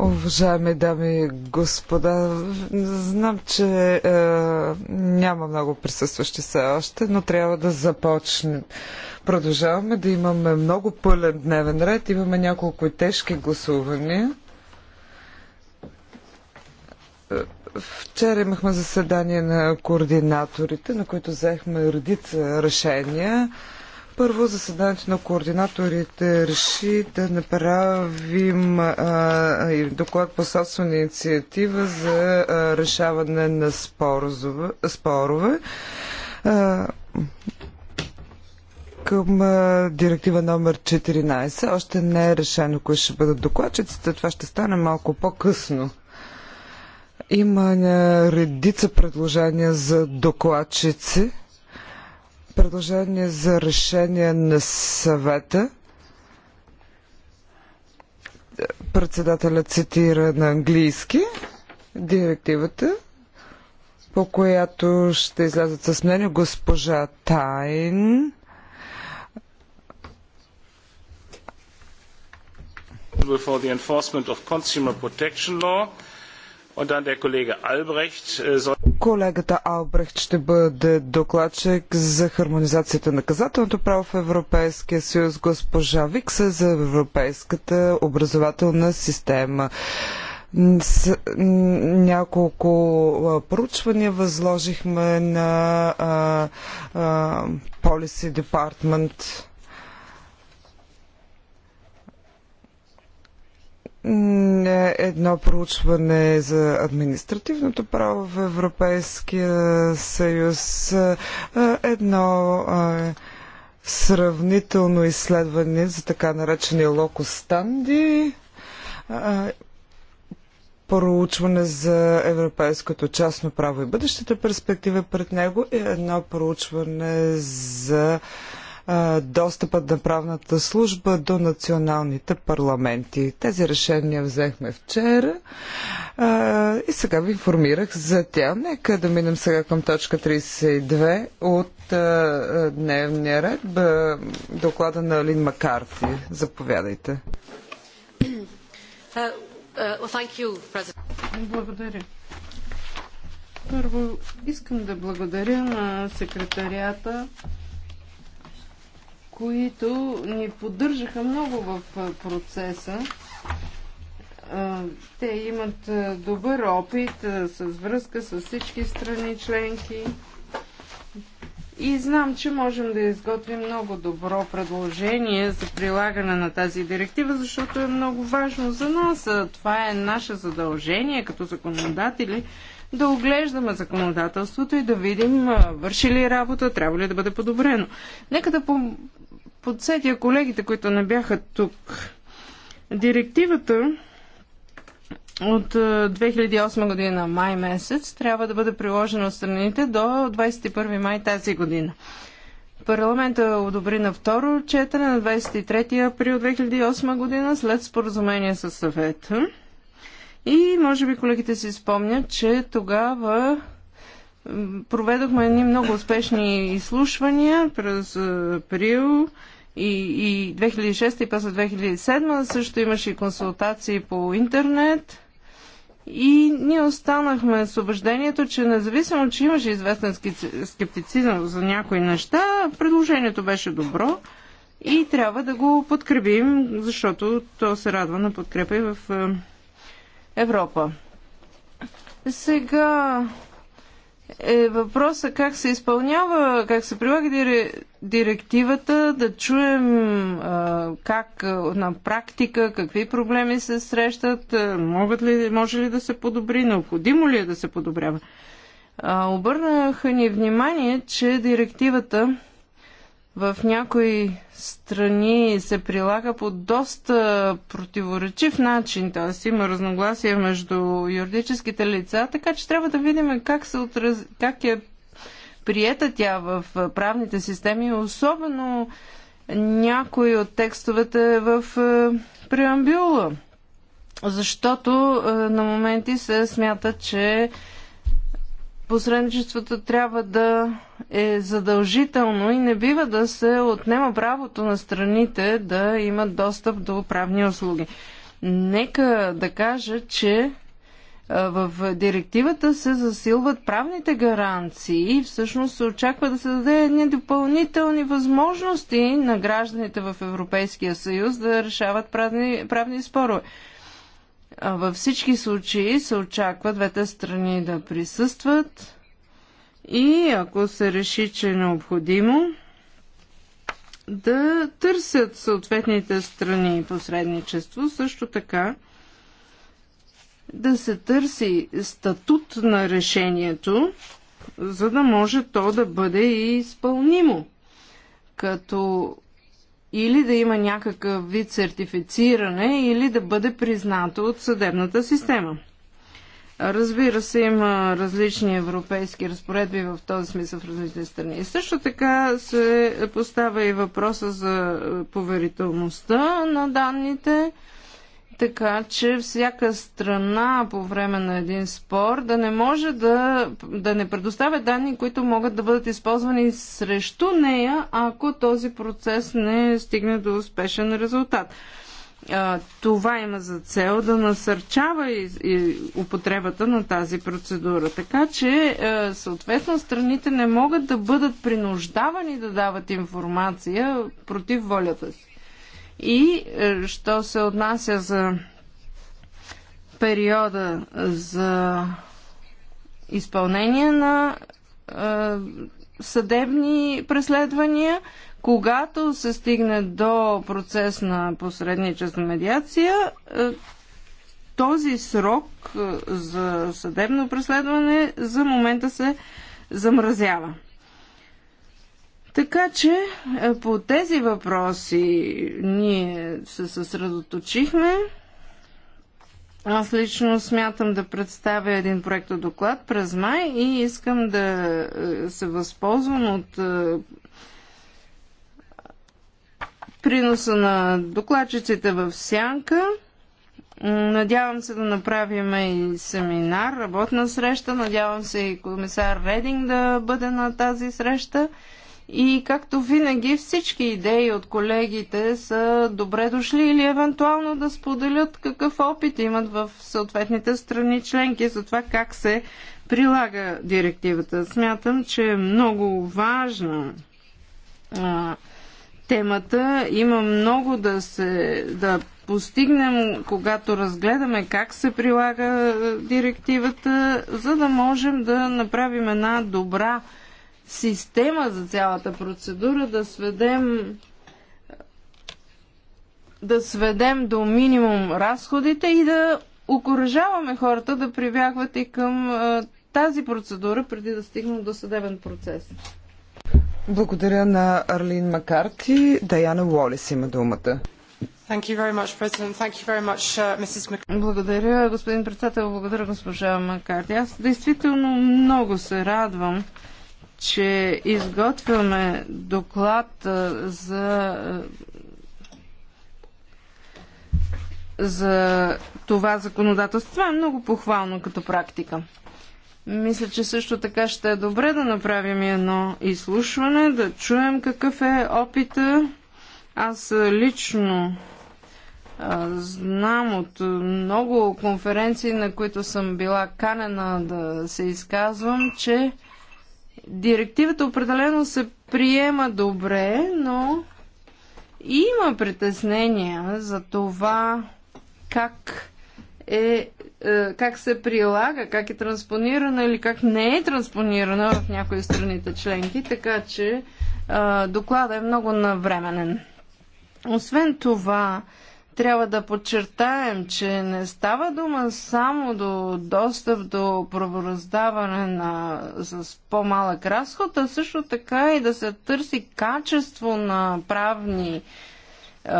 Уважаеми дами и господа, знам, че е, няма много присъстващи се още, но трябва да започнем. Продължаваме да имаме много пълен дневен ред, имаме няколко тежки гласувания. Е, вчера имахме заседание на координаторите, на които взехме редица решения. Първо заседанието на координаторите реши да направим а, доклад по собствена инициатива за а, решаване на спорзове, спорове. А, към а, директива номер 14. Още не е решено кое ще бъдат докладчиците. Това ще стане малко по-късно. Има редица предложения за докладчици предложение за решение на съвета. Председателя цитира на английски директивата, по която ще излязат с мнение госпожа Тайн. for the enforcement of consumer protection law Äh, Колегата Албрехт ще бъде докладчик за хармонизацията на наказателното право в Европейския съюз, госпожа Викса е за европейската образователна система. С няколко проучвания възложихме на а, а, Policy Department. едно проучване за административното право в Европейския съюз, едно сравнително изследване за така наречени локостанди, проучване за европейското частно право и бъдещата перспектива пред него и едно проучване за достъпът на правната служба до националните парламенти. Тези решения взехме вчера и сега ви информирах за тя. Нека да минем сега към точка 32 от дневния ред. Доклада на Алин Макарти. Заповядайте. Uh, uh, благодаря. Първо искам да благодаря на секретарията които ни поддържаха много в процеса. Те имат добър опит с връзка с всички страни членки. И знам, че можем да изготвим много добро предложение за прилагане на тази директива, защото е много важно за нас. Това е наше задължение като законодатели да оглеждаме законодателството и да видим върши ли работа, трябва ли да бъде подобрено. Нека да подсетя колегите, които не бяха тук. Директивата от 2008 е, година, май месец, трябва да бъде приложена от страните до 21 май тази година. Парламента одобри на второ четене на 23 април 2008 година след споразумение с съвета. И може би колегите си спомнят, че тогава проведохме едни много успешни изслушвания през април и, и 2006 и после 2007 също имаше и консултации по интернет. И ние останахме с убеждението, че независимо, че имаше известен скептицизъм за някои неща, предложението беше добро и трябва да го подкрепим, защото то се радва на подкрепа и в е, Европа. Сега е въпроса как се изпълнява, как се прилага директивата, да чуем а, как на практика, какви проблеми се срещат, могат ли, може ли да се подобри, необходимо ли е да се подобрява. А, обърнаха ни внимание, че директивата в някои страни се прилага по доста противоречив начин, т.е. има разногласия между юридическите лица, така че трябва да видим как, се отраз... как е приета тя в правните системи, особено някои от текстовете в е, преамбюла. Защото е, на моменти се смята, че посредничеството трябва да е задължително и не бива да се отнема правото на страните да имат достъп до правни услуги. Нека да кажа, че в директивата се засилват правните гаранции и всъщност се очаква да се даде едни допълнителни възможности на гражданите в Европейския съюз да решават правни, правни спорове. Във всички случаи се очаква двете страни да присъстват и ако се реши, че е необходимо, да търсят съответните страни посредничество, също така да се търси статут на решението, за да може то да бъде и изпълнимо. Като или да има някакъв вид сертифициране, или да бъде признато от съдебната система. Разбира се, има различни европейски разпоредби в този смисъл в различни страни. И също така се поставя и въпроса за поверителността на данните така че всяка страна по време на един спор да не може да, да не предоставя данни, които могат да бъдат използвани срещу нея, ако този процес не стигне до успешен резултат. Това има за цел да насърчава и, и употребата на тази процедура. Така че, съответно, страните не могат да бъдат принуждавани да дават информация против волята си. И е, що се отнася за периода за изпълнение на е, съдебни преследвания, когато се стигне до процес на посредничество медиация, е, този срок за съдебно преследване за момента се замразява. Така че е, по тези въпроси ние се съсредоточихме. Аз лично смятам да представя един проект доклад през май и искам да е, се възползвам от е, приноса на докладчиците в Сянка. Надявам се да направим и семинар, работна среща. Надявам се и комисар Рединг да бъде на тази среща. И както винаги всички идеи от колегите са добре дошли или евентуално да споделят какъв опит имат в съответните страни членки за това как се прилага директивата. Смятам, че е много важна а, темата. Има много да се да постигнем, когато разгледаме как се прилага директивата, за да можем да направим една добра система за цялата процедура да сведем да сведем до минимум разходите и да окоръжаваме хората да прибягват и към тази процедура преди да стигнат до съдебен процес. Благодаря на Арлин Макарти. Даяна Уолес има думата. Much, much, uh, благодаря, господин председател. Благодаря, госпожа Макарти. Аз действително много се радвам че изготвяме доклад за за това законодателство. Това е много похвално като практика. Мисля, че също така ще е добре да направим едно изслушване, да чуем какъв е опита. Аз лично а, знам от много конференции, на които съм била канена да се изказвам, че Директивата определено се приема добре, но има притеснения за това как е, е, как се прилага, как е транспонирана или как не е транспонирана в някои страните членки, така че докладът е много навременен. Освен това, трябва да подчертаем, че не става дума само до достъп до правораздаване на, с по-малък разход, а също така и да се търси качество на правни е,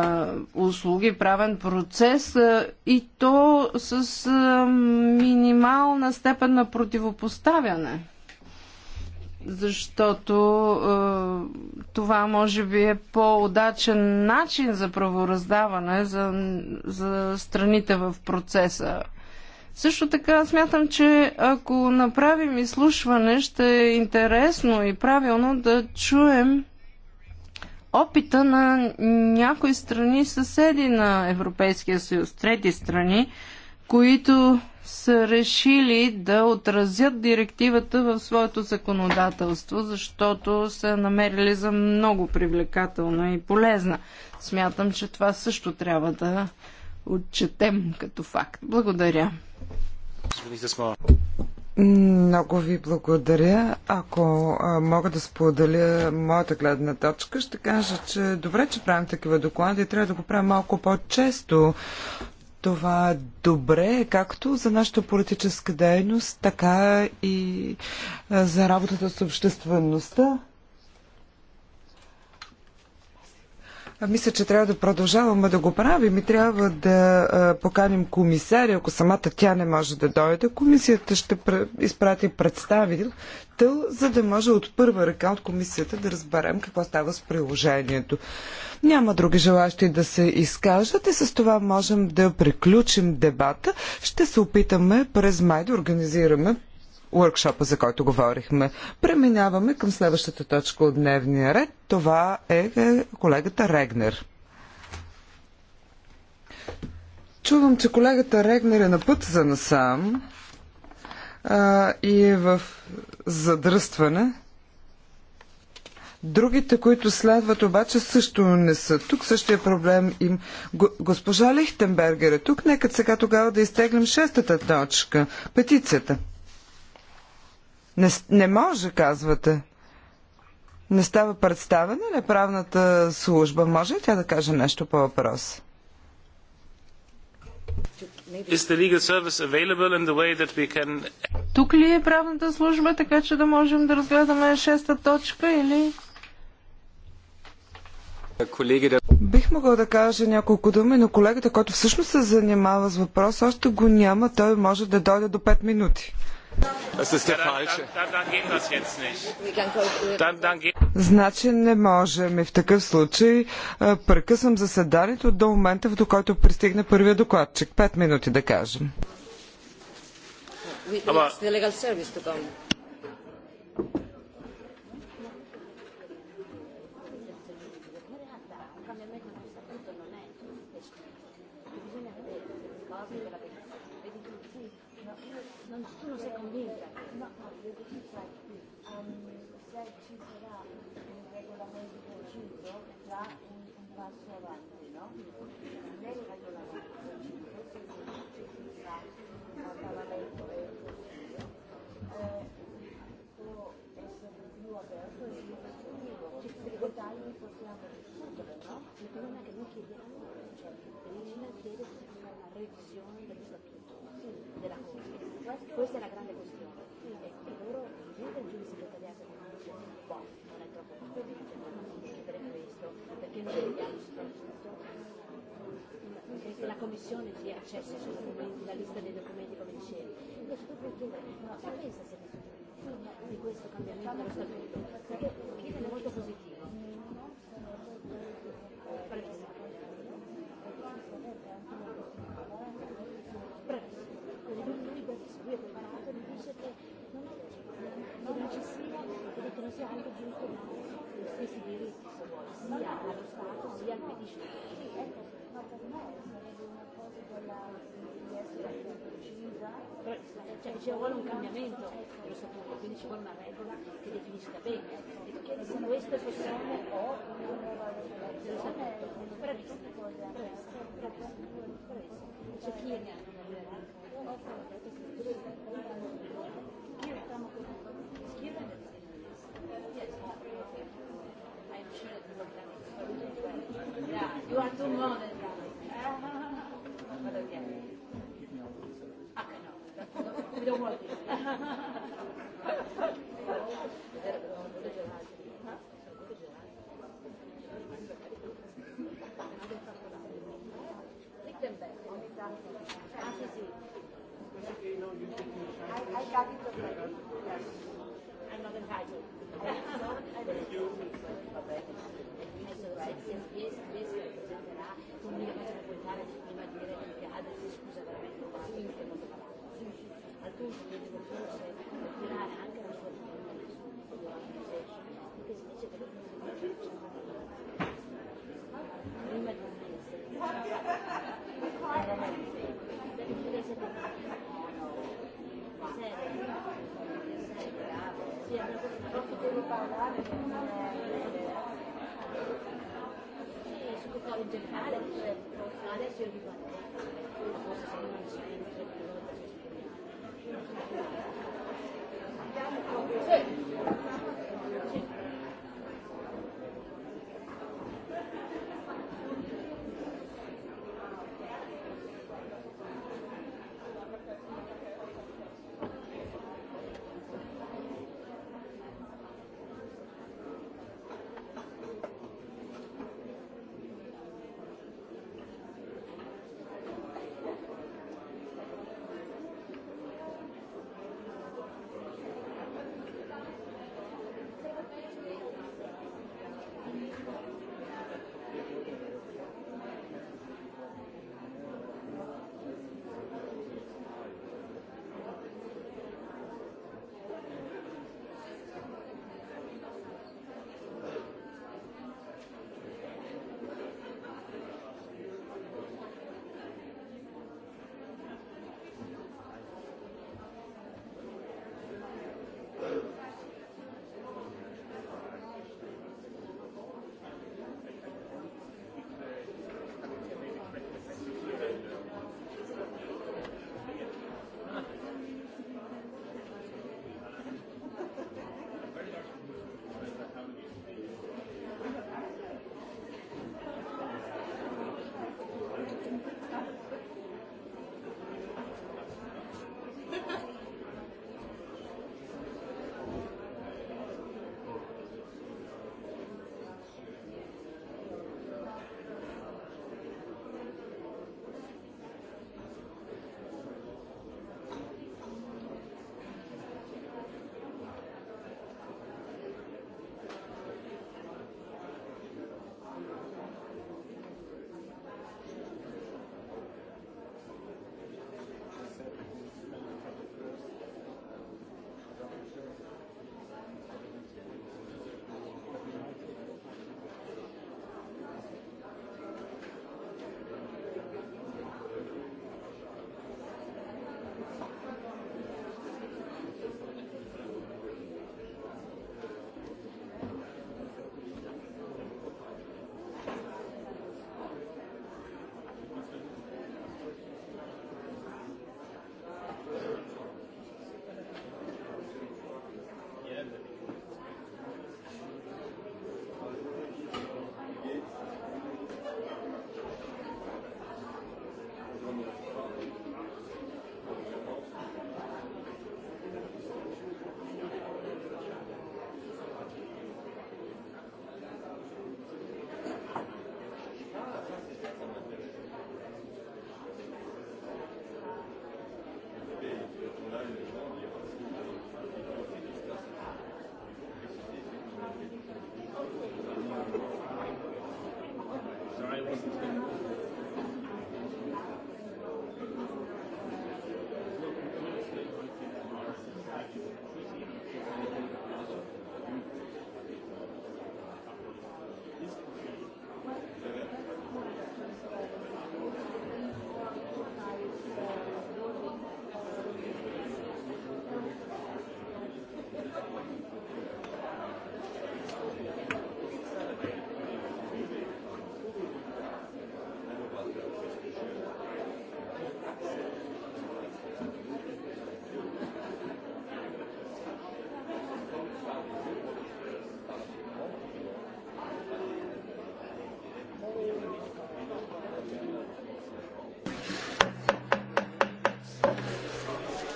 услуги, правен процес е, и то с е, минимална степен на противопоставяне защото е, това може би е по-удачен начин за правораздаване за, за страните в процеса. Също така смятам, че ако направим изслушване, ще е интересно и правилно да чуем опита на някои страни, съседи на Европейския съюз, трети страни, които са решили да отразят директивата в своето законодателство, защото са намерили за много привлекателна и полезна. Смятам, че това също трябва да отчетем като факт. Благодаря. Много ви благодаря. Ако а, мога да споделя моята гледна точка, ще кажа, че добре, че правим такива доклади. Трябва да го правим малко по-често. Това е добре както за нашата политическа дейност, така и за работата с обществеността. Мисля, че трябва да продължаваме да го правим и трябва да поканим комисаря. Ако самата тя не може да дойде, комисията ще изпрати представител, тъл, за да може от първа ръка от комисията да разберем какво става с приложението. Няма други желащи да се изкажат и с това можем да приключим дебата. Ще се опитаме през май да организираме уркшопа, за който говорихме. Преминаваме към следващата точка от дневния ред. Това е, е колегата Регнер. Чувам, че колегата Регнер е на път за насам а, и е в задръстване. Другите, които следват обаче, също не са тук. Същия проблем им. Госпожа Лихтенбергер е тук. Нека сега тогава да изтеглим шестата точка. Петицията. Не, не може, казвате. Не става представена ли правната служба? Може ли тя да каже нещо по въпрос? Тук ли е правната служба, така че да можем да разгледаме шеста точка или... Колегите... Бих могъл да кажа няколко думи, но колегата, който всъщност се занимава с въпрос, още го няма. Той може да дойде до 5 минути. Значи не можем и в такъв случай прекъсвам заседанието до момента, в до който пристигне първия докладчик. Пет минути да кажем. Questa è la grande questione. E loro non boh, non è troppo conveniente, non chiedere questo, perché noi vediamo soprattutto la commissione di accessi sui documenti, la lista dei documenti come dicevi. Invece chiedere, ma pensa se di questo cambiamento dello statuto, perché è molto positivo c'è vuole un cambiamento dello statuto, quindi ci vuole una regola che definisca bene. E se questo possiamo o dello statuto. Bravissimo, bravissimo, bravissimo. C'è chi è Yeah, you are too modern. Okay, no. We don't want it. I, I got it already. Yes. I'm not entitled. Thank you. generale, cioè, adesso io dico a te, forse sono un incidente. Thank you.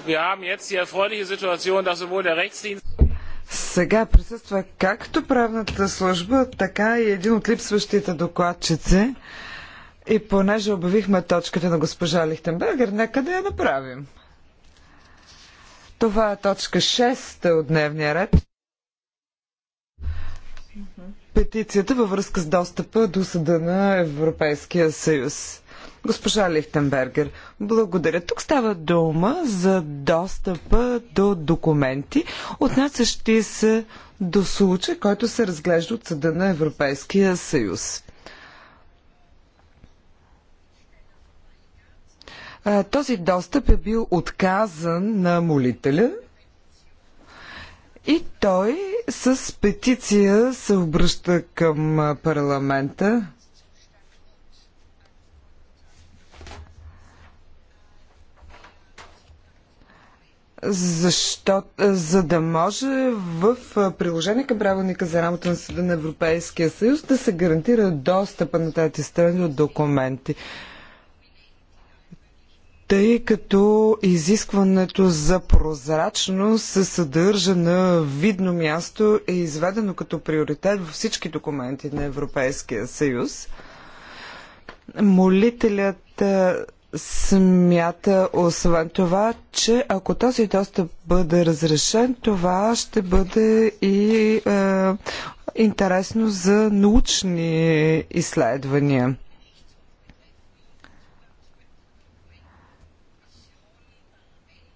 Wir haben jetzt die erfreuliche Situation, dass sowohl der Rechtsdienst сега присъства както правната служба, така и един от липсващите докладчици. И понеже обявихме точката на госпожа Лихтенбергер, нека да я направим. Това е точка 6 от дневния ред. Петицията във връзка с достъпа до съда на Европейския съюз. Госпожа Лихтенбергер, благодаря. Тук става дума за достъпа до документи, отнасящи се до случай, който се разглежда от Съда на Европейския съюз. Този достъп е бил отказан на молителя и той с петиция се обръща към парламента Защо, за да може в приложение към правилника за работа на Съда на Европейския съюз да се гарантира достъпа на тези страни от документи тъй като изискването за прозрачност се съдържа на видно място е изведено като приоритет във всички документи на Европейския съюз. Молителят смята освен това, че ако този достъп бъде разрешен, това ще бъде и е, интересно за научни изследвания.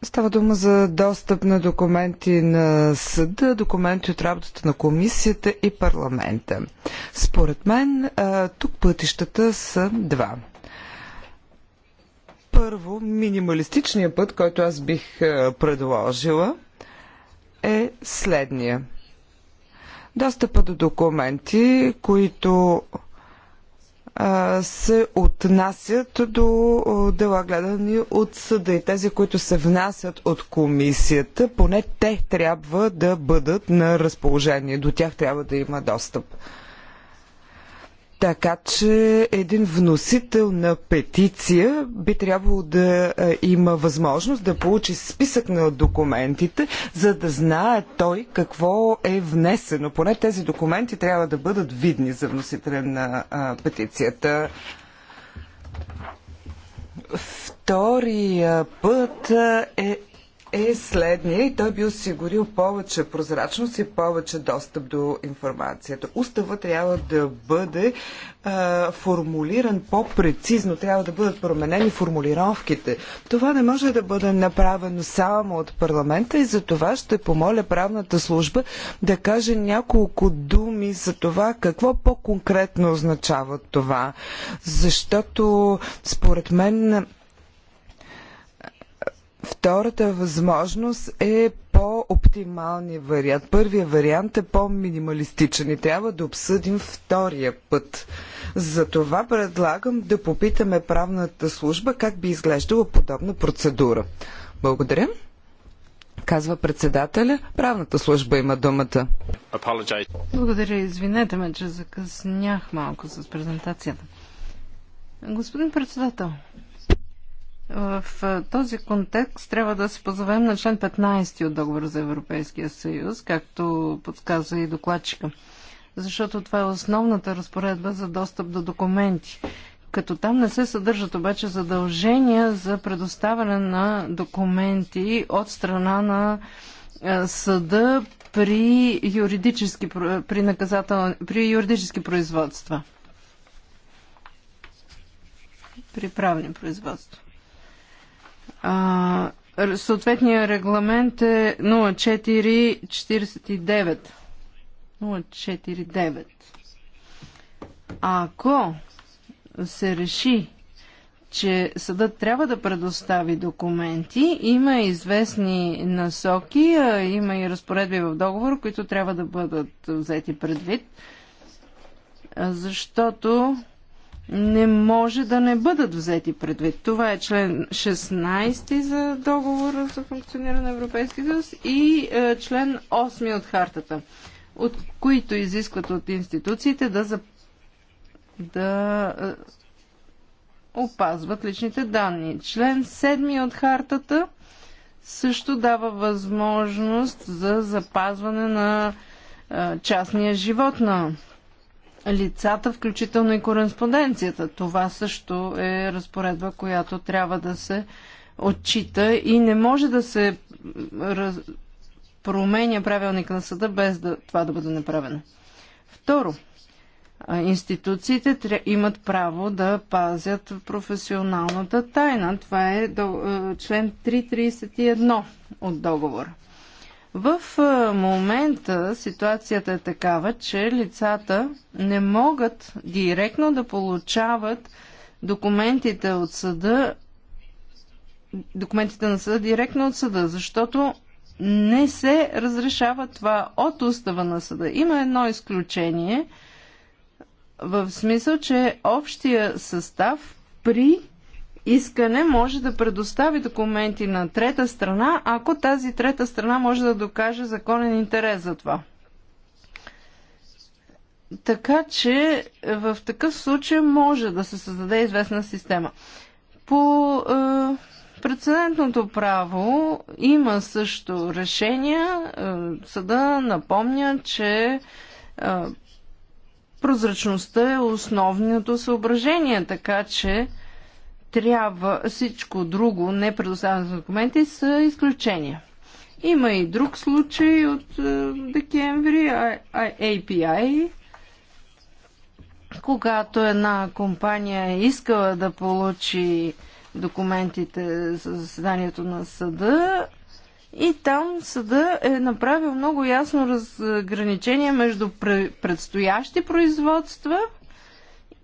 Става дума за достъп на документи на съда, документи от работата на комисията и парламента. Според мен е, тук пътищата са два – първо, минималистичният път, който аз бих е, предложила, е следния. Достъпа до документи, които е, се отнасят до е, дела гледани от съда и тези, които се внасят от комисията, поне те трябва да бъдат на разположение. До тях трябва да има достъп. Така че един вносител на петиция би трябвало да е, има възможност да получи списък на документите, за да знае той какво е внесено. Поне тези документи трябва да бъдат видни за вносителя на петицията. Втория път е е следния и той би осигурил повече прозрачност и повече достъп до информацията. Устава трябва да бъде а, формулиран по-прецизно, трябва да бъдат променени формулировките. Това не може да бъде направено само от парламента и за това ще помоля правната служба да каже няколко думи за това какво по-конкретно означава това. Защото според мен Втората възможност е по-оптималния вариант. Първият вариант е по-минималистичен и трябва да обсъдим втория път. Затова предлагам да попитаме правната служба как би изглеждала подобна процедура. Благодаря. Казва председателя. Правната служба има думата. Благодаря. Извинете ме, че закъснях малко с презентацията. Господин председател, в този контекст трябва да се позовем на член 15 от договора за Европейския съюз, както подсказа и докладчика. Защото това е основната разпоредба за достъп до документи. Като там не се съдържат обаче задължения за предоставяне на документи от страна на съда при юридически, при, наказател, при юридически производства. При правни производства. А, съответния регламент е 0449. 049. Ако се реши, че съдът трябва да предостави документи, има известни насоки, има и разпоредби в договор, които трябва да бъдат взети предвид, защото не може да не бъдат взети предвид. Това е член 16 за договора за функциониране на Европейския съюз и е, член 8 от хартата, от които изискват от институциите да, за... да е, опазват личните данни. Член 7 от хартата също дава възможност за запазване на е, частния живот на лицата, включително и кореспонденцията. Това също е разпоредба, която трябва да се отчита и не може да се раз... променя правилник на съда без да... това да бъде направено. Второ, институциите имат право да пазят професионалната тайна. Това е член 331 от договора. В момента ситуацията е такава, че лицата не могат директно да получават документите от съда, документите на съда директно от съда, защото не се разрешава това от устава на съда. Има едно изключение, в смисъл, че общия състав при искане може да предостави документи на трета страна, ако тази трета страна може да докаже законен интерес за това. Така че е, в такъв случай може да се създаде известна система. По е, прецедентното право има също решения. Е, съда напомня, че е, прозрачността е основното съображение, така че трябва всичко друго, не предоставяне на документи, са изключения. Има и друг случай от е, декември, API, когато една компания е искала да получи документите за заседанието на съда, и там съда е направил много ясно разграничение между предстоящи производства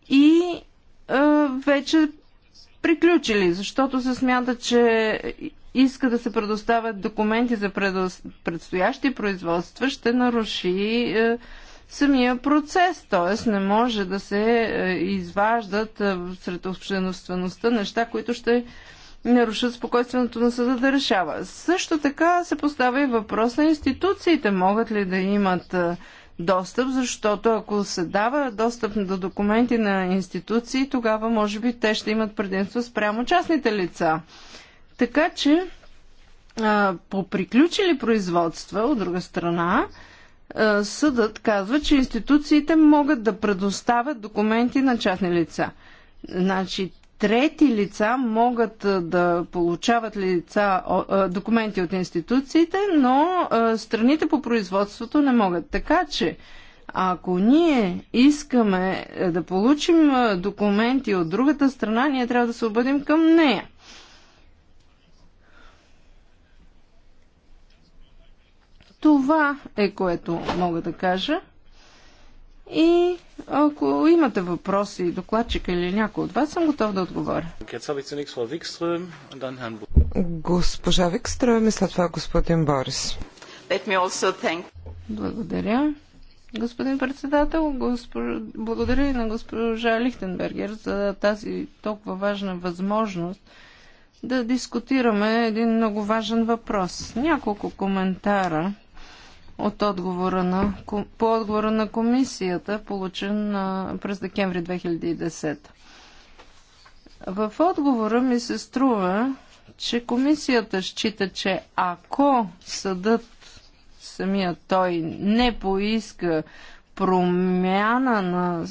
и е, вече приключили, защото се смята, че иска да се предоставят документи за предстоящи производства, ще наруши е, самия процес, т.е. не може да се е, изваждат е, сред обществеността неща, които ще нарушат спокойствието на съда да решава. Също така се поставя и въпрос на институциите. Могат ли да имат достъп, защото ако се дава достъп до документи на институции, тогава може би те ще имат предимство спрямо частните лица. Така че по приключили производства, от друга страна, съдът казва, че институциите могат да предоставят документи на частни лица. Значи трети лица могат да получават лица, документи от институциите, но страните по производството не могат. Така че, ако ние искаме е, да получим документи от другата страна, ние трябва да се обадим към нея. Това е което мога да кажа. И ако имате въпроси, докладчика или някой от вас, съм готов да отговоря. Госпожа Викстрем и след това господин Борис. Благодаря. Господин председател, госпож... благодаря и на госпожа Лихтенбергер за тази толкова важна възможност да дискутираме един много важен въпрос. Няколко коментара от отговора на, по отговора на комисията, получен през декември 2010. В отговора ми се струва, че комисията счита, че ако съдът самия той не поиска промяна на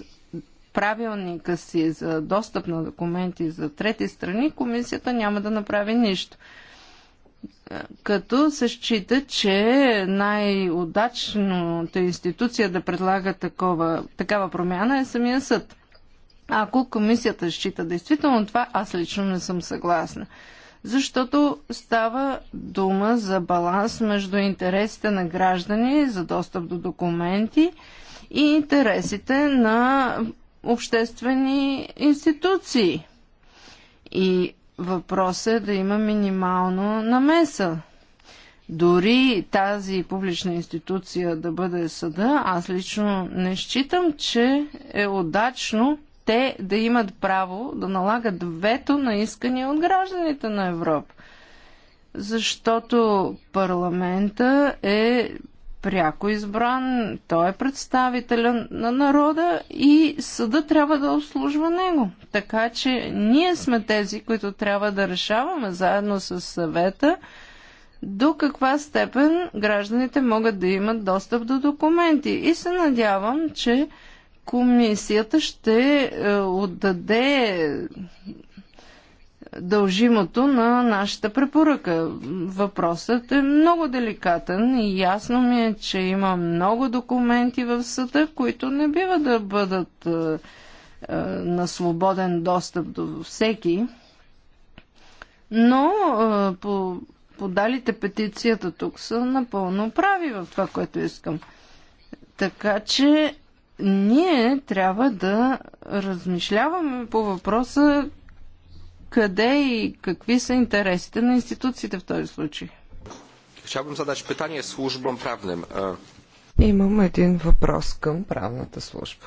правилника си за достъп на документи за трети страни, комисията няма да направи нищо като се счита, че най-удачната институция да предлага такова, такава промяна е самия съд. Ако комисията счита действително това, аз лично не съм съгласна. Защото става дума за баланс между интересите на граждани за достъп до документи и интересите на обществени институции. И Въпросът е да има минимално намеса. Дори тази публична институция да бъде съда, аз лично не считам, че е удачно те да имат право да налагат вето на искания от гражданите на Европа. Защото парламента е пряко избран, той е представителен на народа и съда трябва да обслужва него. Така че ние сме тези, които трябва да решаваме заедно с съвета до каква степен гражданите могат да имат достъп до документи. И се надявам, че комисията ще е, отдаде дължимото на нашата препоръка. Въпросът е много деликатен и ясно ми е, че има много документи в съда, които не бива да бъдат е, е, на свободен достъп до всеки. Но е, по, подалите петицията тук са напълно прави в това, което искам. Така че ние трябва да размишляваме по въпроса къде и какви са интересите на институциите в този случай? Chciałbym zadać питание służbom prawnym. E, Имам един въпрос към правната служба.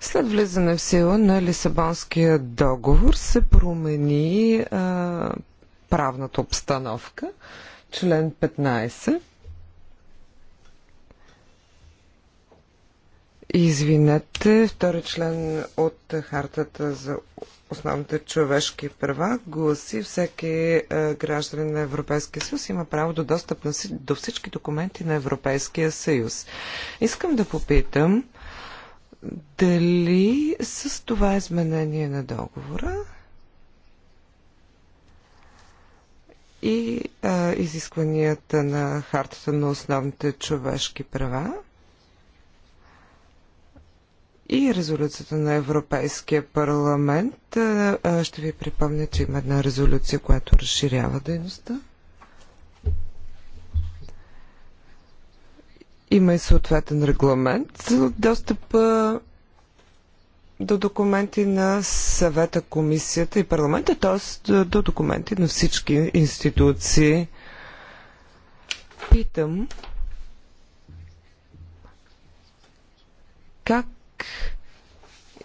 След влизане в сила на Лисабонския договор се промени а, правната обстановка. Член 15. Извинете, втори член от Хартата за основните човешки права гласи всеки е, гражданин на Европейския съюз има право до достъп на, до всички документи на Европейския съюз. Искам да попитам дали с това изменение на договора и а, е, изискванията на хартата на основните човешки права и резолюцията на Европейския парламент. Е, е, ще ви припомня, че има една резолюция, която разширява дейността. Има и съответен регламент за достъп до документи на съвета, комисията и парламента, т.е. до документи на всички институции. Питам как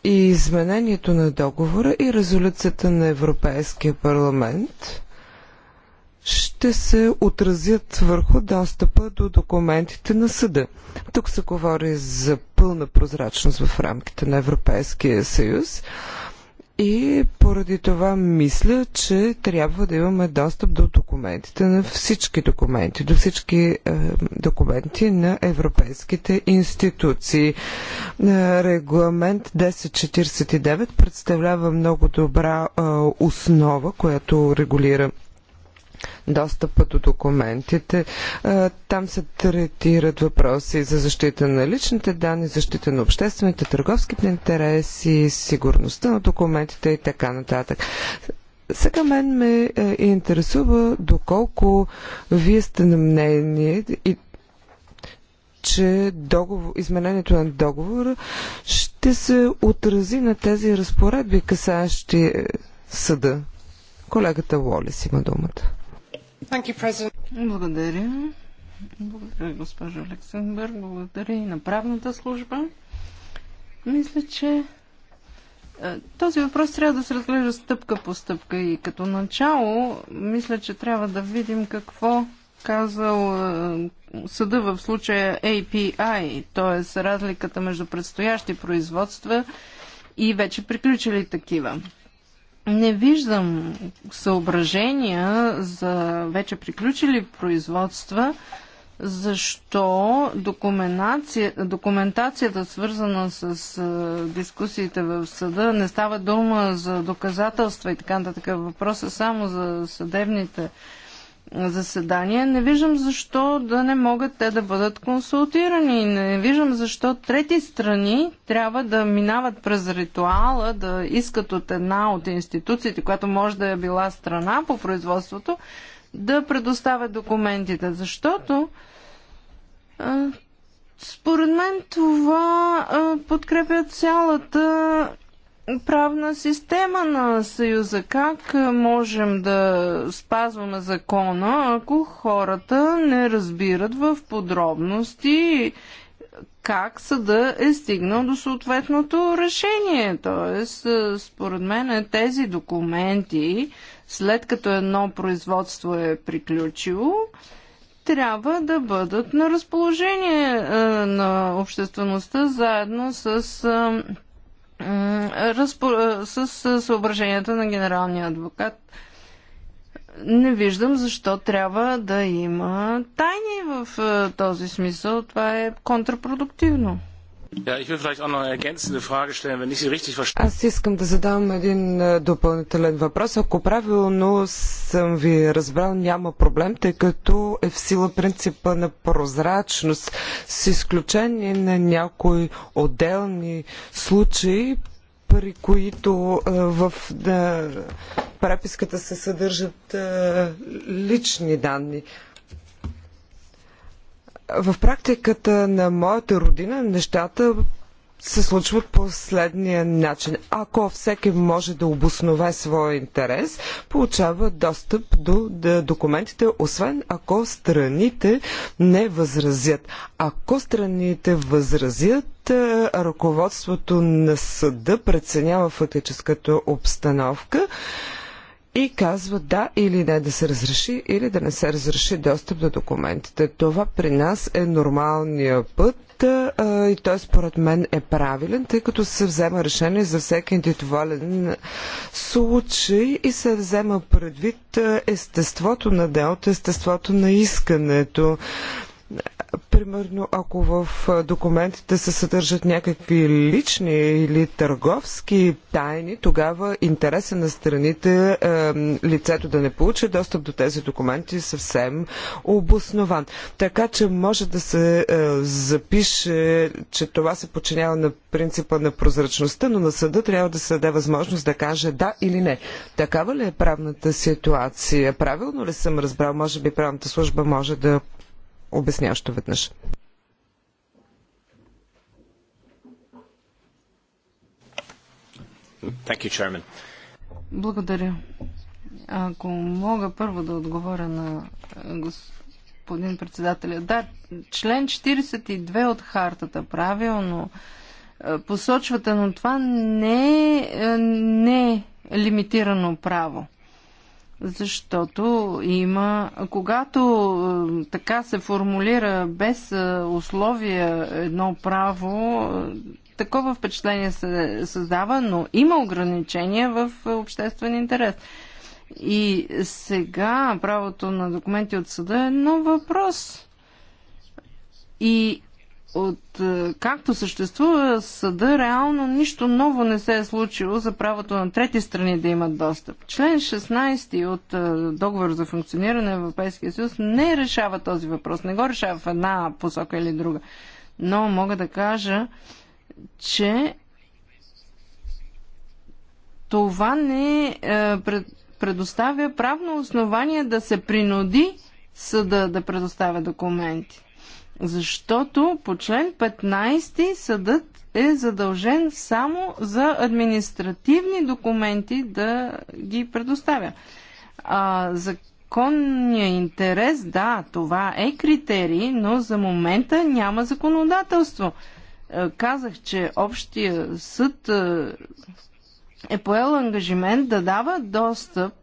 и изменението на договора и резолюцията на Европейския парламент ще се отразят върху достъпа до документите на съда. Тук се говори за пълна прозрачност в рамките на Европейския съюз. И поради това мисля, че трябва да имаме достъп до документите, на всички документи, до всички е, документи на европейските институции. Е, регламент 1049 представлява много добра е, основа, която регулира достъпа до документите. Там се третират въпроси за защита на личните данни, защита на обществените, търговските интереси, сигурността на документите и така нататък. Сега мен ме е, интересува доколко вие сте на мнение и че договор, изменението на договора ще се отрази на тези разпоредби, касаещи е, съда. Колегата Лолис има думата. Благодаря. Благодаря, госпожо Александър. Благодаря и на правната служба. Мисля, че е, този въпрос трябва да се разглежда стъпка по стъпка и като начало мисля, че трябва да видим какво казал е, съда в случая API, т.е. разликата между предстоящи производства и вече приключили такива. Не виждам съображения за вече приключили производства, защо документация, документацията, свързана с е, дискусиите в съда, не става дума за доказателства и така нататък. Въпросът е само за съдебните заседание. Не виждам защо да не могат те да бъдат консултирани. Не виждам защо трети страни трябва да минават през ритуала, да искат от една от институциите, която може да е била страна по производството, да предоставят документите. Защото според мен това подкрепя цялата правна система на Съюза. Как можем да спазваме закона, ако хората не разбират в подробности как съда е стигнал до съответното решение. Тоест, е, според мен тези документи, след като едно производство е приключило, трябва да бъдат на разположение е, на обществеността заедно с е, с съображенията на генералния адвокат. Не виждам защо трябва да има тайни в е, този смисъл. Това е контрапродуктивно. Аз искам да задам един е, допълнителен въпрос. Ако правилно съм ви разбрал, няма проблем, тъй като е в сила принципа на прозрачност, с изключение на някои отделни случаи, при които е, в е, преписката се съдържат лични данни. В практиката на моята родина нещата се случват по следния начин. Ако всеки може да обоснове своя интерес, получава достъп до, до документите, освен ако страните не възразят. Ако страните възразят, е, ръководството на съда преценява фактическата обстановка и казва да или не да се разреши или да не се разреши достъп до документите. Това при нас е нормалният път и той според мен е правилен, тъй като се взема решение за всеки индивидуален случай и се взема предвид естеството на делото, естеството на искането. Примерно, ако в документите се съдържат някакви лични или търговски тайни, тогава интереса на страните е, лицето да не получи достъп до тези документи е съвсем обоснован. Така че може да се е, запише, че това се подчинява на принципа на прозрачността, но на съда трябва да се даде възможност да каже да или не. Такава ли е правната ситуация? Правилно ли съм разбрал? Може би правната служба може да обясня още веднъж. You, Благодаря. Ако мога първо да отговоря на е, господин председателя. Да, член 42 от хартата, правилно е, посочвате, но това не е не е лимитирано право защото има, когато е, така се формулира без е, условия едно право, е, такова впечатление се създава, но има ограничения в обществен интерес. И сега правото на документи от съда е едно въпрос. И от е, както съществува съда, реално нищо ново не се е случило за правото на трети страни да имат достъп. Член 16 от е, договор за функциониране на Европейския съюз не решава този въпрос. Не го решава в една посока или друга. Но мога да кажа, че това не е, предоставя правно основание да се принуди съда да предоставя документи. Защото по член 15 съдът е задължен само за административни документи да ги предоставя. А, законния интерес, да, това е критерий, но за момента няма законодателство. Е, казах, че Общия съд е, е поел ангажимент да дава достъп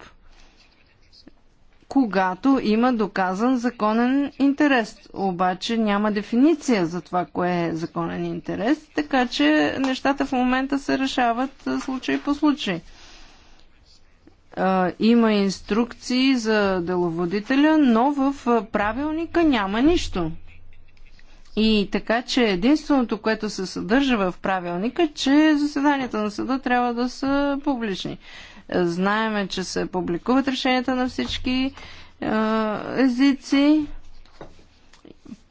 когато има доказан законен интерес. Обаче няма дефиниция за това, кое е законен интерес, така че нещата в момента се решават случай по случай. Има инструкции за деловодителя, но в правилника няма нищо. И така, че единственото, което се съдържа в правилника, че заседанията на съда трябва да са публични. Знаеме, че се публикуват решенията на всички е, езици.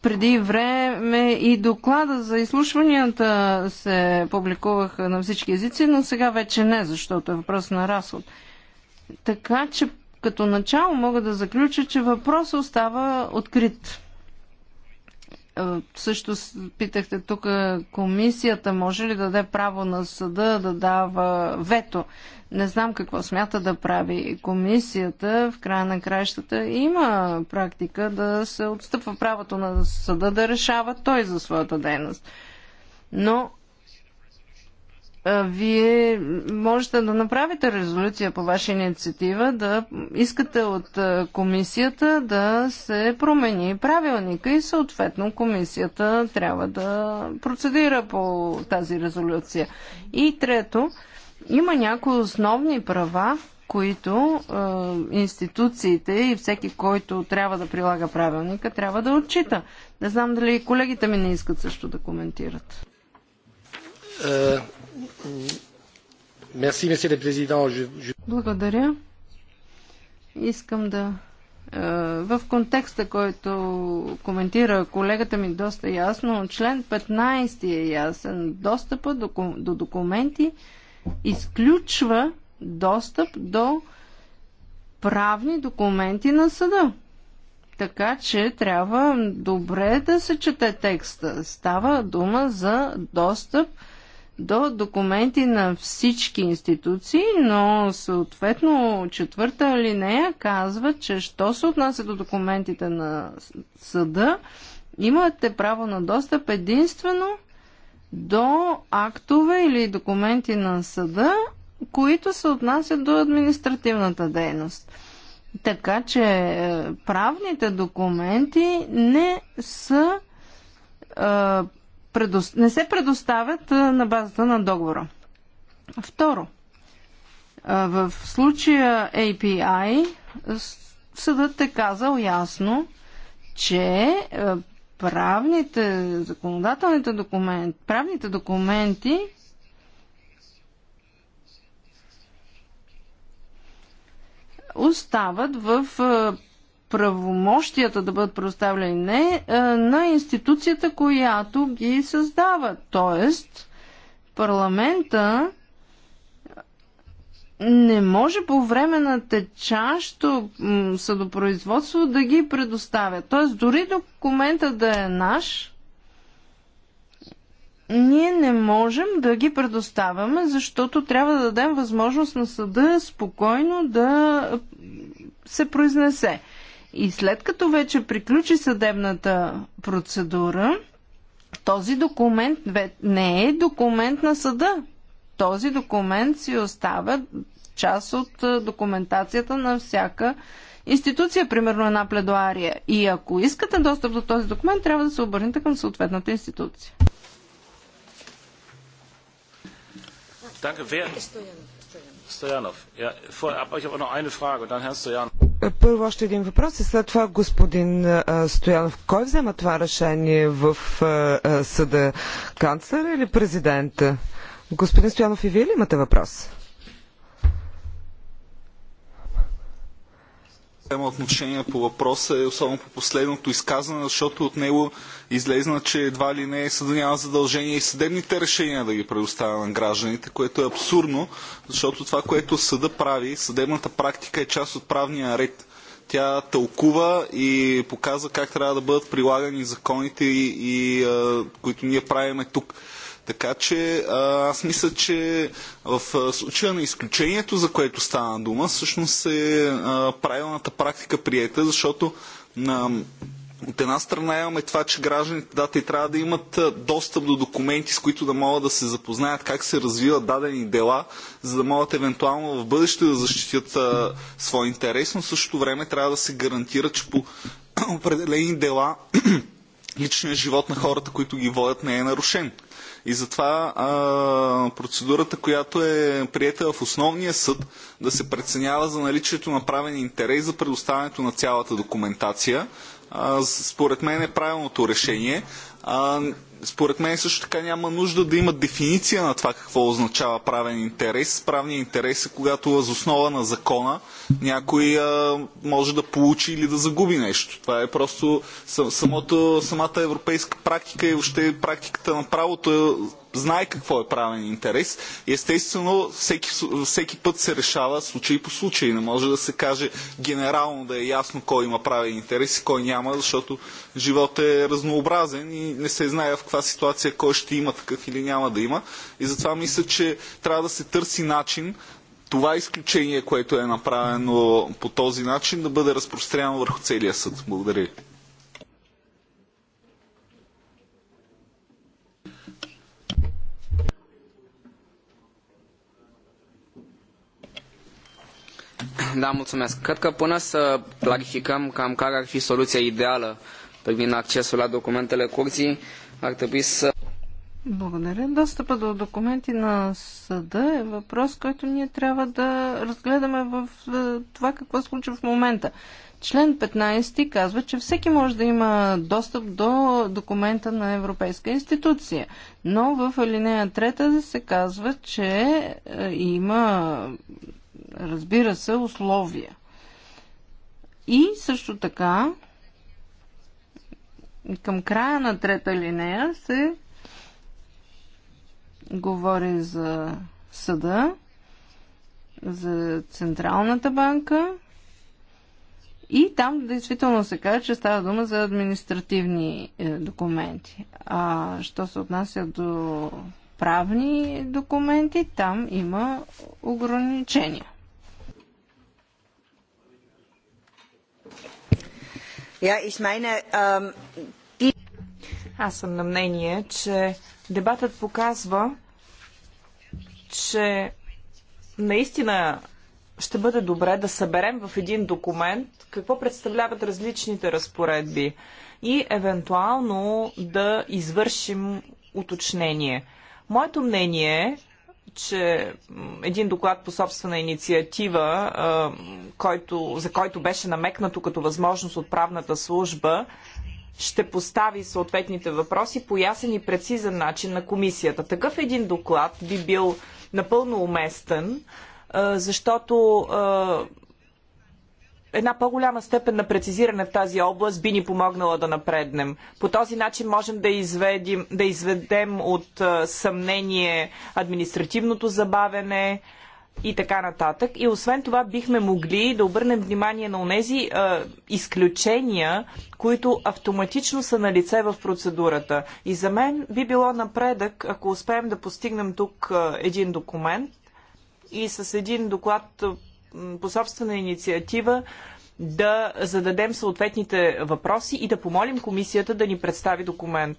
Преди време и доклада за изслушванията се публикуваха на всички езици, но сега вече не, защото е въпрос на разход. Така че като начало мога да заключа, че въпросът остава открит. Е, също питахте тук комисията може ли да даде право на съда да дава вето. Не знам какво смята да прави комисията. В края на краищата има практика да се отстъпва правото на съда да решава той за своята дейност. Но вие можете да направите резолюция по ваша инициатива, да искате от комисията да се промени правилника и съответно комисията трябва да процедира по тази резолюция. И трето, има някои основни права, които е, институциите и всеки, който трябва да прилага правилника, трябва да отчита. Не знам дали колегите ми не искат също да коментират. Е, Благодаря. Искам да. Е, в контекста, който коментира колегата ми доста ясно, член 15 е ясен. Достъпа до, до документи изключва достъп до правни документи на съда. Така че трябва добре да се чете текста. Става дума за достъп до документи на всички институции, но съответно четвърта линея казва, че що се отнася до документите на съда, имате право на достъп единствено до актове или документи на съда, които се отнасят до административната дейност. Така че е, правните документи не са е, не се предоставят е, на базата на договора. Второ, в случая API съдът е казал ясно, че правните, законодателните документи, правните документи остават в правомощията да бъдат предоставлени не на институцията, която ги създава. Тоест, парламента не може по време на течащо съдопроизводство да ги предоставя. Тоест, дори документа да е наш, ние не можем да ги предоставяме, защото трябва да дадем възможност на съда спокойно да се произнесе. И след като вече приключи съдебната процедура, този документ не е документ на съда. Този документ си остава част от документацията на всяка институция, примерно една пледуария. И ако искате достъп до този документ, трябва да се обърнете към съответната институция. Първо още един въпрос и след това господин Стоянов. Кой взема това решение в съда? Канцлер или президента? Господин Стоянов, и вие ли имате въпрос? взема отношение по въпроса, е особено по последното изказване, защото от него излезна, че едва ли не съда няма задължение и съдебните решения да ги предоставя на гражданите, което е абсурдно, защото това, което съда прави, съдебната практика е част от правния ред. Тя тълкува и показва как трябва да бъдат прилагани законите, и, и, които ние правиме тук. Така че аз мисля, че в случая на изключението, за което стана дума, всъщност е правилната практика приета, защото от една страна имаме това, че гражданите да, те трябва да имат достъп до документи, с които да могат да се запознаят как се развиват дадени дела, за да могат евентуално в бъдеще да защитят а, свой интерес, но в същото време трябва да се гарантира, че по определени дела личният живот на хората, които ги водят, не е нарушен. И затова а, процедурата, която е приета в основния съд, да се преценява за наличието на правен интерес за предоставянето на цялата документация, според мен е правилното решение. Според мен също така няма нужда да има дефиниция на това какво означава правен интерес. Правният интерес е когато възоснова на закона някой а, може да получи или да загуби нещо. Това е просто самото, самата европейска практика и въобще практиката на правото е знае какво е правен интерес. Естествено, всеки, всеки път се решава случай по случай. Не може да се каже генерално да е ясно кой има правен интерес и кой няма, защото животът е разнообразен и не се знае в каква ситуация кой ще има такъв или няма да има. И затова мисля, че трябва да се търси начин това изключение, което е направено по този начин, да бъде разпространено върху целия съд. Благодаря ви. Da, mulțumesc. Cred că până să clarificăm cam care ar fi soluția ideală privind accesul la documentele curții, ar trebui să... Благодаря. Достъпа до документи на съда е въпрос, който ние трябва да разгледаме в е, това какво се случва в момента. Член 15 казва, че всеки може да има достъп до документа на Европейска институция. Но в алинея 3 се казва, че е, има разбира се, условия. И също така, към края на трета линея се говори за съда, за Централната банка и там действително се казва, че става дума за административни е, документи. А що се отнася до правни документи, там има ограничения. Ähm, Аз съм на мнение, че дебатът показва, че наистина ще бъде добре да съберем в един документ какво представляват различните разпоредби и евентуално да извършим уточнение. Моето мнение е, че един доклад по собствена инициатива, който, за който беше намекнато като възможност от правната служба, ще постави съответните въпроси по ясен и прецизен начин на комисията. Такъв един доклад би бил напълно уместен, защото една по-голяма степен на прецизиране в тази област би ни помогнала да напреднем. По този начин можем да, изведим, да изведем от съмнение административното забавене и така нататък. И освен това бихме могли да обърнем внимание на онези е, изключения, които автоматично са на лице в процедурата. И за мен би било напредък, ако успеем да постигнем тук е, един документ и с един доклад по собствена инициатива да зададем съответните въпроси и да помолим комисията да ни представи документ.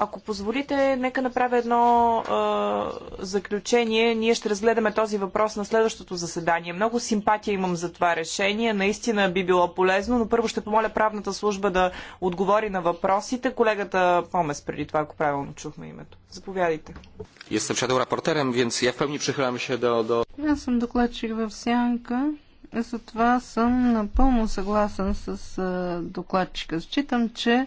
Ако позволите, нека направя едно а, заключение. Ние ще разгледаме този въпрос на следващото заседание. Много симпатия имам за това решение. Наистина би било полезно, но първо ще помоля правната служба да отговори на въпросите. Колегата Помес преди това, ако правилно чухме името. Заповядайте. Jestem shadow raporterem, więc ja w pełni przychylam się do... do... Аз съм докладчик в Сянка. Затова съм напълно съгласен с докладчика. Считам, че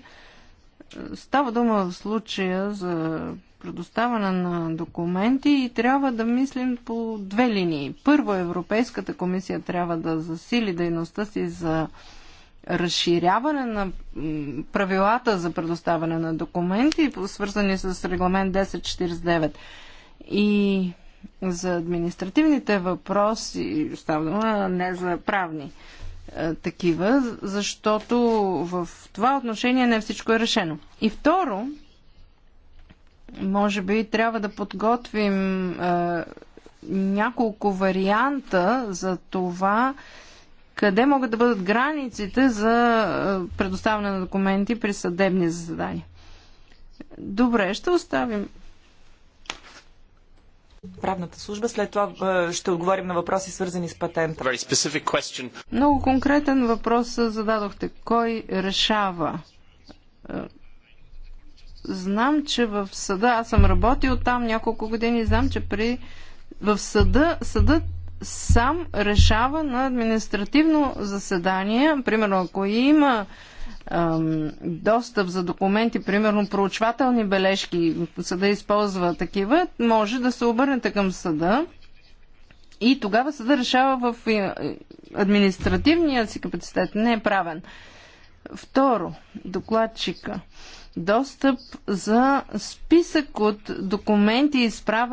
Става дума в случая за предоставяне на документи и трябва да мислим по две линии. Първо, Европейската комисия трябва да засили дейността си за разширяване на правилата за предоставяне на документи, свързани с регламент 1049. И за административните въпроси, става дума не за правни е, такива, защото в това отношение не всичко е решено. И второ, може би трябва да подготвим е, няколко варианта за това къде могат да бъдат границите за е, предоставяне на документи при съдебни заседания. Добре, ще оставим правната служба. След това е, ще отговорим на въпроси, свързани с патента. Много конкретен въпрос зададохте. Кой решава? Е, знам, че в съда, аз съм работил там няколко години, знам, че при... в съда, съдът сам решава на административно заседание, примерно ако има достъп за документи, примерно проучвателни бележки, съда използва такива, може да се обърнете към съда и тогава съда решава в е, административния си капацитет, не е правен. Второ, докладчика. Достъп за списък от документи,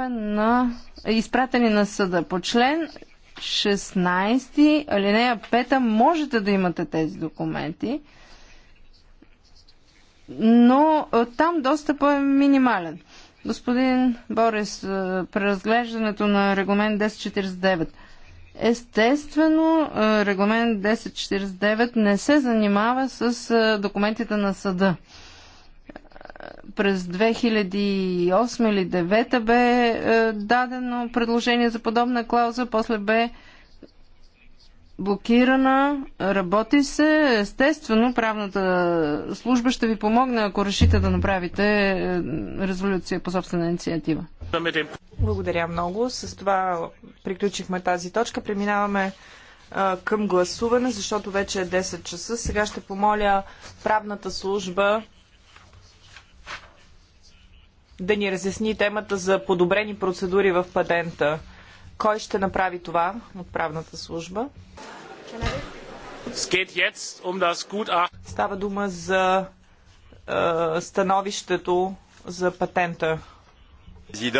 на, изпратени на съда. По член 16, алинея 5, можете да имате тези документи но там достъпът е минимален. Господин Борис, преразглеждането на регламент 1049. Естествено, регламент 1049 не се занимава с документите на съда. През 2008 или 2009 бе дадено предложение за подобна клауза, после бе блокирана, работи се. Естествено, правната служба ще ви помогне, ако решите да направите е, резолюция по собствена инициатива. Благодаря много. С това приключихме тази точка. Преминаваме към гласуване, защото вече е 10 часа. Сега ще помоля правната служба да ни разясни темата за подобрени процедури в патента. Кой ще направи това от правната служба? Um Става дума за е, становището за патента. Е,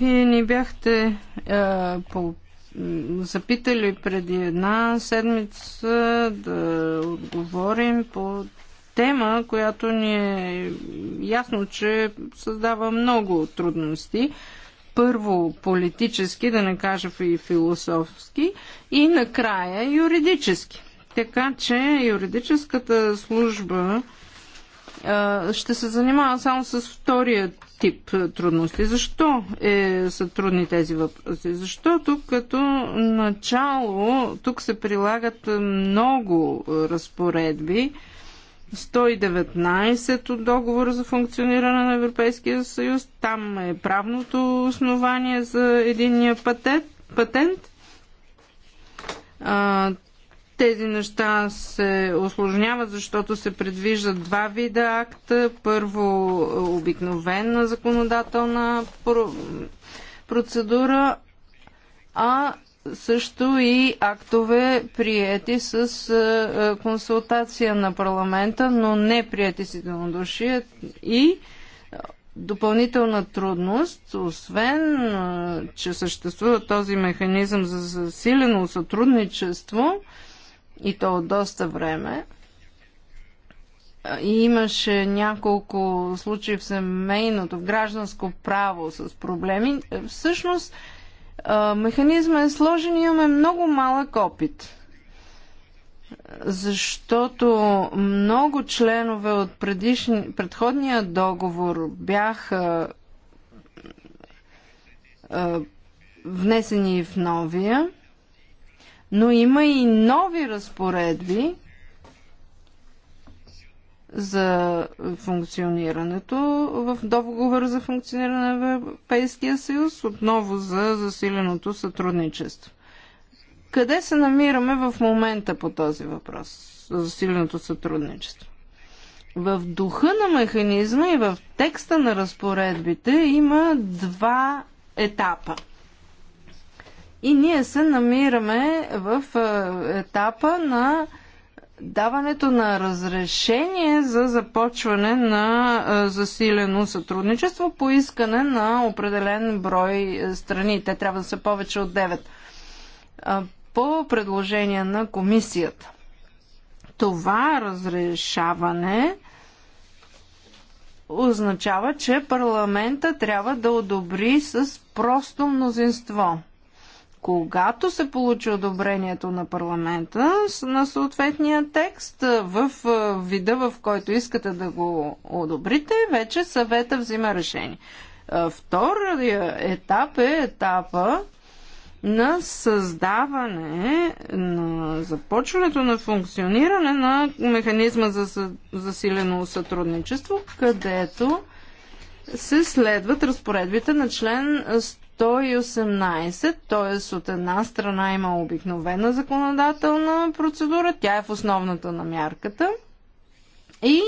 Вие ни бяхте е, по запитали преди една седмица да отговорим по тема, която ни е ясно, че създава много трудности. Първо политически, да не кажа и философски, и накрая юридически. Така че юридическата служба ще се занимава само с втория тип трудности. Защо е, са трудни тези въпроси? Защото като начало тук се прилагат много разпоредби, 119 от договора за функциониране на Европейския съюз. Там е правното основание за единния патент. патент. А, тези неща се осложняват, защото се предвиждат два вида акта. Първо обикновена законодателна процедура, а също и актове приети с е, е, консултация на парламента, но не приети с единодушие и е, допълнителна трудност, освен, че съществува този механизъм за засилено сътрудничество, и то от доста време, и имаше няколко случаи в семейното, в гражданско право с проблеми, всъщност Механизма е сложен и имаме много малък опит. Защото много членове от предишни, предходния договор бяха а, внесени в новия, но има и нови разпоредби, за функционирането в договор за функциониране на Европейския съюз, отново за засиленото сътрудничество. Къде се намираме в момента по този въпрос за засиленото сътрудничество? В духа на механизма и в текста на разпоредбите има два етапа. И ние се намираме в е, етапа на даването на разрешение за започване на засилено сътрудничество по искане на определен брой страни. Те трябва да са повече от 9. По предложение на комисията. Това разрешаване означава, че парламента трябва да одобри с просто мнозинство. Когато се получи одобрението на парламента на съответния текст, в вида в който искате да го одобрите, вече съвета взима решение. Втория етап е етапа на създаване, на започването на функциониране на механизма за засилено сътрудничество, където се следват разпоредбите на член 118, т.е. от една страна има обикновена законодателна процедура, тя е в основната на мярката и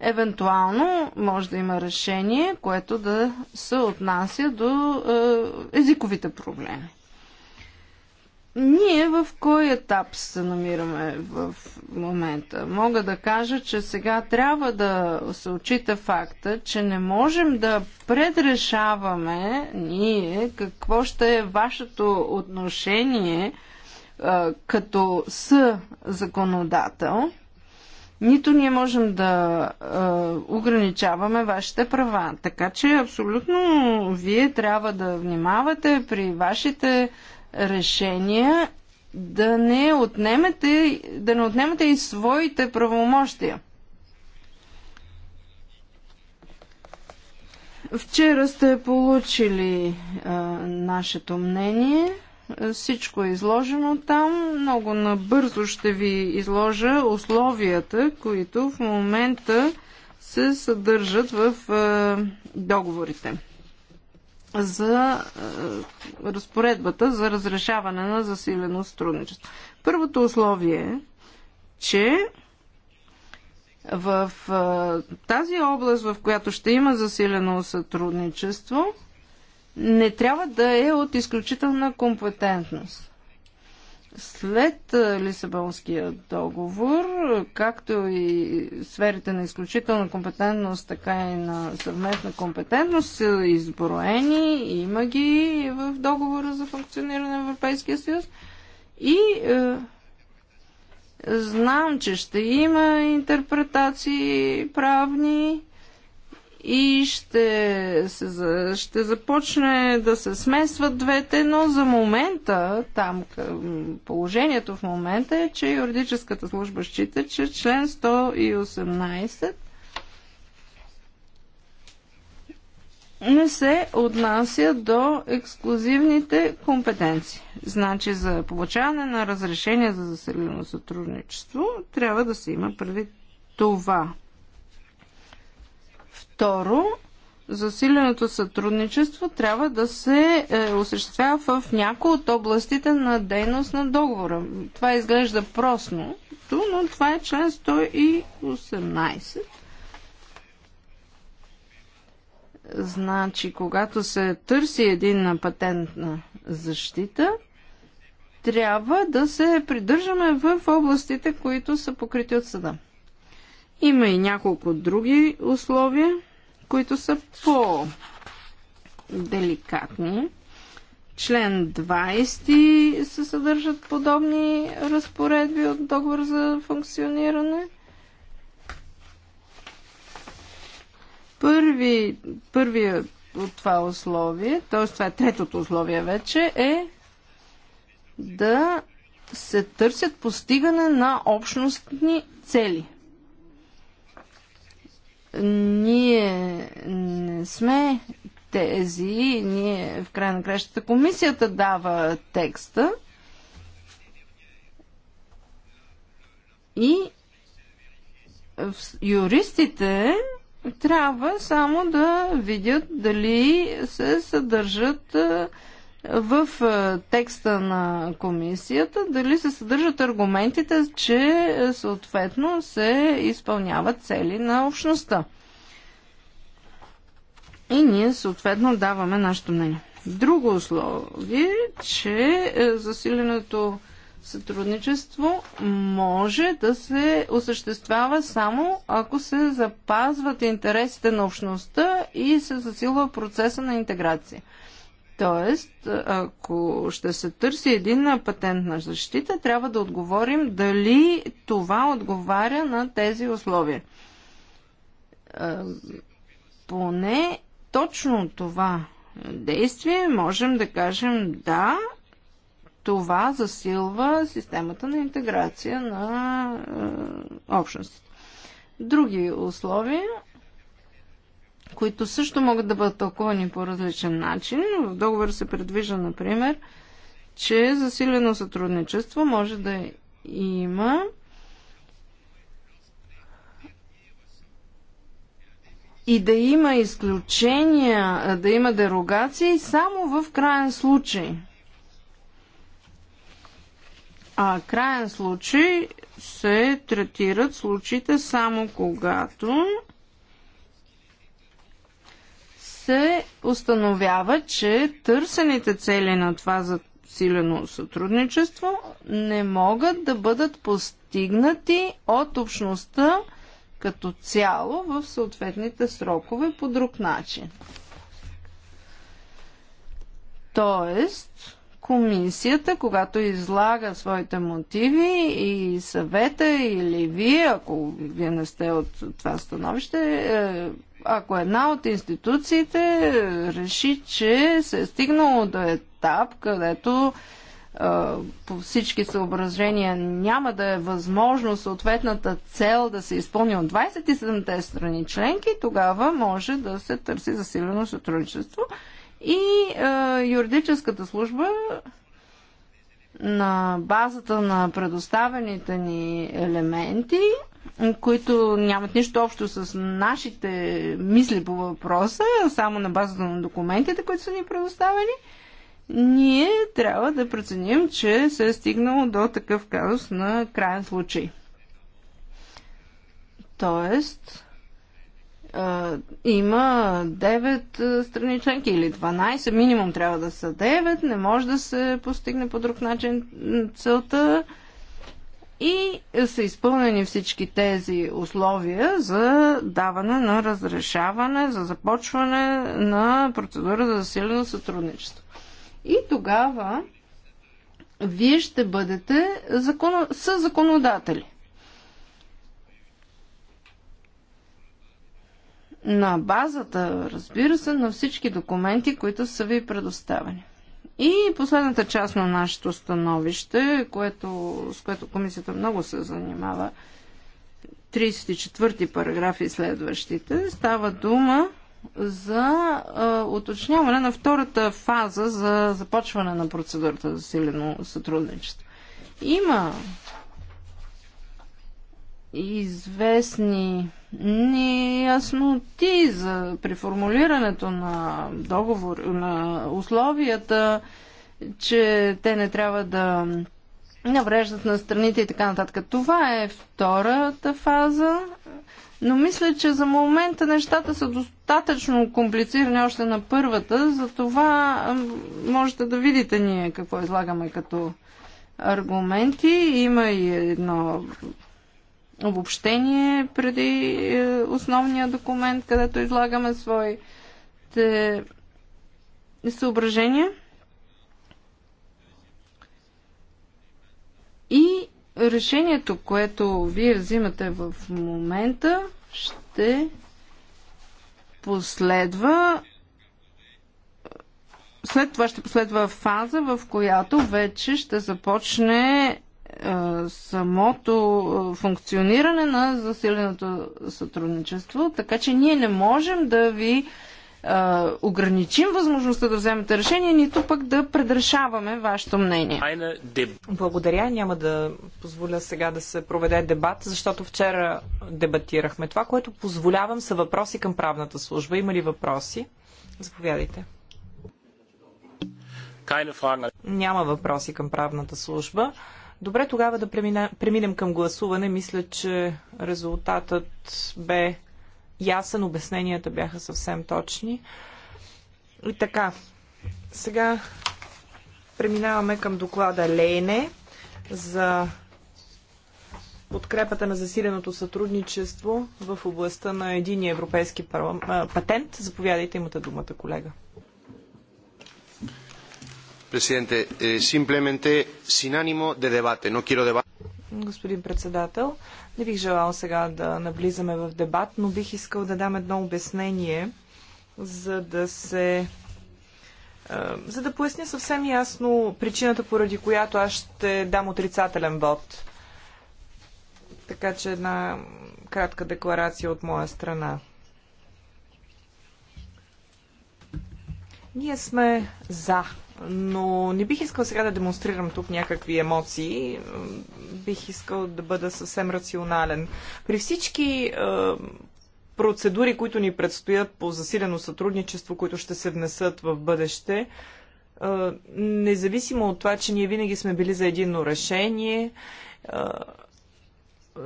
евентуално може да има решение, което да се отнася до е, езиковите проблеми. Ние в кой етап се намираме в момента? Мога да кажа, че сега трябва да се очита факта, че не можем да предрешаваме ние какво ще е вашето отношение а, като с законодател, нито ние можем да а, ограничаваме вашите права. Така че абсолютно вие трябва да внимавате при вашите решения, да не отнемете, да не отнемете и своите правомощия. Вчера сте получили а, нашето мнение. Всичко е изложено там. Много набързо ще ви изложа условията, които в момента се съдържат в а, договорите за е, разпоредбата за разрешаване на засилено сътрудничество. Първото условие е, че в е, тази област, в която ще има засилено сътрудничество, не трябва да е от изключителна компетентност. След Лисабонския договор, както и сферите на изключителна компетентност, така и на съвместна компетентност са изброени, има ги в договора за функциониране на Европейския съюз. И е, знам, че ще има интерпретации правни и ще, се, ще започне да се смесват двете, но за момента, там положението в момента е, че юридическата служба счита, че член 118 не се отнася до ексклюзивните компетенции. Значи за получаване на разрешение за заселено сътрудничество трябва да се има преди това. Второ, засиленото сътрудничество трябва да се е, осъществява в някои от областите на дейност на договора. Това изглежда просно, но това е член 118. Значи, когато се търси един патентна защита, трябва да се придържаме в областите, които са покрити от съда. Има и няколко други условия, които са по-деликатни. Член 20 се съдържат подобни разпоредби от договор за функциониране. Първи, първият от това условие, т.е. това е третото условие вече, е да се търсят постигане на общностни цели. Ние не сме тези, ние в край на кращата комисията дава текста и юристите трябва само да видят дали се съдържат в е, текста на комисията дали се съдържат аргументите, че е, съответно се изпълняват цели на общността. И ние съответно даваме нашето мнение. Друго условие, че е, засиленото сътрудничество може да се осъществява само ако се запазват интересите на общността и се засилва процеса на интеграция. Тоест, ако ще се търси един патент на защита, трябва да отговорим дали това отговаря на тези условия. Поне точно това действие можем да кажем да, това засилва системата на интеграция на общностите. Други условия които също могат да бъдат тълкувани по различен начин. В договор се предвижда, например, че засилено сътрудничество може да има и да има изключения, да има дерогации само в крайен случай. А крайен случай се третират случаите само когато се установява, че търсените цели на това засилено сътрудничество не могат да бъдат постигнати от общността като цяло в съответните срокове по друг начин. Тоест, комисията, когато излага своите мотиви и съвета или вие, ако вие не сте от това становище, е, ако една от институциите реши, че се е стигнало до етап, където по всички съображения няма да е възможно съответната цел да се изпълни от 27-те страни членки, тогава може да се търси засилено сътрудничество. И е, юридическата служба на базата на предоставените ни елементи които нямат нищо общо с нашите мисли по въпроса, само на базата на документите, които са ни предоставени, ние трябва да преценим, че се е стигнало до такъв казус на крайен случай. Тоест, има 9 страни членки или 12, минимум трябва да са 9, не може да се постигне по друг начин целта и са изпълнени всички тези условия за даване на разрешаване, за започване на процедура за засилено сътрудничество. И тогава вие ще бъдете закон... със законодатели. На базата, разбира се, на всички документи, които са ви предоставени. И последната част на нашето становище, което, с което комисията много се занимава, 34 ти параграф и следващите, става дума за а, уточняване на втората фаза за започване на процедурата за силено сътрудничество. Има известни неясноти за при формулирането на договор, на условията, че те не трябва да навреждат на страните и така нататък. Това е втората фаза, но мисля, че за момента нещата са достатъчно комплицирани още на първата, за това можете да видите ние какво излагаме като аргументи. Има и едно обобщение преди е, основния документ, където излагаме своите съображения. И решението, което вие взимате в момента, ще последва. След това ще последва фаза, в която вече ще започне самото функциониране на засиленото сътрудничество, така че ние не можем да ви ограничим възможността да вземете решение, нито пък да предрешаваме вашето мнение. Благодаря. Няма да позволя сега да се проведе дебат, защото вчера дебатирахме. Това, което позволявам, са въпроси към правната служба. Има ли въпроси? Заповядайте. Няма въпроси към правната служба. Добре тогава да премина, преминем към гласуване. Мисля, че резултатът бе ясен, обясненията бяха съвсем точни. И така, сега преминаваме към доклада Лене за подкрепата на засиленото сътрудничество в областта на единия европейски патент. Заповядайте, имате думата, колега. Presidente, eh, simplemente sin ánimo de debate. No quiero debate. Господин председател, не бих желал сега да навлизаме в дебат, но бих искал да дам едно обяснение, за да се за да поясня съвсем ясно причината, поради която аз ще дам отрицателен вод. Така че една кратка декларация от моя страна. Ние сме за но не бих искал сега да демонстрирам тук някакви емоции. Бих искал да бъда съвсем рационален. При всички е, процедури, които ни предстоят по засилено сътрудничество, които ще се внесат в бъдеще, е, независимо от това, че ние винаги сме били за единно решение, е,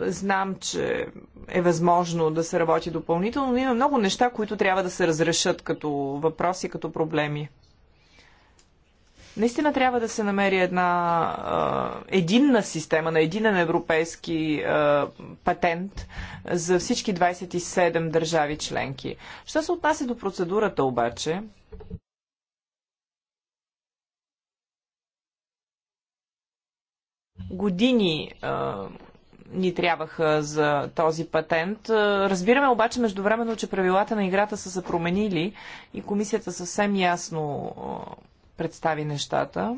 знам, че е възможно да се работи допълнително, но има много неща, които трябва да се разрешат като въпроси, като проблеми. Наистина трябва да се намери една единна система, на единен европейски патент за всички 27 държави членки. Що се отнася до процедурата обаче? Години а, ни трябваха за този патент. Разбираме обаче междувременно, че правилата на играта са се променили и комисията съвсем ясно представи нещата.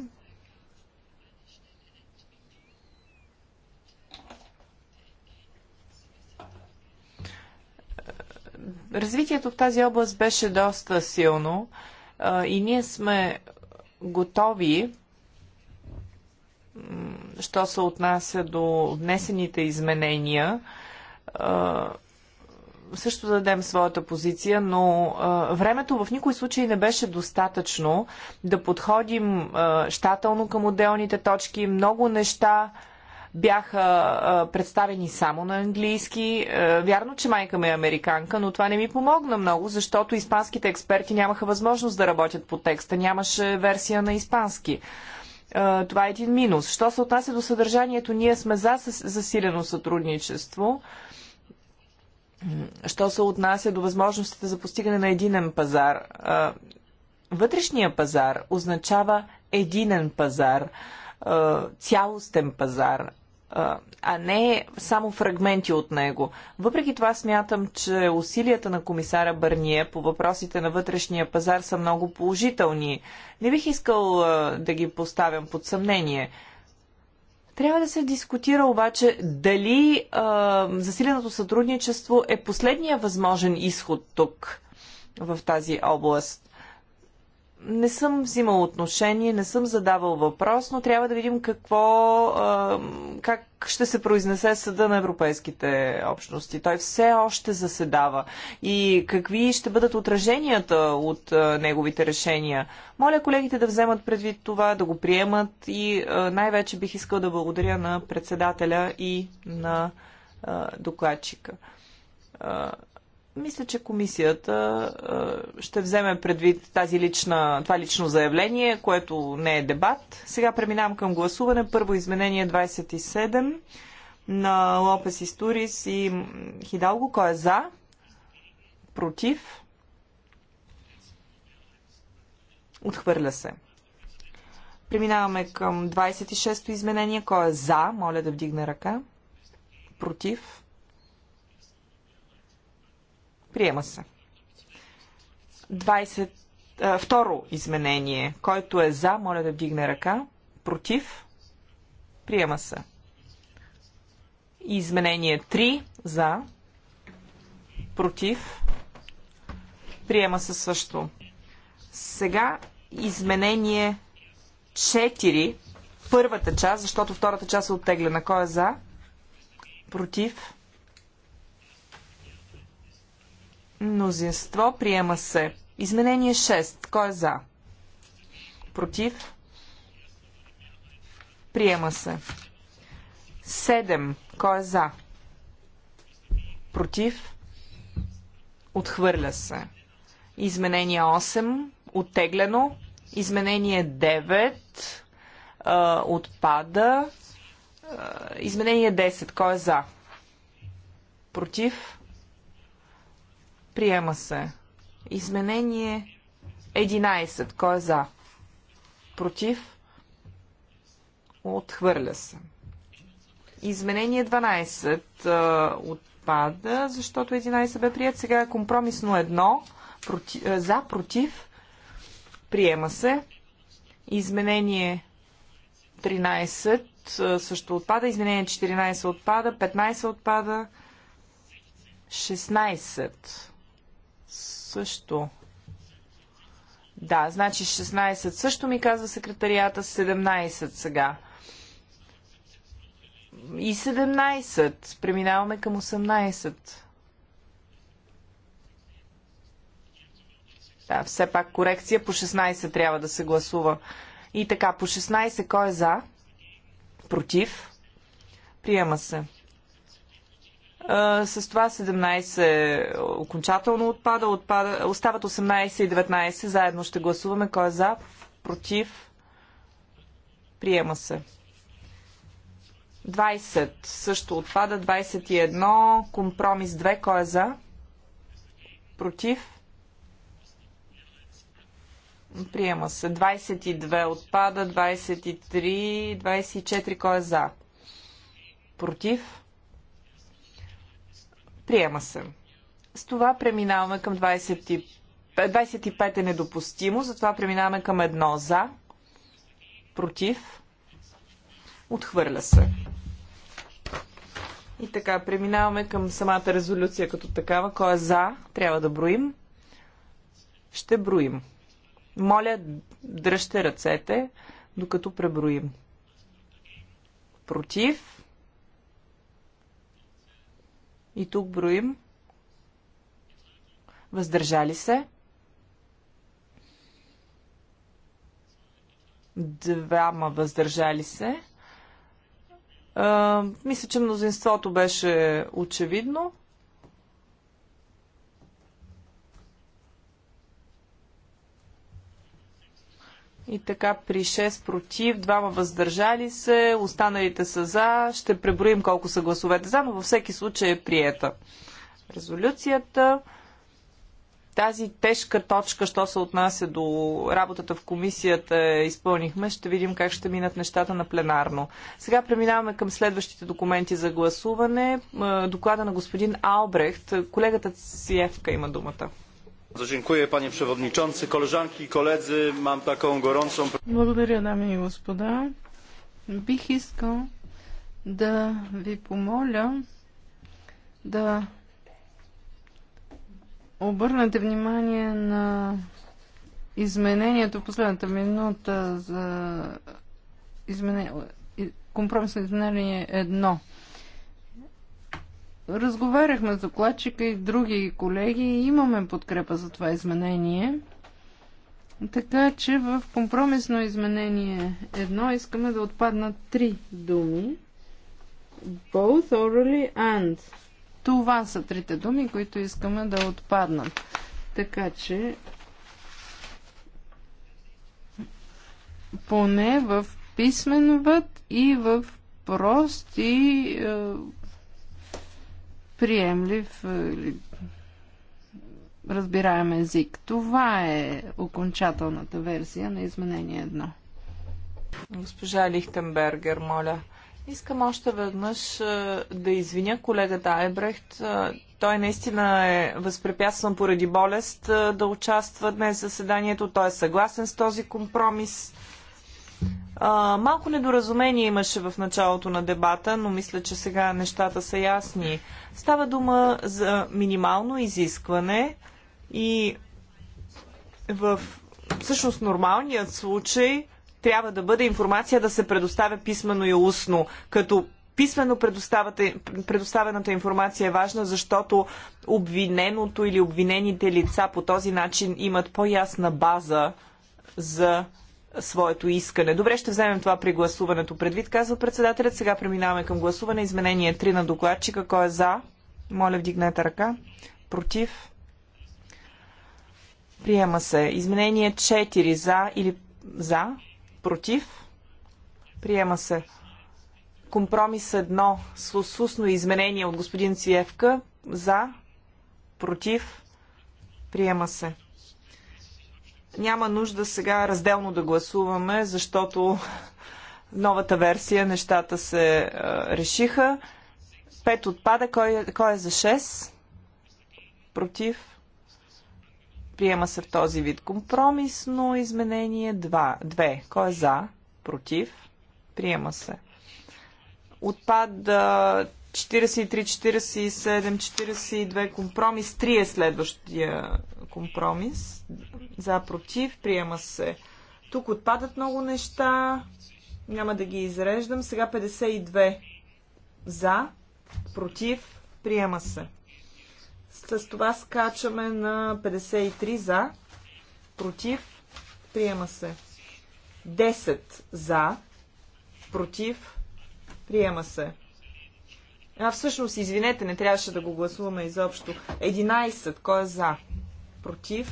Развитието в тази област беше доста силно и ние сме готови, що се отнася до внесените изменения, също да дадем своята позиция, но а, времето в никой случай не беше достатъчно да подходим а, щателно към отделните точки. Много неща бяха а, представени само на английски. А, вярно, че майка ми е американка, но това не ми помогна много, защото испанските експерти нямаха възможност да работят по текста. Нямаше версия на испански. А, това е един минус. Що се отнася до съдържанието, ние сме за засилено сътрудничество. А, Що се отнася до възможностите за постигане на единен пазар? Вътрешния пазар означава единен пазар, цялостен пазар, а не само фрагменти от него. Въпреки това смятам, че усилията на комисара Бърние по въпросите на вътрешния пазар са много положителни. Не бих искал да ги поставям под съмнение. Трябва да се дискутира обаче дали а, засиленото сътрудничество е последния възможен изход тук в тази област не съм взимал отношение, не съм задавал въпрос, но трябва да видим какво, как ще се произнесе съда на европейските общности. Той все още заседава. И какви ще бъдат отраженията от неговите решения? Моля колегите да вземат предвид това, да го приемат и най-вече бих искал да благодаря на председателя и на докладчика мисля, че комисията ще вземе предвид тази лична, това лично заявление, което не е дебат. Сега преминавам към гласуване. Първо изменение 27 на Лопес Историс и Хидалго. Кой е за? Против? Отхвърля се. Преминаваме към 26-то изменение. Кой е за? Моля да вдигне ръка. Против? Приема се. 20, а, второ изменение. Който е за, моля да вдигне ръка. Против. Приема се. Изменение 3. За. Против. Приема се също. Сега изменение 4. Първата част, защото втората част е оттеглена. Кой е за? Против. Мнозинство приема се. Изменение 6. Кой е за? Против? Приема се. 7. Кой е за? Против? Отхвърля се. Изменение 8. Оттеглено. Изменение 9. отпада. изменение 10. Кой е за? Против? Приема се. Изменение 11. Кой е за? Против? Отхвърля се. Изменение 12 отпада, защото 11 бе прият. Сега е компромисно 1. Против, за, против. Приема се. Изменение 13 също отпада. Изменение 14 отпада. 15 отпада. 16 също. Да, значи 16 също ми казва секретарията, 17 сега. И 17. Преминаваме към 18. Да, все пак корекция по 16 трябва да се гласува. И така, по 16 кой е за? Против? Приема се. С това 17 окончателно отпада, отпада. Остават 18 и 19. Заедно ще гласуваме. Кой е за? Против? Приема се. 20 също отпада. 21. Компромис 2. Кой е за? Против? Приема се. 22 отпада. 23. 24. Кой е за? Против? Приема се. С това преминаваме към 25. 25 е недопустимо, затова преминаваме към едно за, против, отхвърля се. И така, преминаваме към самата резолюция като такава. Кой е за, трябва да броим. Ще броим. Моля, дръжте ръцете, докато преброим. Против, и тук броим. Въздържали се. Двама въздържали се. А, мисля, че мнозинството беше очевидно. И така при 6 против, 2 въздържали се, останалите са за. Ще преброим колко са гласовете за, но във всеки случай е приета. Резолюцията тази тежка точка, що се отнася до работата в комисията, изпълнихме. Ще видим как ще минат нещата на пленарно. Сега преминаваме към следващите документи за гласуване. Е, доклада на господин Албрехт. Колегата Сиевка има думата. Благодаря, дами и господа. Бих искал да ви помоля да обърнете внимание на изменението в последната минута за компромисно изменение едно – Разговаряхме с докладчика и други колеги и имаме подкрепа за това изменение. Така че в компромисно изменение едно искаме да отпаднат три думи. Both, orally and. Това са трите думи, които искаме да отпаднат. Така че поне в писмен вът и в прост и е, приемлив или е, разбираем език. Това е окончателната версия на изменение 1. Госпожа Лихтенбергер, моля. Искам още веднъж е, да извиня колегата Айбрехт. Е, той наистина е възпрепятстван поради болест да участва днес в заседанието. Той е съгласен с този компромис. А, малко недоразумение имаше в началото на дебата, но мисля, че сега нещата са ясни. Става дума за минимално изискване и в всъщност нормалният случай трябва да бъде информация да се предоставя писменно и устно, като писменно предоставената информация е важна, защото обвиненото или обвинените лица по този начин имат по-ясна база за своето искане. Добре, ще вземем това при гласуването предвид, казва председателят. Сега преминаваме към гласуване. Изменение 3 на докладчика. Кой е за? Моля, вдигнете ръка. Против? Приема се. Изменение 4 за или за? Против? Приема се. Компромис 1 с усусно изменение от господин Циевка. За? Против? Приема се. Няма нужда сега разделно да гласуваме, защото новата версия нещата се а, е, решиха. Пет отпада. Кой, е, кой е за 6? Против? Приема се в този вид компромисно изменение 2. 2. Кой е за? Против? Приема се. Отпада 43, 47, 42, компромис 3 е следващия компромис. За, против, приема се. Тук отпадат много неща. Няма да ги изреждам. Сега 52. За, против, приема се. С това скачаме на 53 за, против, приема се. 10 за, против, приема се. А всъщност, извинете, не трябваше да го гласуваме изобщо. 11. Кой е за? Против.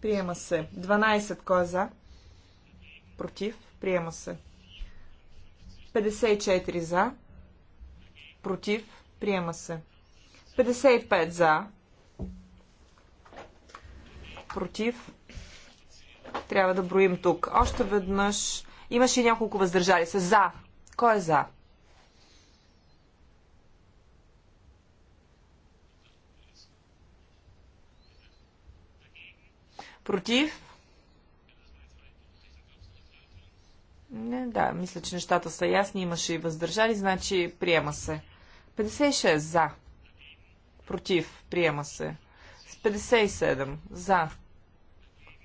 Приема се. 12. Кой е за? Против. Приема се. 54 за. Против. Приема се. 55 за. Против. Трябва да броим тук. Още веднъж. Имаше няколко въздържали се. За. Кой е за? Против? Не, да, мисля, че нещата са ясни. Имаше и въздържали, значи приема се. 56 за. Против. Приема се. 57 за.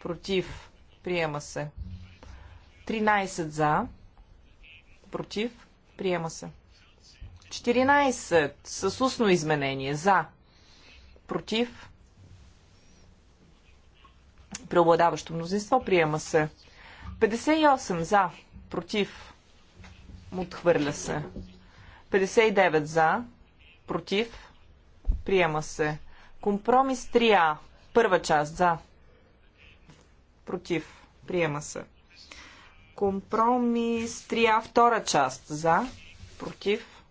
Против. Приема се. 13 за. Против. Приема се. 14 с устно изменение. За. Против преобладаващо мнозинство. Приема се. 58 за, против, отхвърля се. 59 за, против, приема се. Компромис 3А, първа част за, против, приема се. Компромис 3А, втора част за, против,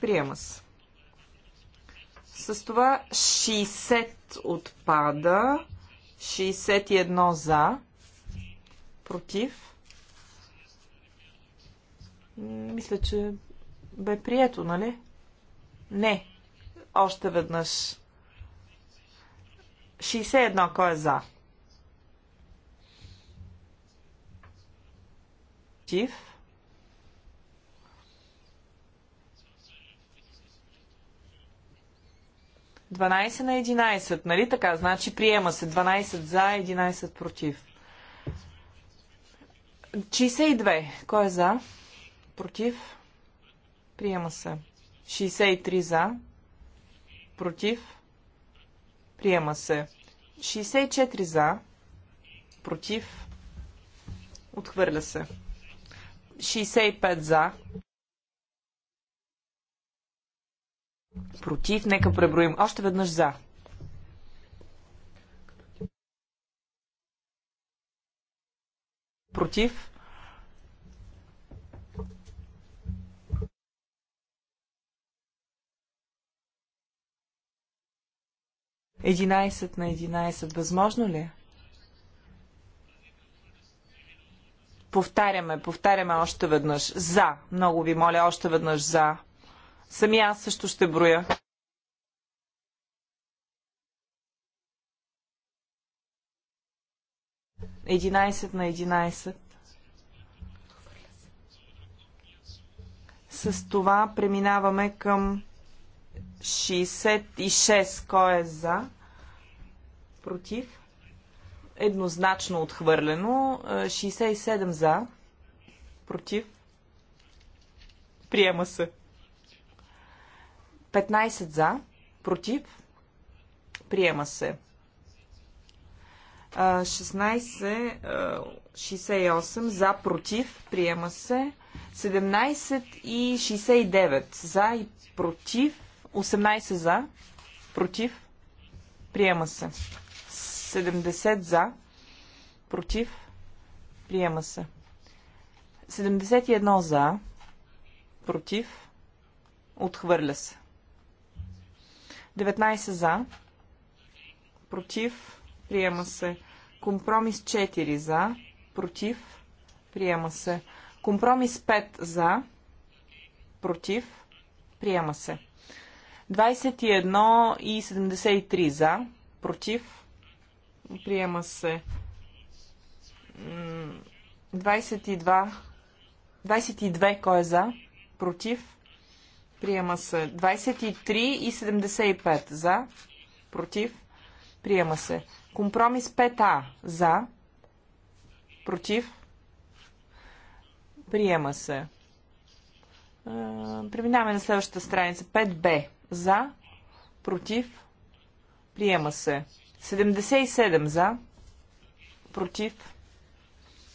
приема се. С това 60 отпада, 61 за, против. Мисля, че бе прието, нали? Не. Още веднъж. 61, кой е за? Против. 12 на 11, нали така? Значи приема се 12 за, 11 против. 62. Кой е за? Против? Приема се. 63 за. Против? Приема се. 64 за. Против? Отхвърля се. 65 за. Против, нека преброим. Още веднъж за. Против. Единайсет на единайсет. Възможно ли е? Повтаряме, повтаряме още веднъж. За. Много ви моля, още веднъж за. Сами аз също ще броя. Единайсет на единайсет. С това преминаваме към 66. Кой е за? Против? Еднозначно отхвърлено. 67 за. Против? Приема се. 15 за, против, приема се. 16,68 за, против, приема се. 17 и 69 за и против, 18 за, против, приема се. 70 за, против, приема се. 71 за, против, отхвърля се. 19 за, против, приема се. Компромис 4 за, против, приема се. Компромис 5 за, против, приема се. 21 и 73 за, против, приема се. 22, 22 кой е за, против, Приема се. 23 и 75 за. Против. Приема се. Компромис 5А за. Против. Приема се. Преминаваме на следващата страница. 5Б за. Против. Приема се. 77 за. Против.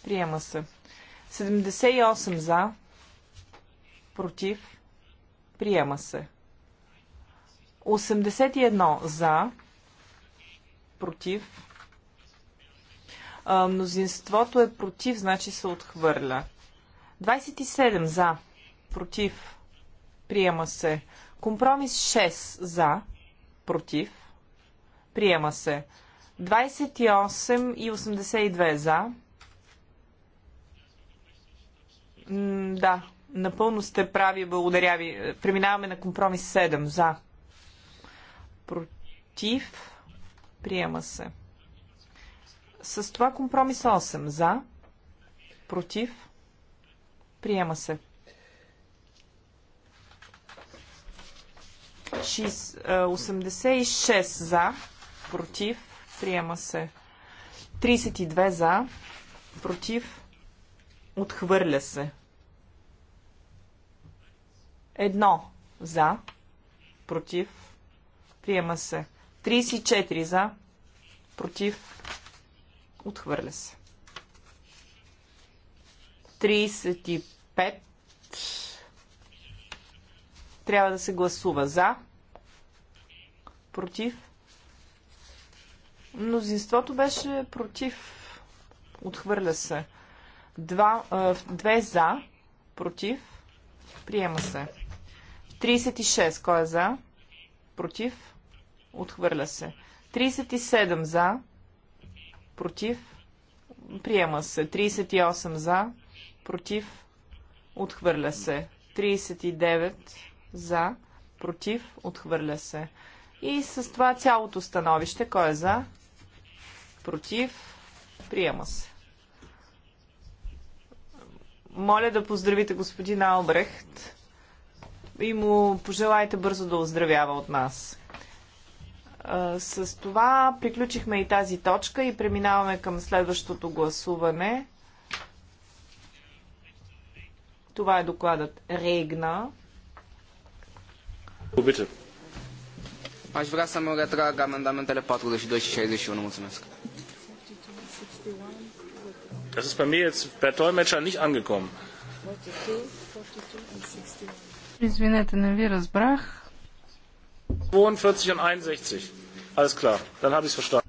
Приема се. 78 за. Против. Приема се. 81 за. Против. А, мнозинството е против, значи се отхвърля. 27 за. Против. Приема се. Компромис 6 за. Против. Приема се. 28 и 82 за. М да, Напълно сте прави, благодаря ви. Преминаваме на компромис 7. За. Против. Приема се. С това компромис 8. За. Против. Приема се. 86 е, за. Против. Приема се. 32 за. Против. Отхвърля се. Едно за, против, приема се. 34 за, против, отхвърля се. 35 трябва да се гласува за, против. Мнозинството беше против. Отхвърля се. Два, две за, против. Приема се. 36. Кой е за? Против? Отхвърля се. 37 за. Против? Приема се. 38 за. Против? Отхвърля се. 39 за. Против? Отхвърля се. И с това цялото становище. Кой е за? Против? Приема се. Моля да поздравите господин Албрехт и му пожелайте бързо да оздравява от нас. С това приключихме и тази точка и преминаваме към следващото гласуване. Това е докладът Регна. Обичам. Aș vrea să-mi retrag amendamentele ще și 61. Mulțumesc. Das ist bei mir jetzt per Dolmetscher nicht angekommen. 42, 42 und 61. Извинете, не ви разбрах. 42 und 61. Alles klar, dann habe ich verstanden.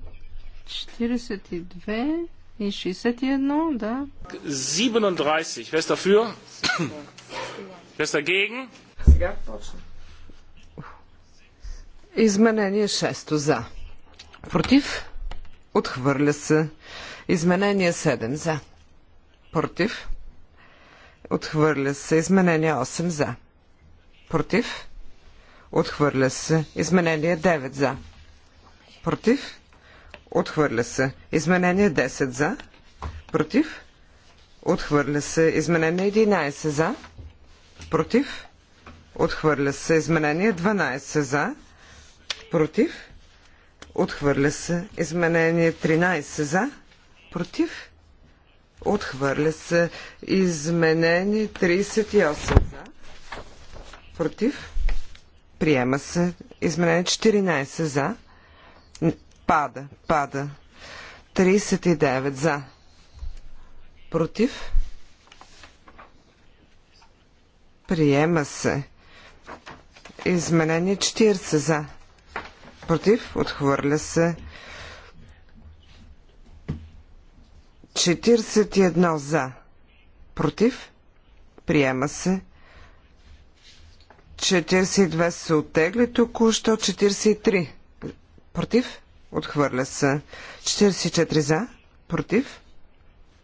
42 и 61, да. 37, wer ist dafür? wer ist dagegen? Сега точно. Изменение 6 за. Против? Отхвърля се. Изменение 7 за. Против? Отхвърля се. Изменение 8 за. Против. Отхвърля се. Изменение 9 за. Против. Отхвърля се. Изменение 10 за. Против. Отхвърля се. Изменение 11 за. Против. Отхвърля се. Изменение 12 за. Против. Отхвърля се. Изменение 13 за. Против. Отхвърля се. Изменение 38 за против, приема се. Изменение 14 за, пада, пада. 39 за, против, приема се. Изменение 40 за, против, отхвърля се. 41 за, против, приема се. 42 се оттегли току-що. 43. Против? Отхвърля се. 44 за. Против?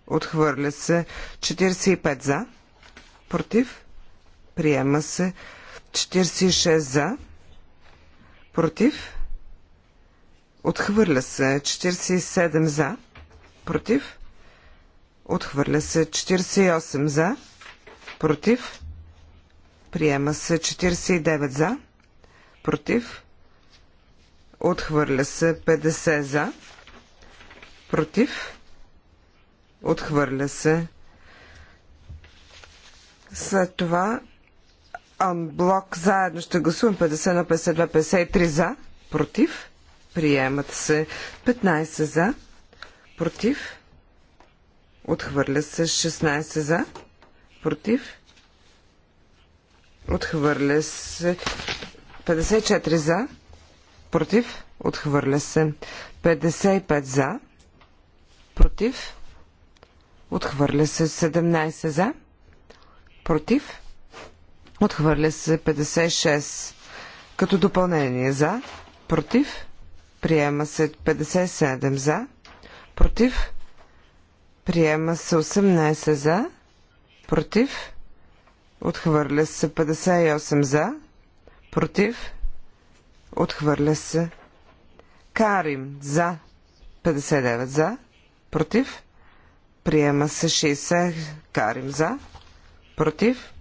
Отхвърля се. 45 за. Против? Приема се. 46 за. Против? Отхвърля се. 47 за. Против? Отхвърля се. 48 за. Против? Приема се 49 за. Против. Отхвърля се 50 за. Против. Отхвърля се. След това анблок заедно ще гласувам 50 на 52, 53 за. Против. Приемат се 15 за. Против. Отхвърля се 16 за. Против. Отхвърля се. 54 за. Против. Отхвърля се. 55 за. Против. Отхвърля се. 17 за. Против. Отхвърля се. 56. Като допълнение за. Против. Приема се. 57 за. Против. Приема се. 18 за. Против. Отхвърля се 58 за. Против. Отхвърля се. Карим за. 59 за. Против. Приема се 60. Карим за. Против.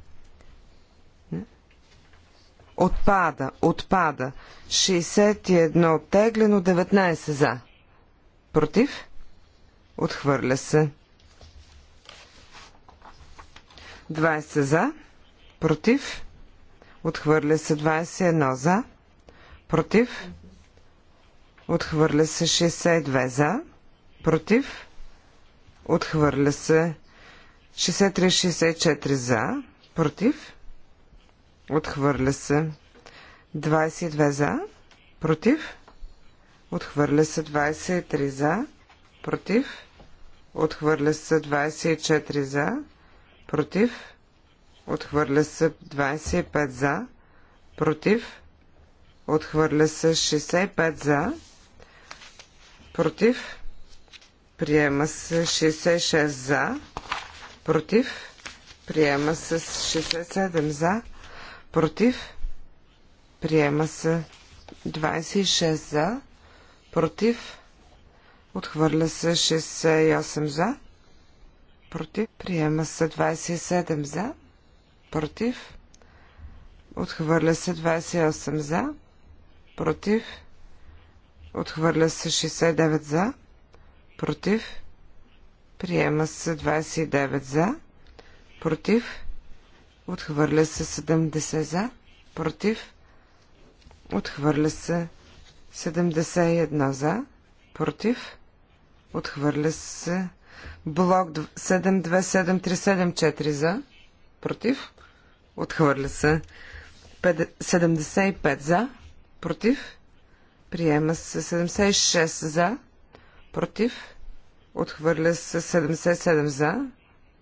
Отпада. Отпада. 61 оттеглено. 19 за. Против. Отхвърля се. 20 за против, отхвърля се 21 за, против, отхвърля се 62 за, против, отхвърля се 63-64 за, против, отхвърля се 22 за, против, отхвърля се 23 за, против, отхвърля се 24 за, против, Отхвърля се 25 за. Против. Отхвърля се 65 за. Против. Приема се 66 за. Против. Приема се 67 за. Против. Приема се 26 за. Против. Отхвърля се 68 за. Против. Приема се 27 за против, отхвърля се 28 за, против, отхвърля се 69 за, против, приема се 29 за, против, отхвърля се 70 за, против, отхвърля се 71 за, против, отхвърля се блок 727374 за, против, Отхвърля се. 75 за. Против. Приема се 76 за. Против. Отхвърля се 77 за.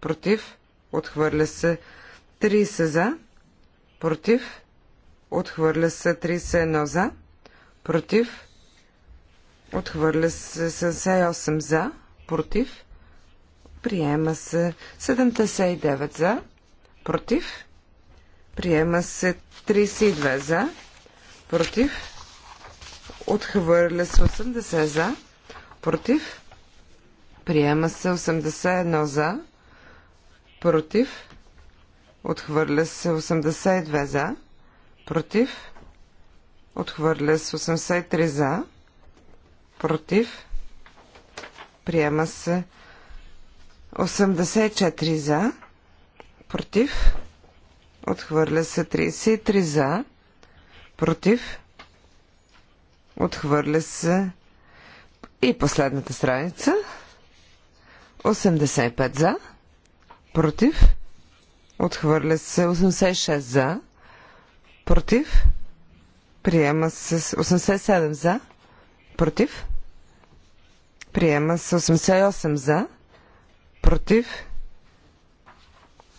Против. Отхвърля се 30 за. Против. Отхвърля се 31 за. Против. Отхвърля се 78 за. Против. Приема се 79 за. Против. Приема се 32 за. Против. Отхвърля се 80 за. Против. Приема се 81 за. Против. Отхвърля се 82 за. Против. Отхвърля се 83 за. Против. Приема се 84 за. Против. Отхвърля се 33 за. Против. Отхвърля се. И последната страница. 85 за. Против. Отхвърля се 86 за. Против. Приема се 87 за. Против. Приема се 88 за. Против.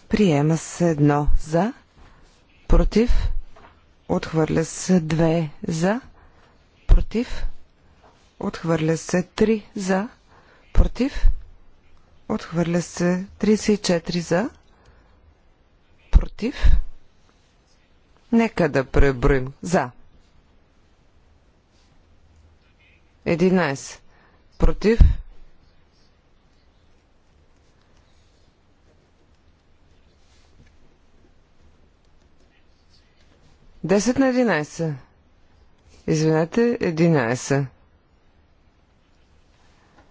Приема се едно за. Против. Отхвърля се две за. Против. Отхвърля се три за. Против. Отхвърля се 34 за. Против. Нека да преброим. За. 11. Против. 10 на 11. Извинете, 11.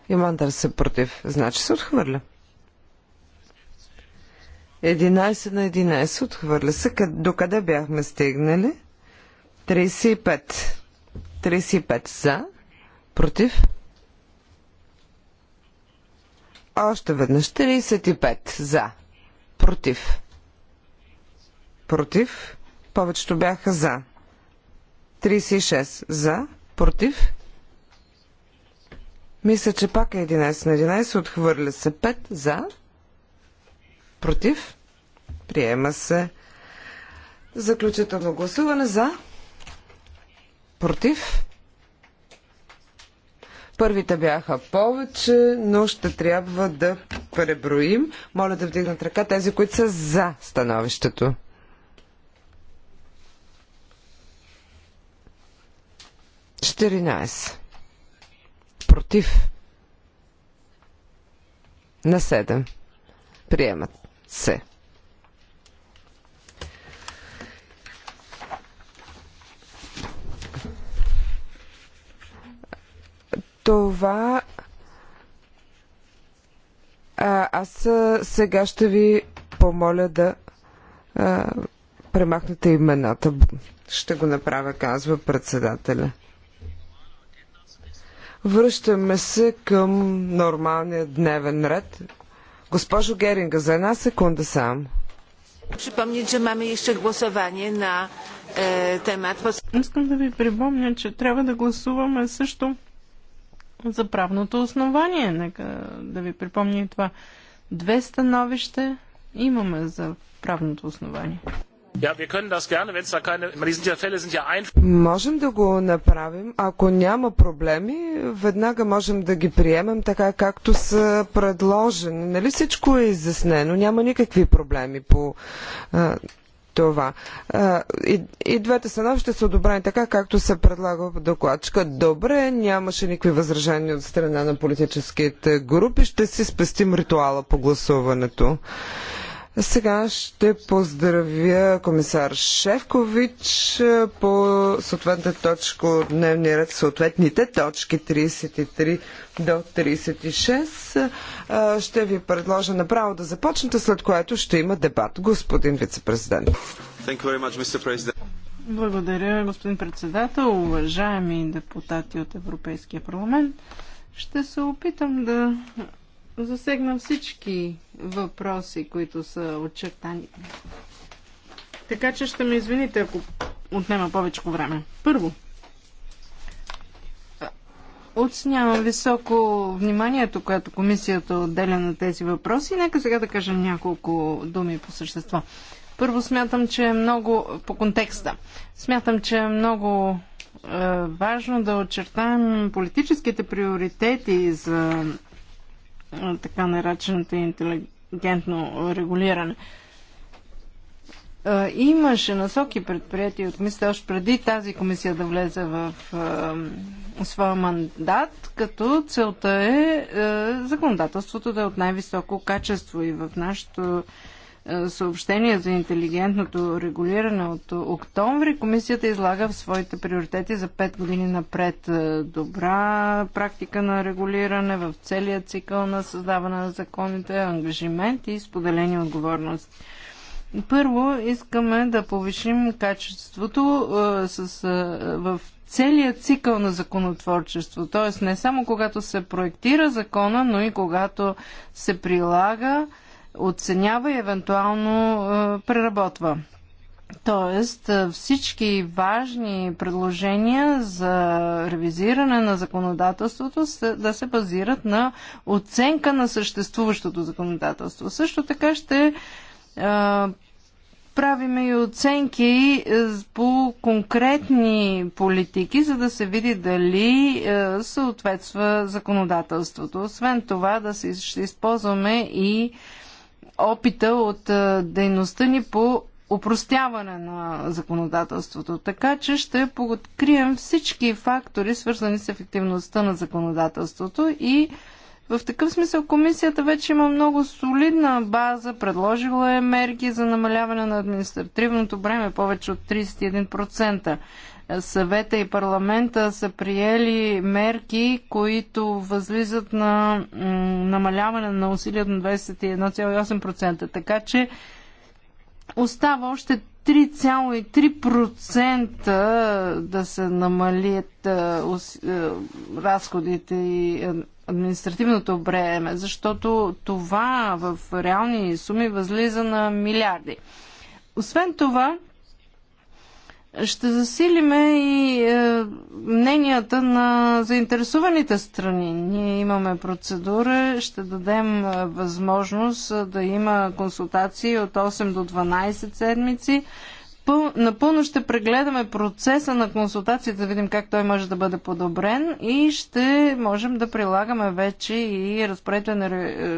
И Мандър се против. Значи се отхвърля. 11 на 11 отхвърля се. Докъде бяхме стигнали? 35. 35 за. Против. Още веднъж. 35 за. Против. Против. Повечето бяха за. 36 за, против. Мисля, че пак е 11 на 11. Отхвърля се 5 за, против. Приема се. Заключително гласуване за, против. Първите бяха повече, но ще трябва да преброим. Моля да вдигнат ръка тези, които са за становището. 14. Против. На 7. Приемат се. Това а, аз сега ще ви помоля да а, премахнете имената. Ще го направя, казва председателя. Връщаме се към нормалния дневен ред. Госпожо Геринга, за една секунда сам. Припомнят, че mamy jeszcze гласование на e, Искам да ви припомня, че трябва да гласуваме също за правното основание. Нека да ви припомня и това. Две становище имаме за правното основание. Можем да го направим. Ако няма проблеми, веднага можем да ги приемем така, както са предложени. Нали всичко е изяснено? Няма никакви проблеми по това. и, и двете становища са одобрени така, както се предлага в докладчика. Добре, нямаше никакви възражения от страна на политическите групи. Ще си спестим ритуала по гласуването. Сега ще поздравя комисар Шефкович е, по съответната точка от дневния ред, съответните точки 33 до 36. Е, ще ви предложа направо да започнете, след което ще има дебат. Господин вице-президент. Благодаря, господин председател, уважаеми депутати от Европейския парламент. Ще се опитам да засегна всички въпроси, които са очертани. Така че ще ме извините, ако отнема повече време. Първо, оценявам високо вниманието, което комисията отделя на тези въпроси. Нека сега да кажем няколко думи по същество. Първо смятам, че е много по контекста. Смятам, че е много е, важно да очертаем политическите приоритети за така нареченото интелигентно регулиране. Имаше насоки предприяти от мисля още преди тази комисия да влезе в своя мандат, като целта е, е законодателството да е от най-високо качество и в нашето Съобщения за интелигентното регулиране от октомври, комисията излага в своите приоритети за 5 години напред е, добра практика на регулиране в целия цикъл на създаване на законите, ангажименти и споделени отговорности. Първо, искаме да повишим качеството а, е, с, е, в целия цикъл на законотворчество. Т.е. не само когато се проектира закона, но и когато се прилага оценява и евентуално е, преработва. Тоест е, всички важни предложения за ревизиране на законодателството да се базират на оценка на съществуващото законодателство. Също така ще а, е, правиме и оценки по конкретни политики, за да се види дали а, съответства законодателството. Освен това да се, ще използваме и а, опита от дейността ни по упростяване на законодателството. Така че ще подкрием всички фактори, свързани с ефективността на законодателството и в такъв смисъл комисията вече има много солидна база, предложила е мерки за намаляване на административното бреме повече от 31% съвета и парламента са приели мерки, които възлизат на намаляване на усилията на 21,8%. Така че остава още 3,3% да се намалят разходите и административното бреме, защото това в реални суми възлиза на милиарди. Освен това, ще засилиме и е, мненията на заинтересованите страни. Ние имаме процедура, ще дадем е, възможност е, да има консултации от 8 до 12 седмици. Пъл, напълно ще прегледаме процеса на консултацията, да видим как той може да бъде подобрен и ще можем да прилагаме вече и разпоредите на,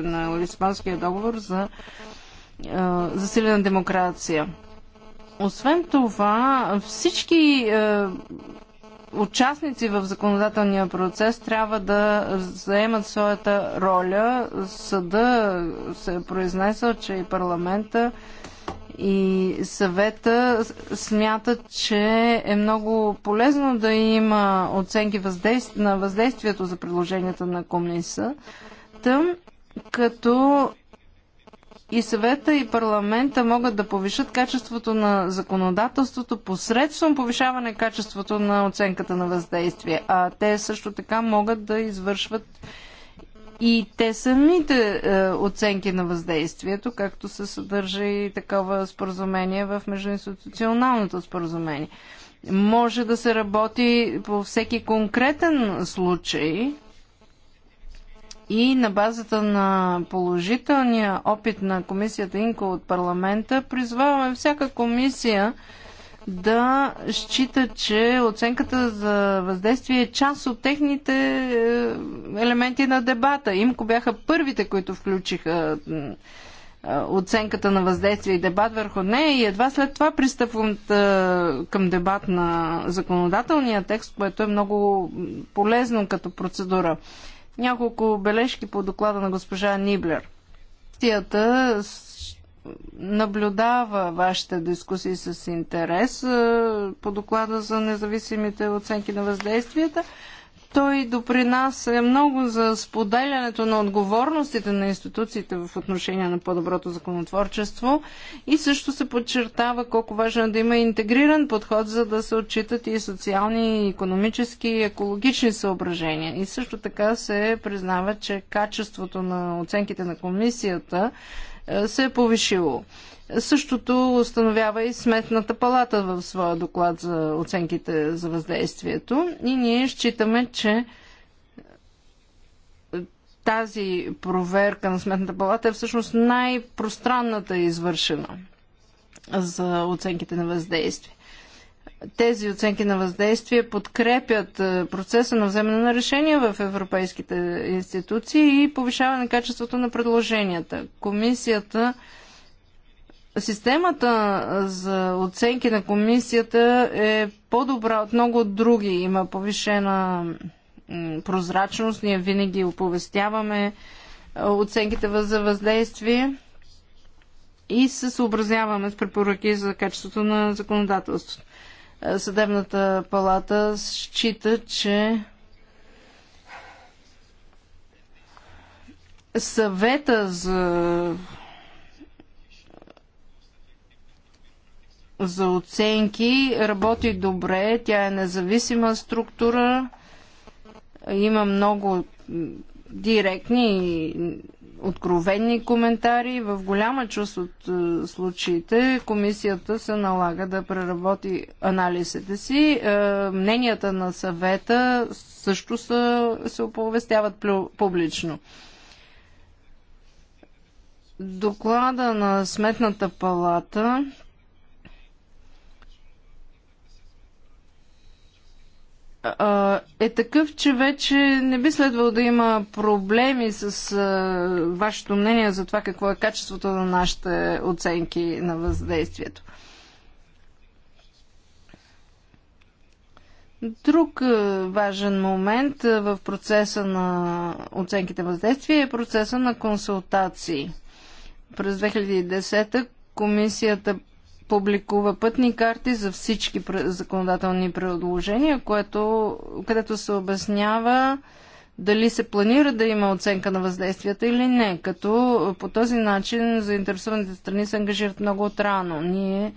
на Лисбонския договор за е, засилена демокрация. Освен това, всички е, участници в законодателния процес трябва да заемат своята роля. Съда се е произнесъл, че и парламента и съвета смятат, че е много полезно да има оценки въздействие, на въздействието за предложенията на комиса, Тъм, като и съвета и парламента могат да повишат качеството на законодателството посредством повишаване качеството на оценката на въздействие. А те също така могат да извършват и те самите е, оценки на въздействието, както се съдържа и такова споразумение в междуинституционалното споразумение. Може да се работи по всеки конкретен случай, и на базата на положителния опит на комисията Инко от парламента призваваме всяка комисия да счита, че оценката за въздействие е част от техните е, елементи на дебата. Имко бяха първите, които включиха е, оценката на въздействие и дебат върху нея и едва след това пристъпвам е, към дебат на законодателния текст, което е много полезно като процедура. Няколко бележки по доклада на госпожа Ниблер. Тията наблюдава вашите дискусии с интерес по доклада за независимите оценки на въздействията. Той допринася много за споделянето на отговорностите на институциите в отношение на по-доброто законотворчество и също се подчертава колко важно е да има интегриран подход, за да се отчитат и социални, и економически, и екологични съображения. И също така се признава, че качеството на оценките на комисията е, се е повишило. Същото установява и Сметната палата в своя доклад за оценките за въздействието. И ние считаме, че тази проверка на Сметната палата е всъщност най-пространната извършена за оценките на въздействие. Тези оценки на въздействие подкрепят е, процеса на вземане на решения в европейските институции и повишаване на качеството на предложенията. Комисията Системата за оценки на комисията е по-добра от много други. Има повишена прозрачност. Ние винаги оповестяваме оценките за въздействие и се съобразяваме с препоръки за качеството на законодателството. Съдебната палата счита, че съвета за за оценки работи добре. Тя е независима структура. Има много директни и откровенни коментари. В голяма част от е, случаите комисията се налага да преработи анализите си. Е, мненията на съвета също са, се оповестяват публично. Доклада на Сметната палата е такъв, че вече не би следвало да има проблеми с вашето мнение за това какво е качеството на нашите оценки на въздействието. Друг важен момент в процеса на оценките въздействие е процеса на консултации. През 2010 комисията публикува пътни карти за всички законодателни предложения, което, където се обяснява дали се планира да има оценка на въздействията или не, като по този начин заинтересованите страни се ангажират много отрано. Ние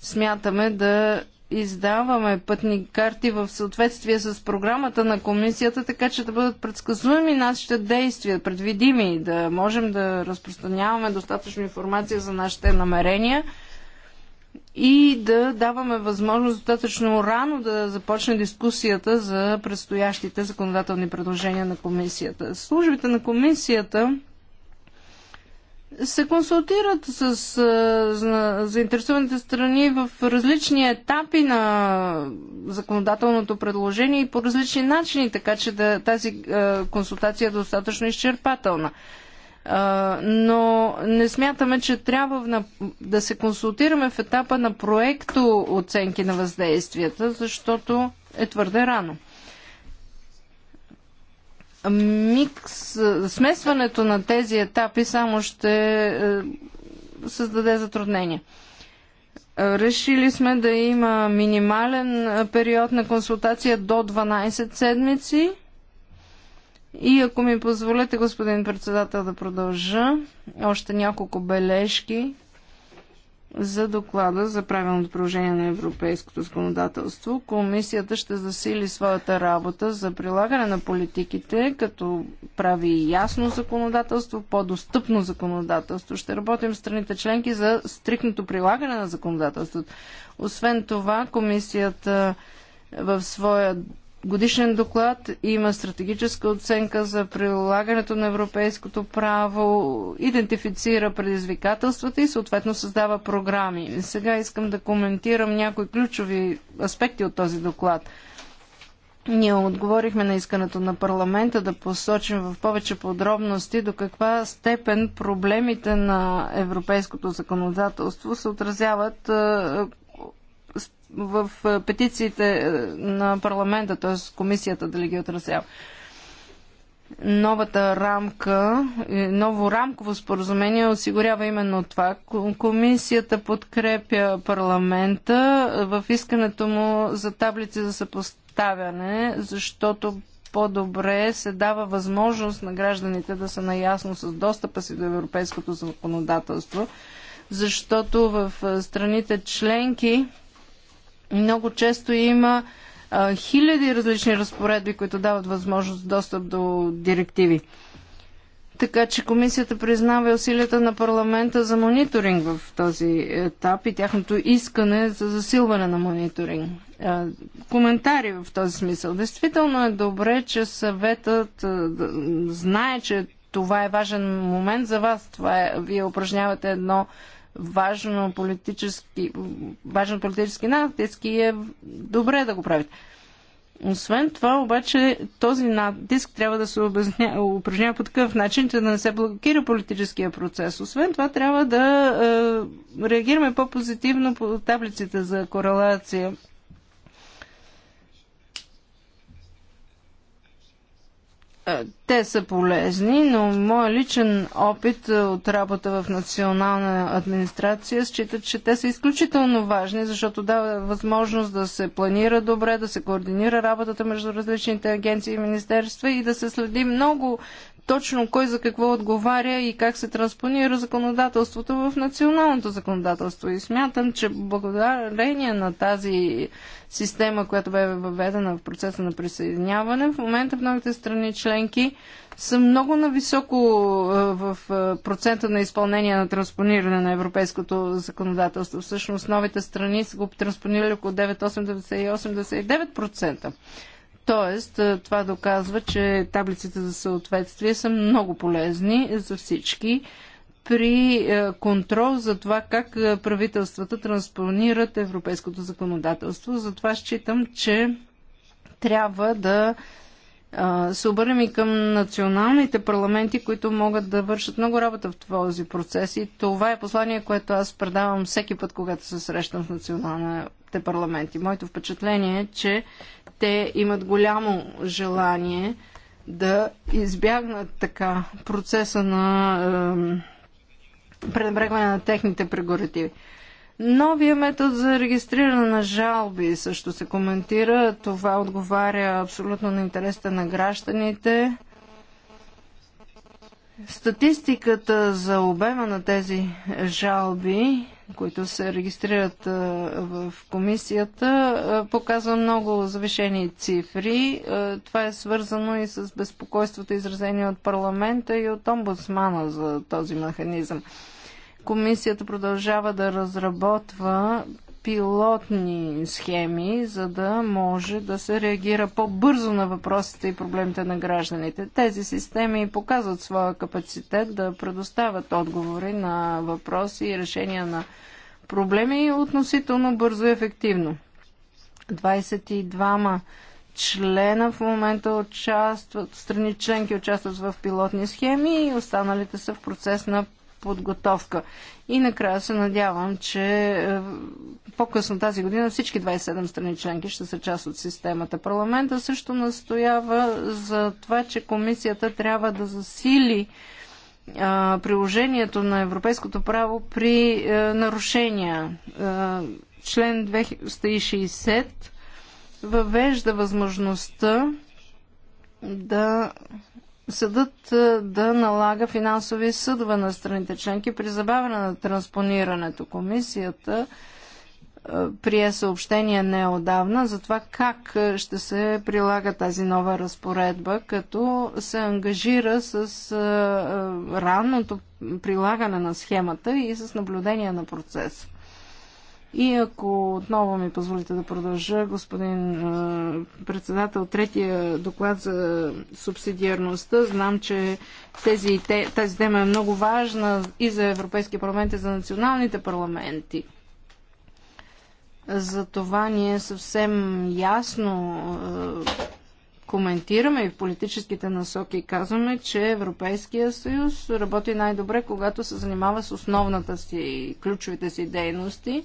смятаме да издаваме пътни карти в съответствие с програмата на комисията, така че да бъдат предсказуеми нашите действия, предвидими, да можем да разпространяваме достатъчно информация за нашите намерения – и да даваме възможност достатъчно рано да започне дискусията за предстоящите законодателни предложения на комисията. Службите на комисията се консултират с а, заинтересованите страни в различни етапи на законодателното предложение и по различни начини, така че да, тази а, консултация е достатъчно изчерпателна но не смятаме, че трябва да се консултираме в етапа на проекто оценки на въздействията, защото е твърде рано. Микс, смесването на тези етапи само ще е, създаде затруднения. Решили сме да има минимален период на консултация до 12 седмици – и ако ми позволите, господин председател, да продължа още няколко бележки за доклада за правилното приложение на европейското законодателство. Комисията ще засили своята работа за прилагане на политиките, като прави ясно законодателство, по-достъпно законодателство. Ще работим с страните членки за стрикното прилагане на законодателството. Освен това, комисията в своя годишен доклад, има стратегическа оценка за прилагането на европейското право, идентифицира предизвикателствата и съответно създава програми. Сега искам да коментирам някои ключови аспекти от този доклад. Ние отговорихме на искането на парламента да посочим в повече подробности до каква степен проблемите на европейското законодателство се отразяват е, в петициите е, на парламента, т.е. комисията да ли ги отразява. Новата рамка, е, ново рамково споразумение осигурява именно това. Комисията подкрепя парламента е, в искането му за таблици за съпоставяне, защото по-добре се дава възможност на гражданите да са наясно с достъпа си до европейското законодателство, защото в страните членки много често има а, хиляди различни разпоредби, които дават възможност достъп до директиви. Така че комисията признава и усилията на парламента за мониторинг в този етап и тяхното искане за засилване на мониторинг. Коментари в този смисъл. Действително е добре, че съветът знае, че това е важен момент за вас. Това е, вие упражнявате едно важно политически, важен политически натиск и е добре да го правите. Освен това, обаче, този натиск трябва да се упражнява по такъв начин, че да не се блокира политическия процес. Освен това, трябва да е, реагираме по-позитивно по таблиците за корелация Е, те са полезни, но моят личен опит е, от работа в национална администрация счита, че те са изключително важни, защото дава възможност да се планира добре, да се координира работата между различните агенции и министерства и да се следи много точно кой за какво отговаря и как се транспонира законодателството в националното законодателство. И смятам, че благодарение на тази система, която бе въведена в процеса на присъединяване, в момента в новите страни членки са много нависоко е, в е, процента на изпълнение на транспониране на европейското законодателство. Всъщност новите страни са го транспонирали около 98 99 Тоест, е, това доказва, че таблиците за съответствие са много полезни за всички при е, контрол за това как е, правителствата транспонират европейското законодателство. Затова считам, че трябва да се обърнем и към националните парламенти, които могат да вършат много работа в този процес. И това е послание, което аз предавам всеки път, когато се срещам в националните парламенти. Моето впечатление е, че те имат голямо желание да избягнат така процеса на е, пренебрегване на техните прегоративи. Новия метод за регистриране на жалби също се коментира. Това отговаря абсолютно на интересите на гражданите. Статистиката за обема на тези жалби, които се регистрират в комисията, показва много завишени цифри. Това е свързано и с безпокойството, изразени от парламента и от омбудсмана за този механизъм. Комисията продължава да разработва пилотни схеми, за да може да се реагира по-бързо на въпросите и проблемите на гражданите. Тези системи показват своя капацитет да предоставят отговори на въпроси и решения на проблеми относително бързо и ефективно. 22 члена в момента участват, страни членки участват в пилотни схеми и останалите са в процес на подготовка. И накрая се надявам, че е, по-късно тази година всички 27 страни членки ще са част от системата. Парламента също настоява за това, че комисията трябва да засили приложението на европейското право при е, нарушения. Е, член 260 въвежда възможността да съдът е, да налага финансови съдове на страните членки при забавяне на транспонирането. Комисията е, прие съобщение неодавна за това как е, ще се прилага тази нова разпоредба, като се ангажира с ранното прилагане на схемата и с наблюдение на процеса. И ако отново ми позволите да продължа, господин председател, третия доклад за субсидиарността, знам, че тези, тази тема е много важна и за Европейския парламент, и за националните парламенти. За това ние съвсем ясно коментираме и в политическите насоки казваме, че Европейския съюз работи най-добре, когато се занимава с основната си, ключовите си дейности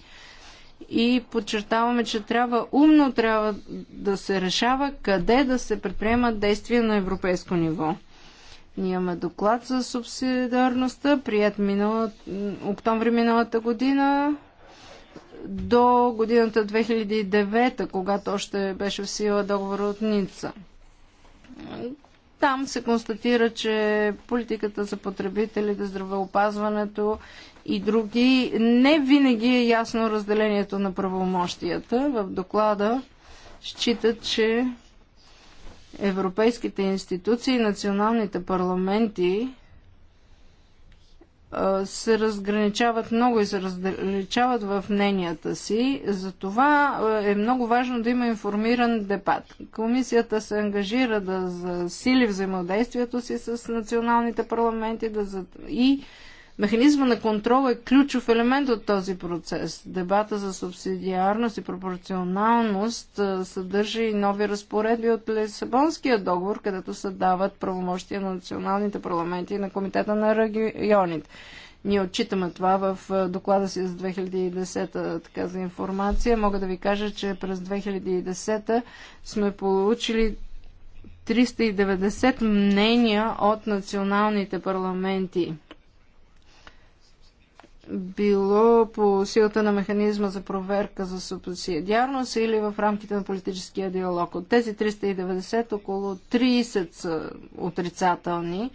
и подчертаваме, че трябва умно трябва да се решава къде да се предприемат действия на европейско ниво. Ние имаме доклад за субсидиарността, прият минало, октомври миналата година до годината 2009, когато още беше в сила договор от Ница. Там се констатира, че политиката за потребителите, здравеопазването и други. Не винаги е ясно разделението на правомощията. В доклада считат, че европейските институции и националните парламенти се разграничават много и се различават в мненията си. Затова е много важно да има информиран дебат. Комисията се ангажира да засили взаимодействието си с националните парламенти да за... и Механизма на контрол е ключов елемент от този процес. Дебата за субсидиарност и пропорционалност съдържа и нови разпоредби от Лисабонския договор, където се дават правомощия на националните парламенти и на Комитета на регионите. Ние отчитаме това в доклада си за 2010 така за информация. Мога да ви кажа, че през 2010 сме получили 390 мнения от националните парламенти било по силата на механизма за проверка за субсидиарност или в рамките на политическия диалог. От тези 390 около 30 са отрицателни,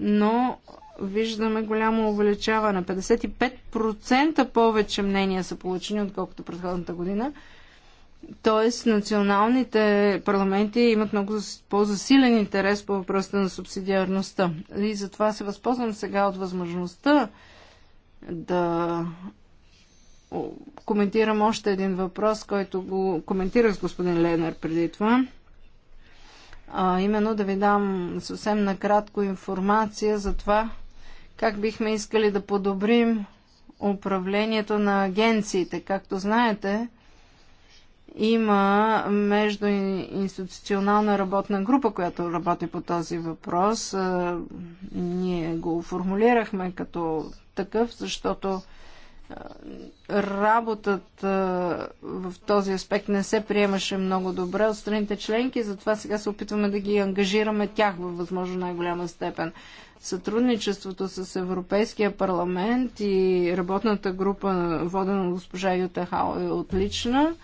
но виждаме голямо увеличаване. 55% повече мнения са получени, отколкото предходната година. Тоест, националните парламенти имат много по-засилен интерес по въпросите на субсидиарността. И затова се възползвам сега от възможността да коментирам още един въпрос, който го коментирах с господин Ленар преди това. А, именно да ви дам съвсем накратко информация за това как бихме искали да подобрим управлението на агенциите. Както знаете, има между институционална работна група, която работи по този въпрос. Ние го формулирахме като такъв, защото работата в този аспект не се приемаше много добре от страните членки, затова сега се опитваме да ги ангажираме тях във възможно най-голяма степен. Сътрудничеството с Европейския парламент и работната група, водена от госпожа Юта Хао, е отлична.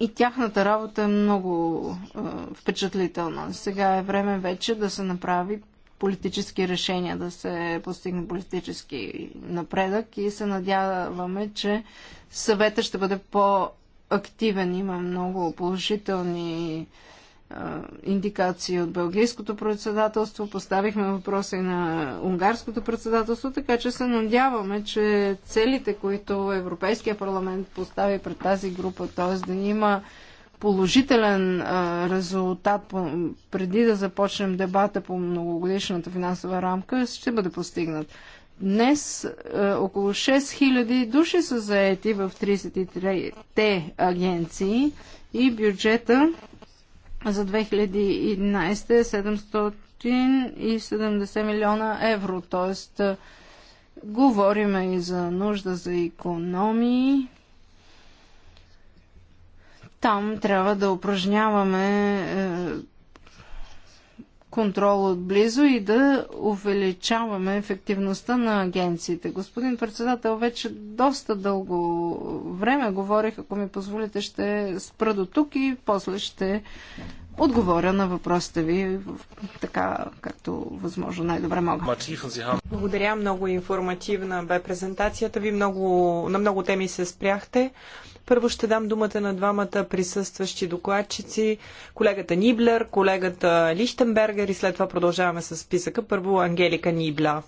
И тяхната работа е много е, впечатлителна. Сега е време вече да се направи политически решения, да се постигне политически напредък и се надяваме, че съвета ще бъде по-активен. Има много положителни индикации от Белгийското председателство, поставихме въпроса и на Унгарското председателство, така че се надяваме, че целите, които Европейския парламент постави пред тази група, т.е. да има положителен резултат преди да започнем дебата по многогодишната финансова рамка ще бъде постигнат. Днес около 6000 души са заети в 33-те агенции и бюджета за 2011 е 770 милиона евро. Тоест, говориме и за нужда за економии там трябва да упражняваме е, контрол отблизо и да увеличаваме ефективността на агенциите. Господин председател, вече доста дълго време говорих, ако ми позволите, ще спра до тук и после ще отговоря на въпросите ви така, както възможно най-добре мога. Благодаря, много информативна бе презентацията ви, много, на много теми се спряхте. Първо ще дам думата на двамата присъстващи докладчици, колегата Ниблер, колегата Лихтенбергер и след това продължаваме с списъка. Първо Ангелика Нибла.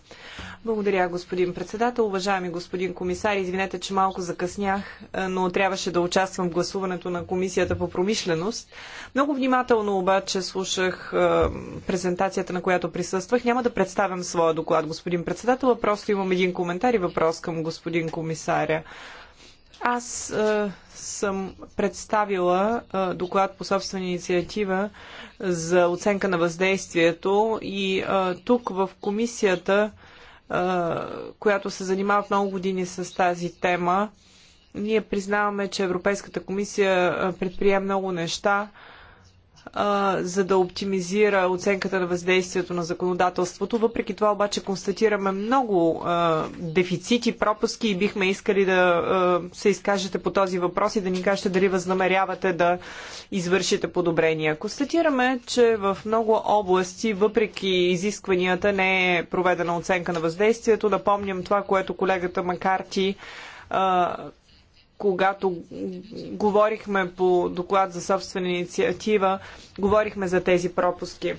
Благодаря, господин председател. Уважаеми господин комисар, извинете, че малко закъснях, но трябваше да участвам в гласуването на Комисията по промишленост. Много внимателно обаче слушах е, презентацията, на която присъствах. Няма да представям своя доклад, господин председател, а просто имам един коментар и въпрос към господин комисаря. Аз а, е, съм представила а, е, доклад по собствена инициатива за оценка на въздействието и а, е, тук в комисията, а, която се занимава много години с тази тема, ние признаваме, че Европейската комисия предприема много неща, за да оптимизира оценката на въздействието на законодателството. Въпреки това обаче констатираме много дефицити, пропуски и бихме искали да се изкажете по този въпрос и да ни кажете дали възнамерявате да извършите подобрения. Констатираме, че в много области, въпреки изискванията, не е проведена оценка на въздействието. Напомням това, което колегата Макарти когато говорихме по доклад за собствена инициатива, говорихме за тези пропуски.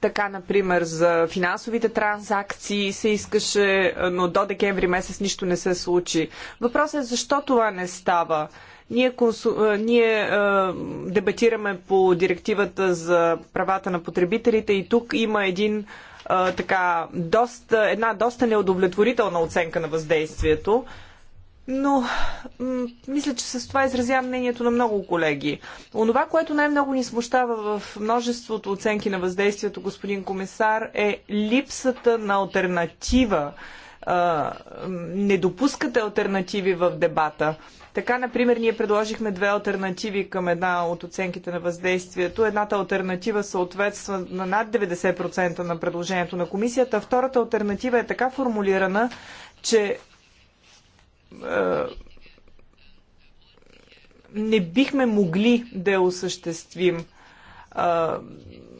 Така, например, за финансовите транзакции се искаше, но до декември месец нищо не се случи. Въпросът е защо това не става. Ние, консу... Е, ние е, дебатираме по директивата за правата на потребителите и тук има един е, така, доста, една доста неудовлетворителна оценка на въздействието но мисля, че с това изразявам мнението на много колеги. Онова, което най-много ни смущава в множеството оценки на въздействието, господин комисар, е липсата на альтернатива. Не допускате альтернативи в дебата. Така, например, ние предложихме две альтернативи към една от оценките на въздействието. Едната альтернатива съответства на над 90% на предложението на комисията. Втората альтернатива е така формулирана, че е, не бихме могли да я осъществим, е,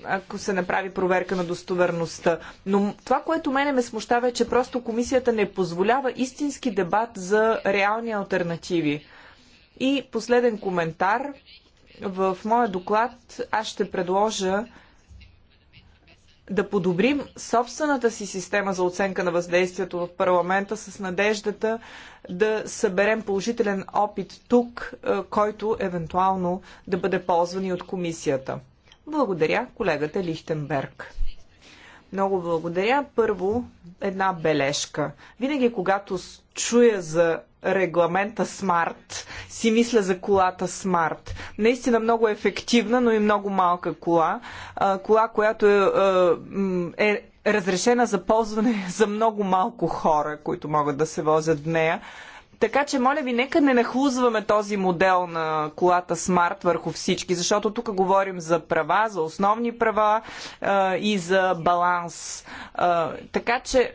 ако се направи проверка на достоверността. Но това, което мене ме смущава е, че просто комисията не позволява истински дебат за реални альтернативи. И последен коментар. В моя доклад аз ще предложа да подобрим собствената си система за оценка на въздействието в парламента с надеждата да съберем положителен опит тук, е, който евентуално да бъде ползван и от комисията. Благодаря, колегата Лихтенберг. Много благодаря. Първо, една бележка. Винаги, когато чуя за регламента Смарт, си мисля за колата Смарт. Наистина много ефективна, но и много малка кола. А, кола, която е, е, е разрешена за ползване за много малко хора, които могат да се возят в нея. Така че, моля ви, нека не нахлузваме този модел на колата смарт върху всички, защото тук говорим за права, за основни права а, и за баланс. А, така че,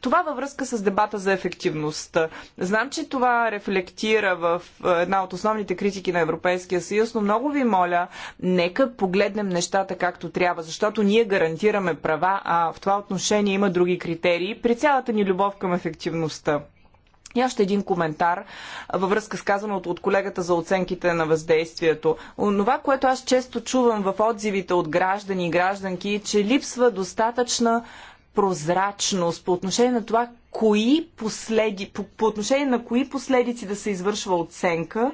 това във връзка с дебата за ефективността. Знам, че това рефлектира в една от основните критики на Европейския съюз, но много ви моля, нека погледнем нещата както трябва, защото ние гарантираме права, а в това отношение има други критерии при цялата ни любов към ефективността. И още един коментар във връзка с казаното от колегата за оценките на въздействието. Това, което аз често чувам в отзивите от граждани и гражданки, е, че липсва достатъчна прозрачност по отношение на това, кои последи, по, по отношение на кои последици да се извършва оценка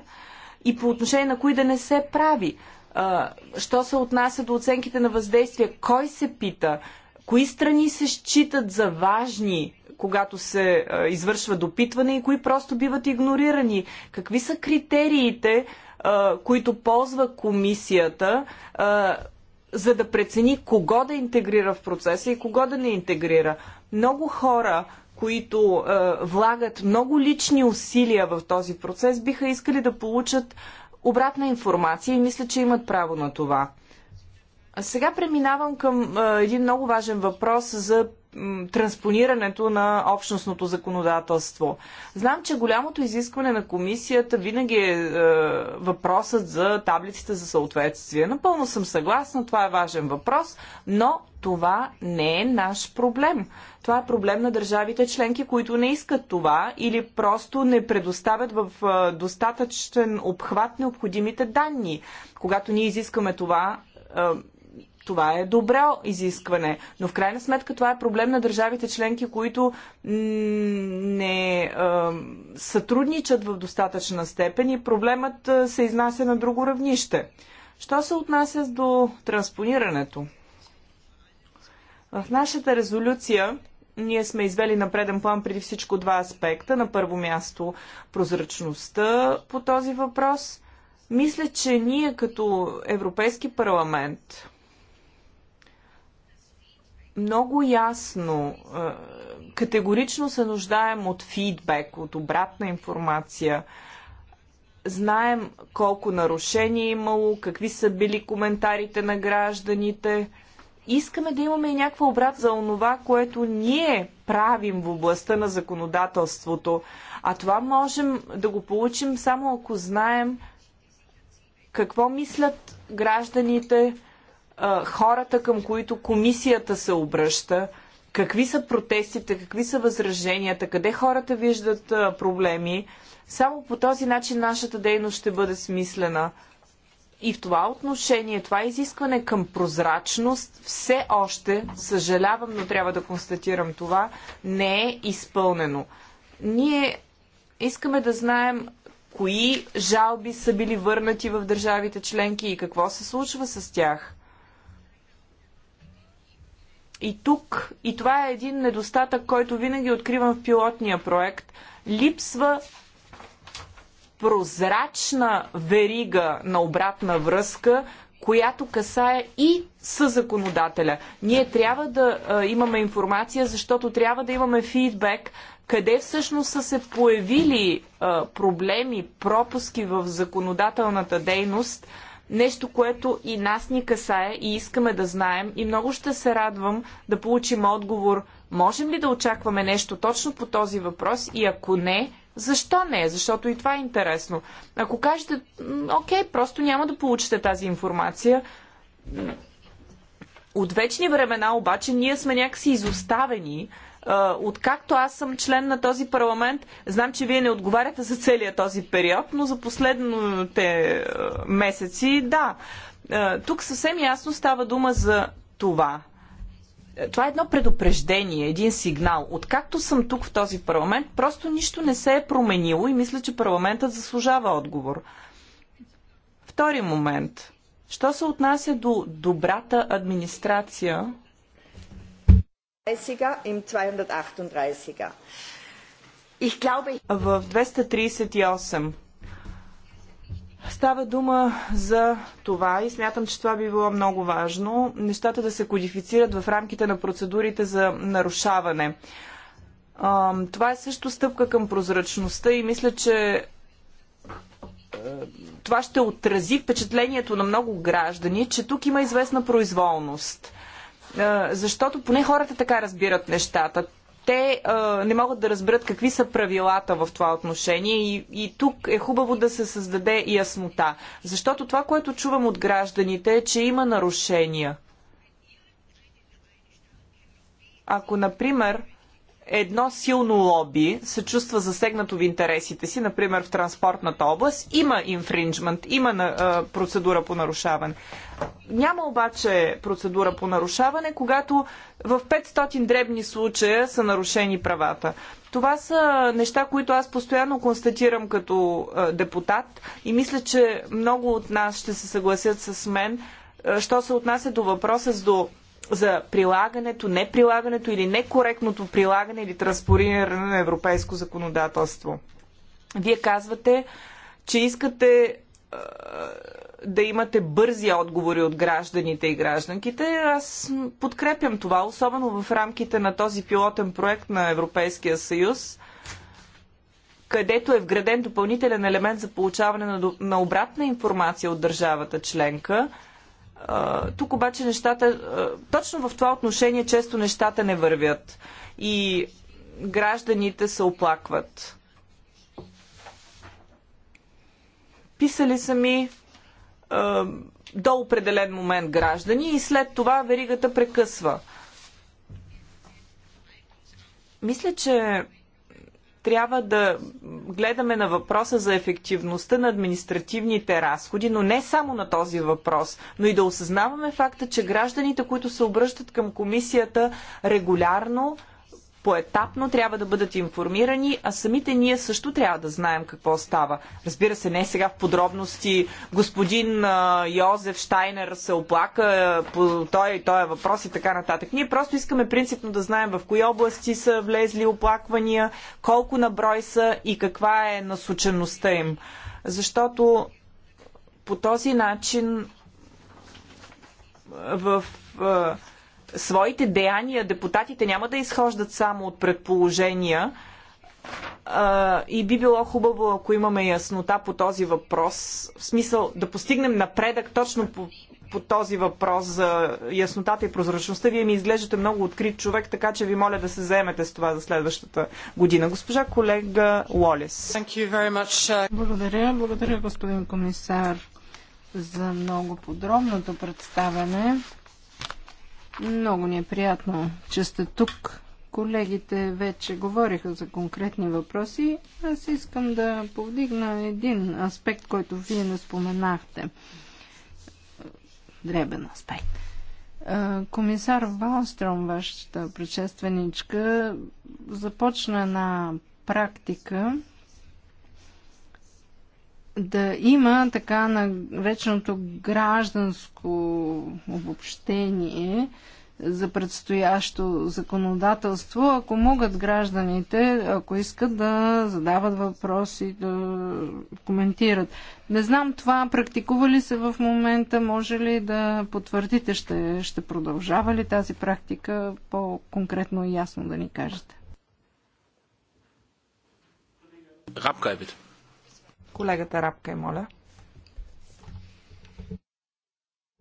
и по отношение на кои да не се прави. А, що се отнася до оценките на въздействие, кой се пита, кои страни се считат за важни когато се извършва допитване и кои просто биват игнорирани. Какви са критериите, които ползва комисията, за да прецени кого да интегрира в процеса и кого да не интегрира? Много хора, които влагат много лични усилия в този процес, биха искали да получат обратна информация и мисля, че имат право на това. Сега преминавам към един много важен въпрос за транспонирането на общностното законодателство. Знам, че голямото изискване на комисията винаги е, е въпросът за таблиците за съответствие. Напълно съм съгласна, това е важен въпрос, но това не е наш проблем. Това е проблем на държавите членки, които не искат това или просто не предоставят в е, достатъчен обхват необходимите данни. Когато ние изискаме това, е, това е добро изискване, но в крайна сметка това е проблем на държавите членки, които не сътрудничат в достатъчна степен и проблемът се изнася на друго равнище. Що се отнася до транспонирането? В нашата резолюция ние сме извели на преден план преди всичко два аспекта. На първо място прозрачността по този въпрос. Мисля, че ние като Европейски парламент много ясно, категорично се нуждаем от фидбек, от обратна информация. Знаем колко нарушения е имало, какви са били коментарите на гражданите. Искаме да имаме и някаква обрат за онова, което ние правим в областта на законодателството. А това можем да го получим само ако знаем какво мислят гражданите, а, хората, към които комисията се обръща, какви са протестите, какви са възраженията, къде хората виждат а, проблеми. Само по този начин нашата дейност ще бъде смислена. И в това отношение, това изискване към прозрачност, все още, съжалявам, но трябва да констатирам това, не е изпълнено. Ние искаме да знаем кои жалби са били върнати в държавите членки и какво се случва с тях. И тук, и това е един недостатък, който винаги откривам в пилотния проект, липсва прозрачна верига на обратна връзка, която касае и със законодателя. Ние трябва да а, имаме информация, защото трябва да имаме фидбек, къде всъщност са се появили а, проблеми, пропуски в законодателната дейност – нещо, което и нас ни касае и искаме да знаем и много ще се радвам да получим отговор. Можем ли да очакваме нещо точно по този въпрос и ако не, защо не? Защото и това е интересно. Ако кажете, окей, просто няма да получите тази информация, от вечни времена обаче ние сме някакси изоставени Откакто аз съм член на този парламент, знам, че вие не отговаряте за целия този период, но за последните месеци, да. Тук съвсем ясно става дума за това. Това е едно предупреждение, един сигнал. Откакто съм тук в този парламент, просто нищо не се е променило и мисля, че парламентът заслужава отговор. Втори момент. Що се отнася до добрата администрация, в 238 Става дума за това и смятам, че това би било много важно. Нещата да се кодифицират в рамките на процедурите за нарушаване. това е също стъпка към прозрачността и мисля, че е, това ще отрази впечатлението на много граждани, че тук има известна произволност защото поне хората така разбират нещата. Те а, не могат да разберат какви са правилата в това отношение и, и тук е хубаво да се създаде яснота. Защото това, което чувам от гражданите е, че има нарушения. Ако, например, едно силно лоби се чувства засегнато в интересите си, например в транспортната област, има инфринджмент, има а, процедура по нарушаване. Няма обаче процедура по нарушаване, когато в 500 дребни случая са нарушени правата. Това са неща, които аз постоянно констатирам като депутат и мисля, че много от нас ще се съгласят с мен, що се отнася до въпроса с до за прилагането, неприлагането или некоректното прилагане или транспориране на европейско законодателство. Вие казвате, че искате да имате бързи отговори от гражданите и гражданките. Аз подкрепям това, особено в рамките на този пилотен проект на Европейския съюз, където е вграден допълнителен елемент за получаване на обратна информация от държавата членка – тук обаче нещата, точно в това отношение често нещата не вървят и гражданите се оплакват. Писали са ми до определен момент граждани и след това веригата прекъсва. Мисля, че трябва да гледаме на въпроса за ефективността на административните разходи, но не само на този въпрос, но и да осъзнаваме факта, че гражданите, които се обръщат към комисията регулярно, поетапно, трябва да бъдат информирани, а самите ние също трябва да знаем какво става. Разбира се, не сега в подробности. Господин а, Йозеф Штайнер се оплака по той и този въпрос и така нататък. Ние просто искаме принципно да знаем в кои области са влезли оплаквания, колко на брой са и каква е насочеността им. Защото по този начин в а, своите деяния депутатите няма да изхождат само от предположения. и би било хубаво, ако имаме яснота по този въпрос. В смисъл да постигнем напредък точно по, по този въпрос за яснотата и прозрачността. Вие ми изглеждате много открит човек, така че ви моля да се заемете с това за следващата година. Госпожа колега Лолис. Uh, благодаря, благодаря господин комисар за много подробното представяне. Много ни е приятно, че сте тук. Колегите вече говориха за конкретни въпроси. Аз искам да повдигна един аспект, който вие не споменахте. Дребен аспект. Комисар Валстром, вашата предшественичка, започна на практика, да има така нареченото гражданско обобщение за предстоящо законодателство, ако могат гражданите, ако искат да задават въпроси, да коментират. Не знам това, практикува ли се в момента, може ли да потвърдите, ще, ще продължава ли тази практика, по-конкретно и ясно да ни кажете. Рабкай, Колегата Рапка, е, моля.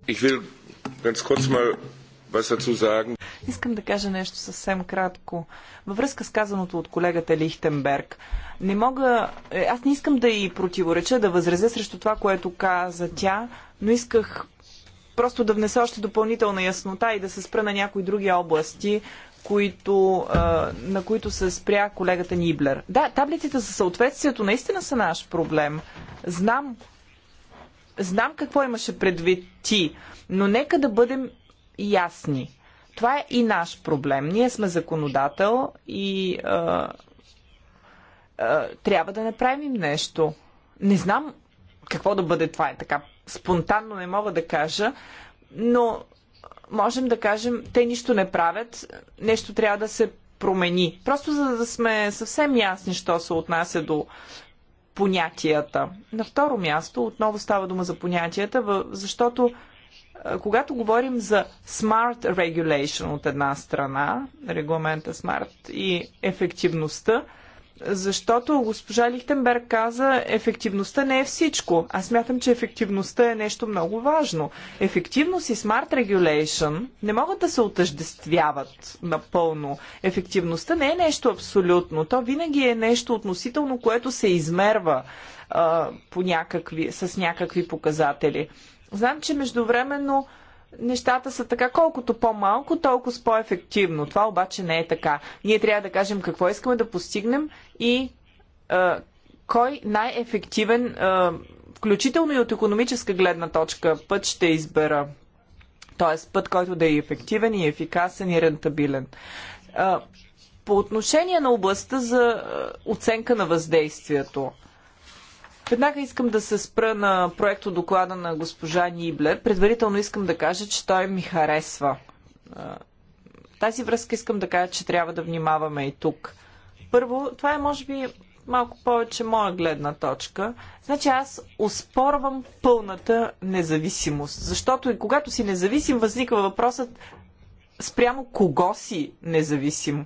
Ich will ganz kurz mal was dazu sagen. Искам да кажа нещо съвсем кратко. Във връзка с казаното от колегата Лихтенберг, не мога, е, аз не искам да и противореча, да възразя срещу това, което каза тя, но исках просто да внеса още допълнителна яснота и да се спра на някои други области, които, на които се спря колегата Ниблер. Да, таблиците за съответствието наистина са наш проблем. Знам, знам какво имаше предвид ти, но нека да бъдем ясни. Това е и наш проблем. Ние сме законодател и а, а, трябва да направим нещо. Не знам какво да бъде това е така. Спонтанно не мога да кажа, но можем да кажем, те нищо не правят, нещо трябва да се промени. Просто за да сме съвсем ясни, що се отнася до понятията. На второ място, отново става дума за понятията, защото когато говорим за smart regulation от една страна, регламента smart и ефективността, защото госпожа Лихтенберг каза, ефективността не е всичко. Аз мятам, че ефективността е нещо много важно. Ефективност и Smart Regulation не могат да се отъждествяват напълно. Ефективността не е нещо абсолютно. То винаги е нещо относително, което се измерва а, по някакви, с някакви показатели. Знам, че междувременно нещата са така. Колкото по-малко, толкова по-ефективно. Това обаче не е така. Ние трябва да кажем какво искаме да постигнем и е, кой най-ефективен, е, включително и от економическа гледна точка, път ще избера. Тоест път, който да е ефективен и ефикасен и рентабилен. по отношение на областта за оценка на въздействието – Веднага искам да се спра на проекто доклада на госпожа Нибле. Предварително искам да кажа, че той ми харесва. Тази връзка искам да кажа, че трябва да внимаваме и тук. Първо, това е може би малко повече моя гледна точка. Значи аз оспорвам пълната независимост. Защото и когато си независим, възниква въпросът спрямо кого си независим.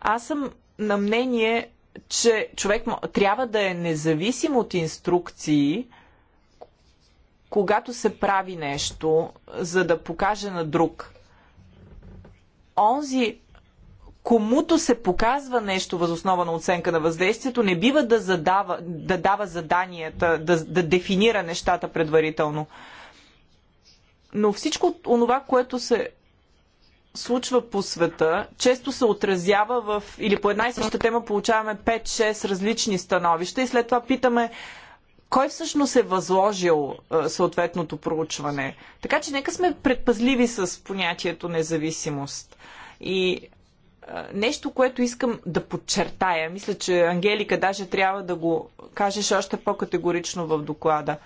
Аз съм на мнение, че човек трябва да е независим от инструкции, когато се прави нещо, за да покаже на друг. Онзи, комуто се показва нещо възоснова на оценка на въздействието, не бива да, задава, да дава заданията, да, да дефинира нещата предварително. Но всичко онова, което се случва по света, често се отразява в... или по една и съща тема получаваме 5-6 различни становища и след това питаме кой всъщност е възложил е, съответното проучване. Така че нека сме предпазливи с понятието независимост. И е, нещо, което искам да подчертая, мисля, че Ангелика даже трябва да го кажеш още по-категорично в доклада.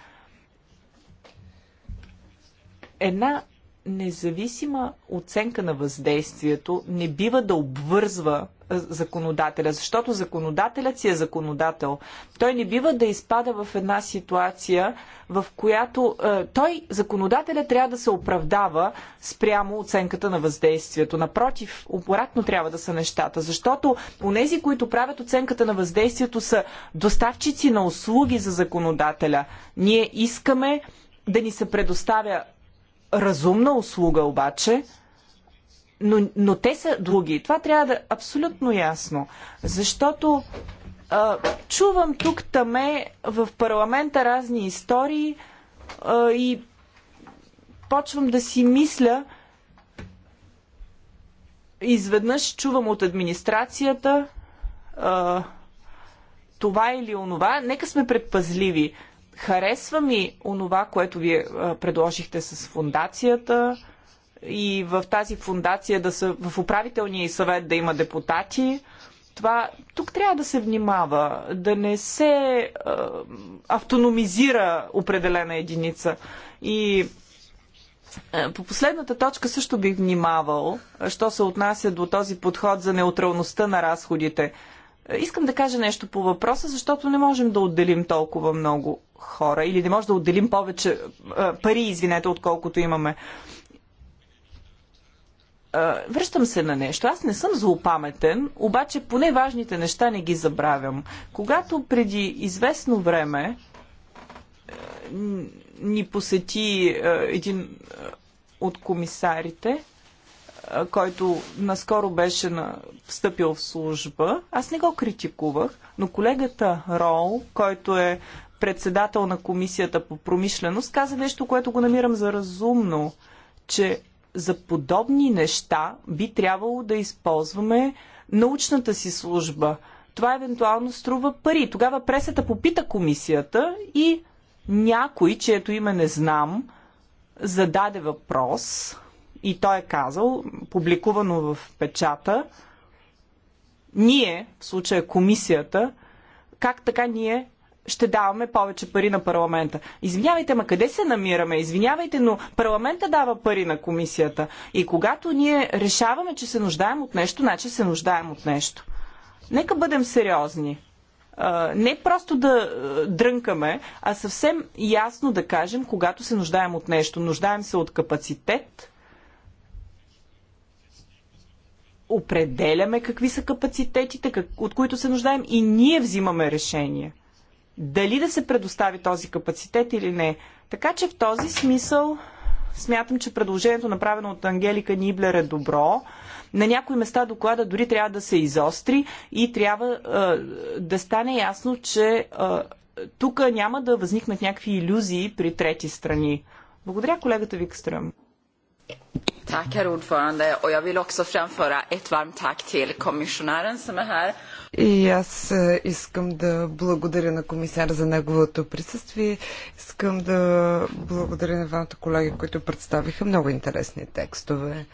Една независима оценка на въздействието не бива да обвързва е, законодателя, защото законодателят си е законодател. Той не бива да изпада в една ситуация, в която е, той, законодателя, трябва да се оправдава спрямо оценката на въздействието. Напротив, обратно трябва да са нещата, защото онези, които правят оценката на въздействието, са доставчици на услуги за законодателя. Ние искаме да ни се предоставя разумна услуга обаче, но, но те са други. Това трябва да е абсолютно ясно. Защото а, чувам тук таме в парламента разни истории а, и почвам да си мисля, изведнъж чувам от администрацията а, това или онова. Нека сме предпазливи. Харесва ми онова, което вие предложихте с фундацията и в тази фундация да са в управителния съвет да има депутати. Това, тук трябва да се внимава, да не се е, автономизира определена единица. И е, по последната точка също бих внимавал, що се отнася до този подход за неутралността на разходите. Искам да кажа нещо по въпроса, защото не можем да отделим толкова много хора или не може да отделим повече е, пари, извинете, отколкото имаме. Е, връщам се на нещо. Аз не съм злопаметен, обаче поне важните неща не ги забравям. Когато преди известно време е, ни посети един от комисарите, който наскоро беше на... встъпил в служба. Аз не го критикувах, но колегата Рол, който е председател на комисията по промишленост, каза нещо, което го намирам за разумно, че за подобни неща би трябвало да използваме научната си служба. Това евентуално струва пари. Тогава пресата попита комисията и някой, чието име не знам, зададе въпрос и той е казал, публикувано в печата, ние, в случая комисията, как така ние ще даваме повече пари на парламента. Извинявайте, ма къде се намираме? Извинявайте, но парламента дава пари на комисията. И когато ние решаваме, че се нуждаем от нещо, значи се нуждаем от нещо. Нека бъдем сериозни. Не просто да дрънкаме, а съвсем ясно да кажем, когато се нуждаем от нещо. Нуждаем се от капацитет. Определяме какви са капацитетите, от които се нуждаем и ние взимаме решение – дали да се предостави този капацитет или не. Така че в този смисъл смятам, че предложението направено от Ангелика Ниблер е добро. На някои места доклада дори трябва да се изостри и трябва е, да стане ясно, че е, тук няма да възникнат някакви иллюзии при трети страни. Благодаря колегата Викстрем. Tack herr ordförande och jag vill också framföra ett varmt tack till kommissionären som är här и аз е, искам да благодаря на комисара за неговото присъствие. Искам да благодаря на двамата колеги, които представиха много интересни текстове.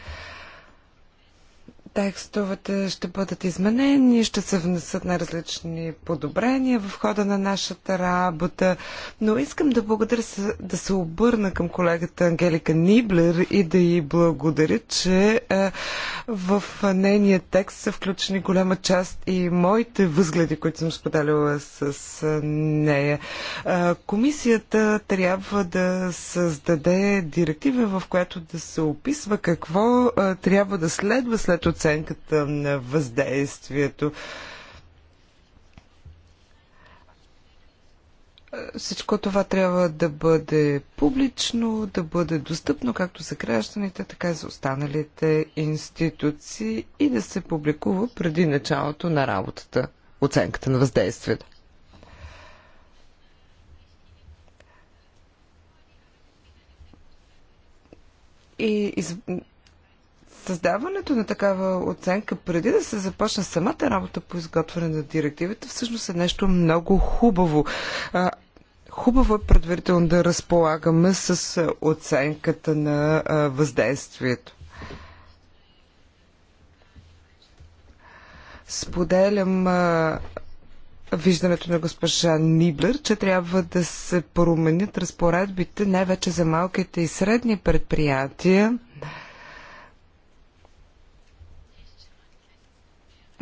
Текстовете ще бъдат изменени, ще се внесат на различни подобрения в хода на нашата работа, но искам да благодаря да се обърна към колегата Ангелика Ниблер и да й благодаря, че е, в нейния текст са включени голяма част и моите възгледи, които съм споделяла с е, нея. Е, комисията трябва да създаде директива, в която да се описва какво трябва да следва след от оценката на въздействието. Всичко това трябва да бъде публично, да бъде достъпно както за гражданите, така и за останалите институции и да се публикува преди началото на работата, оценката на въздействието. и из... Създаването на такава оценка, преди да се започне самата работа по изготвяне на директивата всъщност е нещо много хубаво. Хубаво е предварително да разполагаме с оценката на въздействието. Споделям виждането на госпожа Ниблер, че трябва да се променят разпоредбите най-вече за малките и средни предприятия.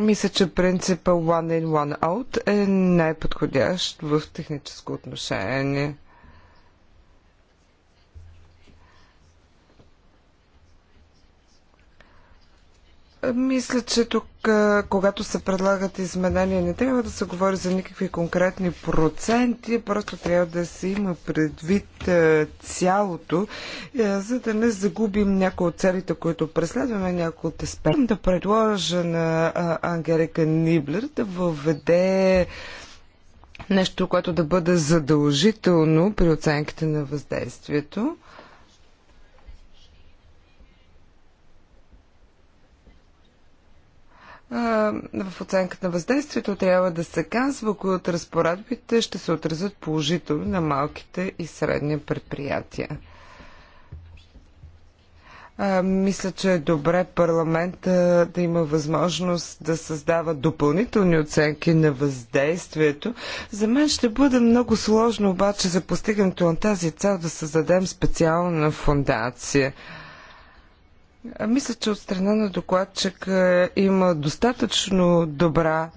Мисля, че принципа one in, one out е най-подходящ в техническо отношение. Мисля, че тук, когато се предлагат изменения, не трябва да се говори за никакви конкретни проценти, просто трябва да се има предвид цялото, за да не загубим някои от целите, които преследваме, някои от аспекти. Да предложа на Ангелика Ниблер да въведе нещо, което да бъде задължително при оценките на въздействието в оценката на въздействието трябва да се казва, кои от разпоредбите ще се отразят положително на малките и средни предприятия. А, мисля, че е добре парламента да има възможност да създава допълнителни оценки на въздействието. За мен ще бъде много сложно обаче за постигането на тази цел да създадем специална фундация. Мисля, че от страна на докладчика има достатъчно добра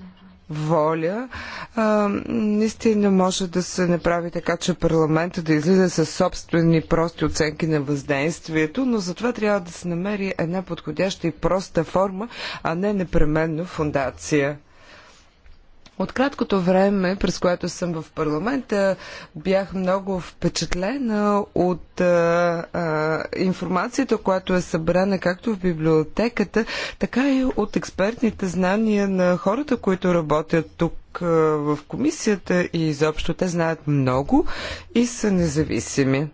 воля, а, наистина може да се направи така, че парламента да излиза със собствени прости оценки на въздействието, но за това трябва да се намери една подходяща и проста форма, а не непременно фундация. От краткото време, през което съм в парламента, бях много впечатлена от а, а, информацията, която е събрана както в библиотеката, така и от експертните знания на хората, които работят тук в комисията и изобщо те знаят много и са независими.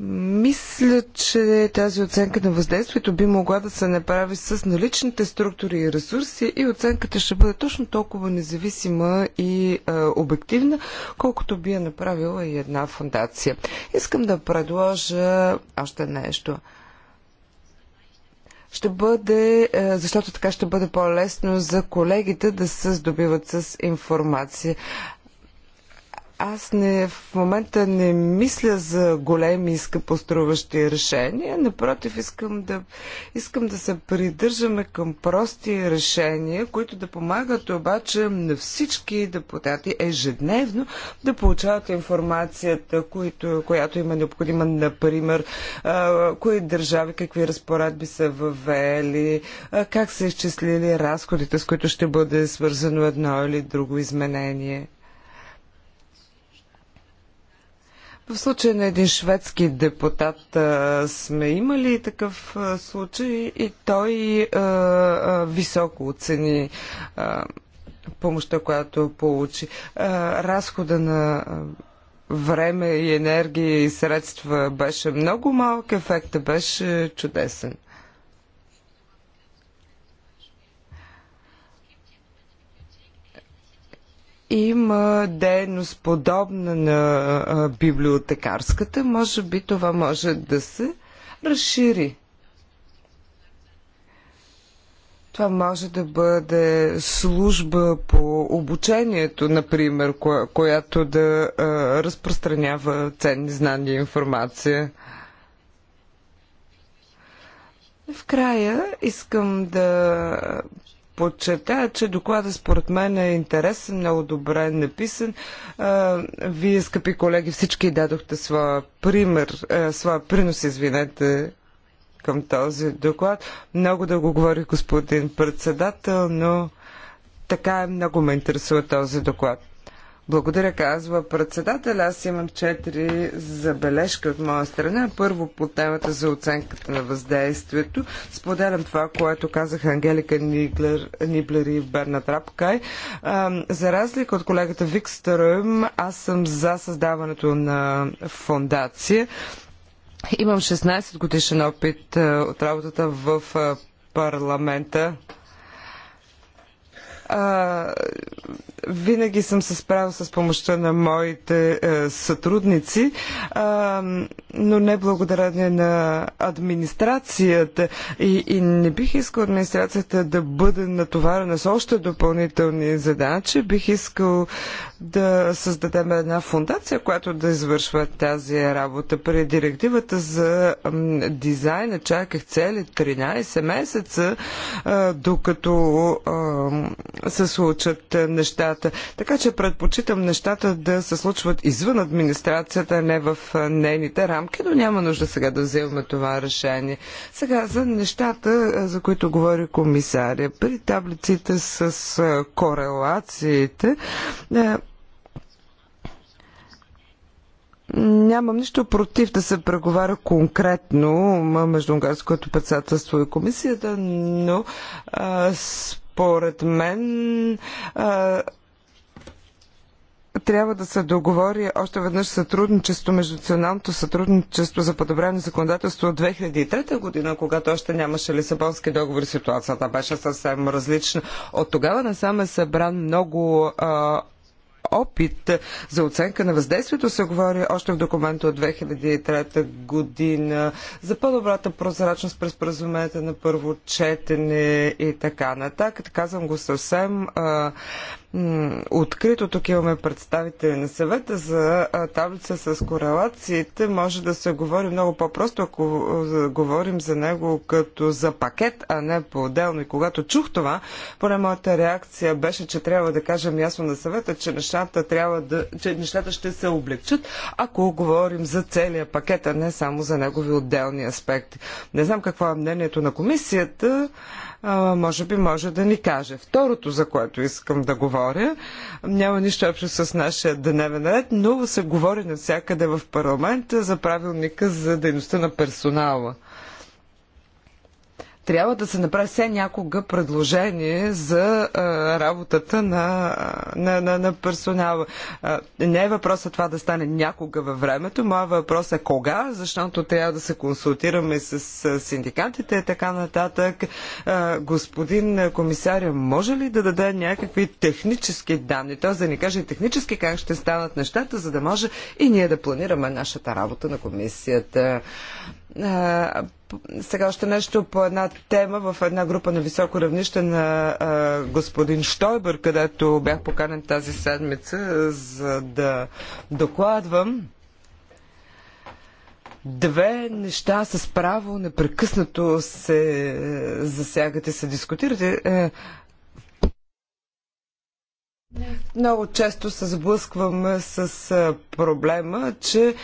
Мисля, че тази оценка на въздействието би могла да се направи с наличните структури и ресурси и оценката ще бъде точно толкова независима и е, обективна, колкото би я направила и една фундация. Искам да предложа още нещо ще бъде, е, защото така ще бъде по-лесно за колегите да се здобиват с информация. Аз не, в момента не мисля за големи и скъпоструващи решения. Напротив, искам да, искам да се придържаме към прости решения, които да помагат обаче на всички депутати ежедневно да получават информацията, които, която има е необходима, например, кои държави, какви разпоредби са въвели, как са изчислили разходите, с които ще бъде свързано едно или друго изменение. В случая на един шведски депутат а, сме имали такъв а, случай и той а, а, високо оцени а, помощта, която получи. А, разхода на време и енергия и средства беше много малък, ефектът беше чудесен. има дейност подобна на библиотекарската, може би това може да се разшири. Това може да бъде служба по обучението, например, която да а, разпространява ценни знания и информация. В края искам да подчертая, че доклада според мен е интересен, много добре написан. Вие, скъпи колеги, всички дадохте своя пример, своя принос, извинете, към този доклад. Много да го говори господин председател, но така е, много ме интересува този доклад. Благодаря, казва председател. Аз имам четири забележки от моя страна. Първо по темата за оценката на въздействието. Споделям това, което казаха Ангелика Ниблер, Ниблер и Берна Трапкай. За разлика от колегата Викстеръм, аз съм за създаването на фондация. Имам 16 годишен опит от работата в парламента винаги съм се справил с помощта на моите е, сътрудници, е, но не благодарение на администрацията. И, и не бих искал администрацията да бъде натоварена с още допълнителни задачи. Бих искал да създадем една фундация, която да извършва тази работа. При директивата за е, дизайна чаках цели 13 месеца, е, докато е, се случат е, нещата нещата. Така че предпочитам нещата да се случват извън администрацията, не в нейните рамки, но няма нужда сега да вземаме това решение. Сега за нещата, за които говори комисаря. При таблиците с корелациите Нямам нищо против да се преговаря конкретно между унгарското председателство и комисията, но а, според мен а, трябва да се договори още веднъж сътрудничество, междунационалното сътрудничество за подобряване на законодателство от 2003 година, когато още нямаше Лисабонски договор. Ситуацията беше съвсем различна. От тогава насам е събран много а, опит за оценка на въздействието се говори още в документа от 2003 година за по-добрата прозрачност през празумета на първо четене и така нататък. Казвам го съвсем а, открито. Тук имаме представители на съвета за таблица с корелациите. Може да се говори много по-просто, ако говорим за него като за пакет, а не по-отделно. И когато чух това, поне моята реакция беше, че трябва да кажем ясно на съвета, че неща нещата трябва да, че нещата ще се облегчат, ако говорим за целия пакет, а не само за негови отделни аспекти. Не знам какво е мнението на комисията, а, може би може да ни каже. Второто, за което искам да говоря, няма нищо общо с нашия дневен ред, но се говори навсякъде в парламента за правилника за дейността на персонала трябва да се направи все някога предложение за а, работата на, на, на, на персонала. А, не е въпросът това да стане някога във времето, моят въпрос е кога, защото трябва да се консултираме с, с синдикатите и така нататък. А, господин комисаря, може ли да даде някакви технически данни, т.е. да ни каже технически как ще станат нещата, за да може и ние да планираме нашата работа на комисията? сега още нещо по една тема в една група на високо равнище на а, господин Штойбър, където бях поканен тази седмица, за да докладвам. Две неща с право непрекъснато се засягат и се дискутират. Е, много често се сблъскваме с проблема, че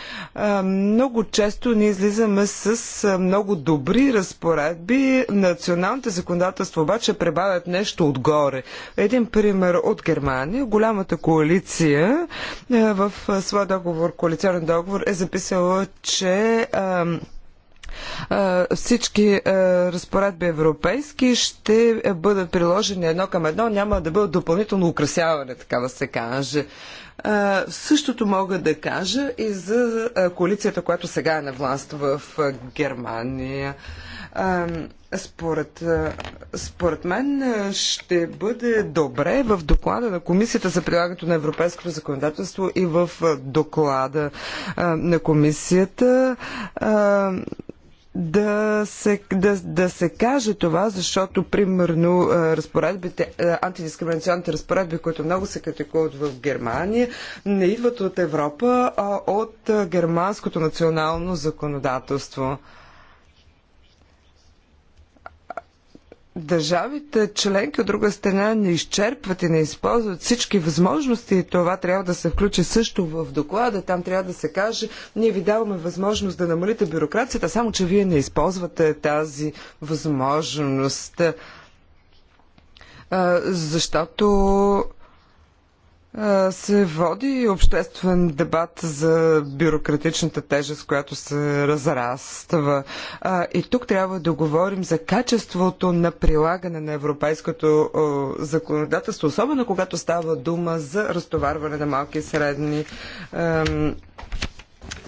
много често ние излизаме с много добри разпоредби. Националните законодателства обаче прибавят нещо отгоре. Един пример от Германия. Голямата коалиция в своя договор, коалиционен договор е записала, че всички разпоредби европейски ще бъдат приложени едно към едно, няма да бъдат допълнително украсяване, така да се каже. Същото мога да кажа и за коалицията, която сега е на власт в Германия. Според, според мен ще бъде добре в доклада на Комисията за прилагането на европейското законодателство и в доклада на Комисията да се, да, да се каже това, защото примерно разпоредбите, антидискриминационните разпоредби, които много се критикуват в Германия, не идват от Европа, а от германското национално законодателство. Държавите членки от друга страна не изчерпват и не използват всички възможности и това трябва да се включи също в доклада. Там трябва да се каже, ние ви даваме възможност да намалите бюрокрацията, само че вие не използвате тази възможност. Защото се води обществен дебат за бюрократичната тежест, която се разраства. И тук трябва да говорим за качеството на прилагане на европейското законодателство, особено когато става дума за разтоварване на малки и средни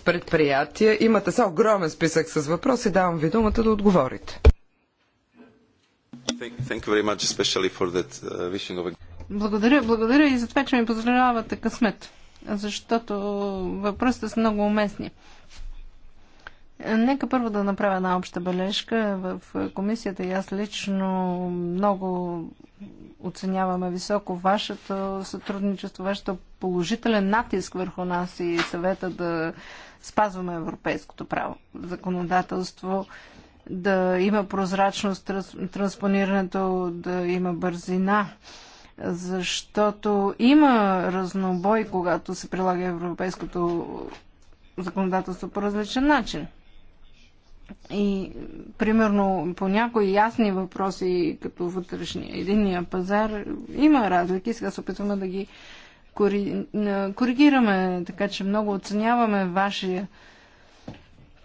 предприятия. Имате са огромен списък с въпроси. Давам ви думата да отговорите. Thank, thank благодаря, благодаря и за това, че ми позволявате късмет, защото въпросите са много уместни. Нека първо да направя една обща бележка. В комисията и аз лично много оценяваме високо вашето сътрудничество, вашето положителен натиск върху нас и съвета да спазваме европейското право, законодателство, да има прозрачност, транспонирането, да има бързина защото има разнобой, когато се прилага европейското законодателство по различен начин. И, примерно, по някои ясни въпроси, като вътрешния единния пазар, има разлики. Сега се опитваме да ги кори... коригираме, така че много оценяваме вашия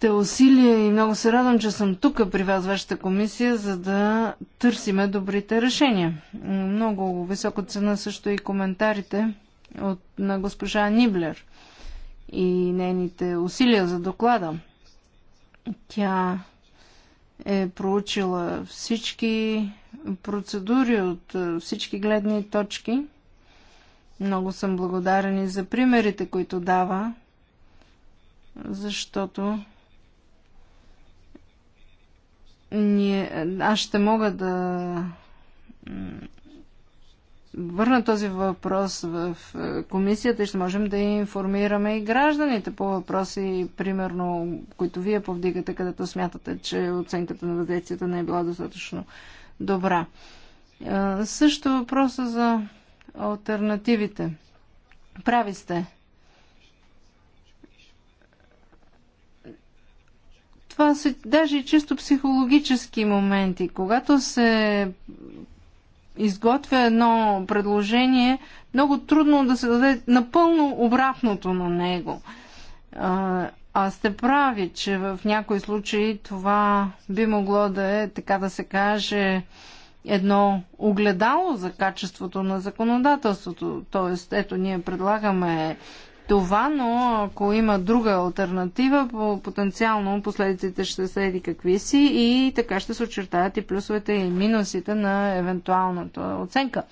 те усилия и много се радвам, че съм тук при вас, вашата комисия, за да търсиме добрите решения. Много високо цена също и коментарите от, на госпожа Ниблер и нейните усилия за доклада. Тя е проучила всички процедури от всички гледни точки. Много съм благодарен и за примерите, които дава, защото ние, аз ще мога да върна този въпрос в е, комисията и ще можем да информираме и гражданите по въпроси, примерно, които вие повдигате, където смятате, че оценката на въздействията не е била достатъчно добра. Е, също въпроса за альтернативите. Прави сте. Това са даже и чисто психологически моменти. Когато се изготвя едно предложение, много трудно да се даде напълно обратното на него. А сте прави, че в някои случаи това би могло да е, така да се каже, едно огледало за качеството на законодателството. Тоест, ето ние предлагаме това, но ако има друга альтернатива, потенциално последиците ще са еди какви си и така ще се очертаят и плюсовете и минусите на евентуалната оценка.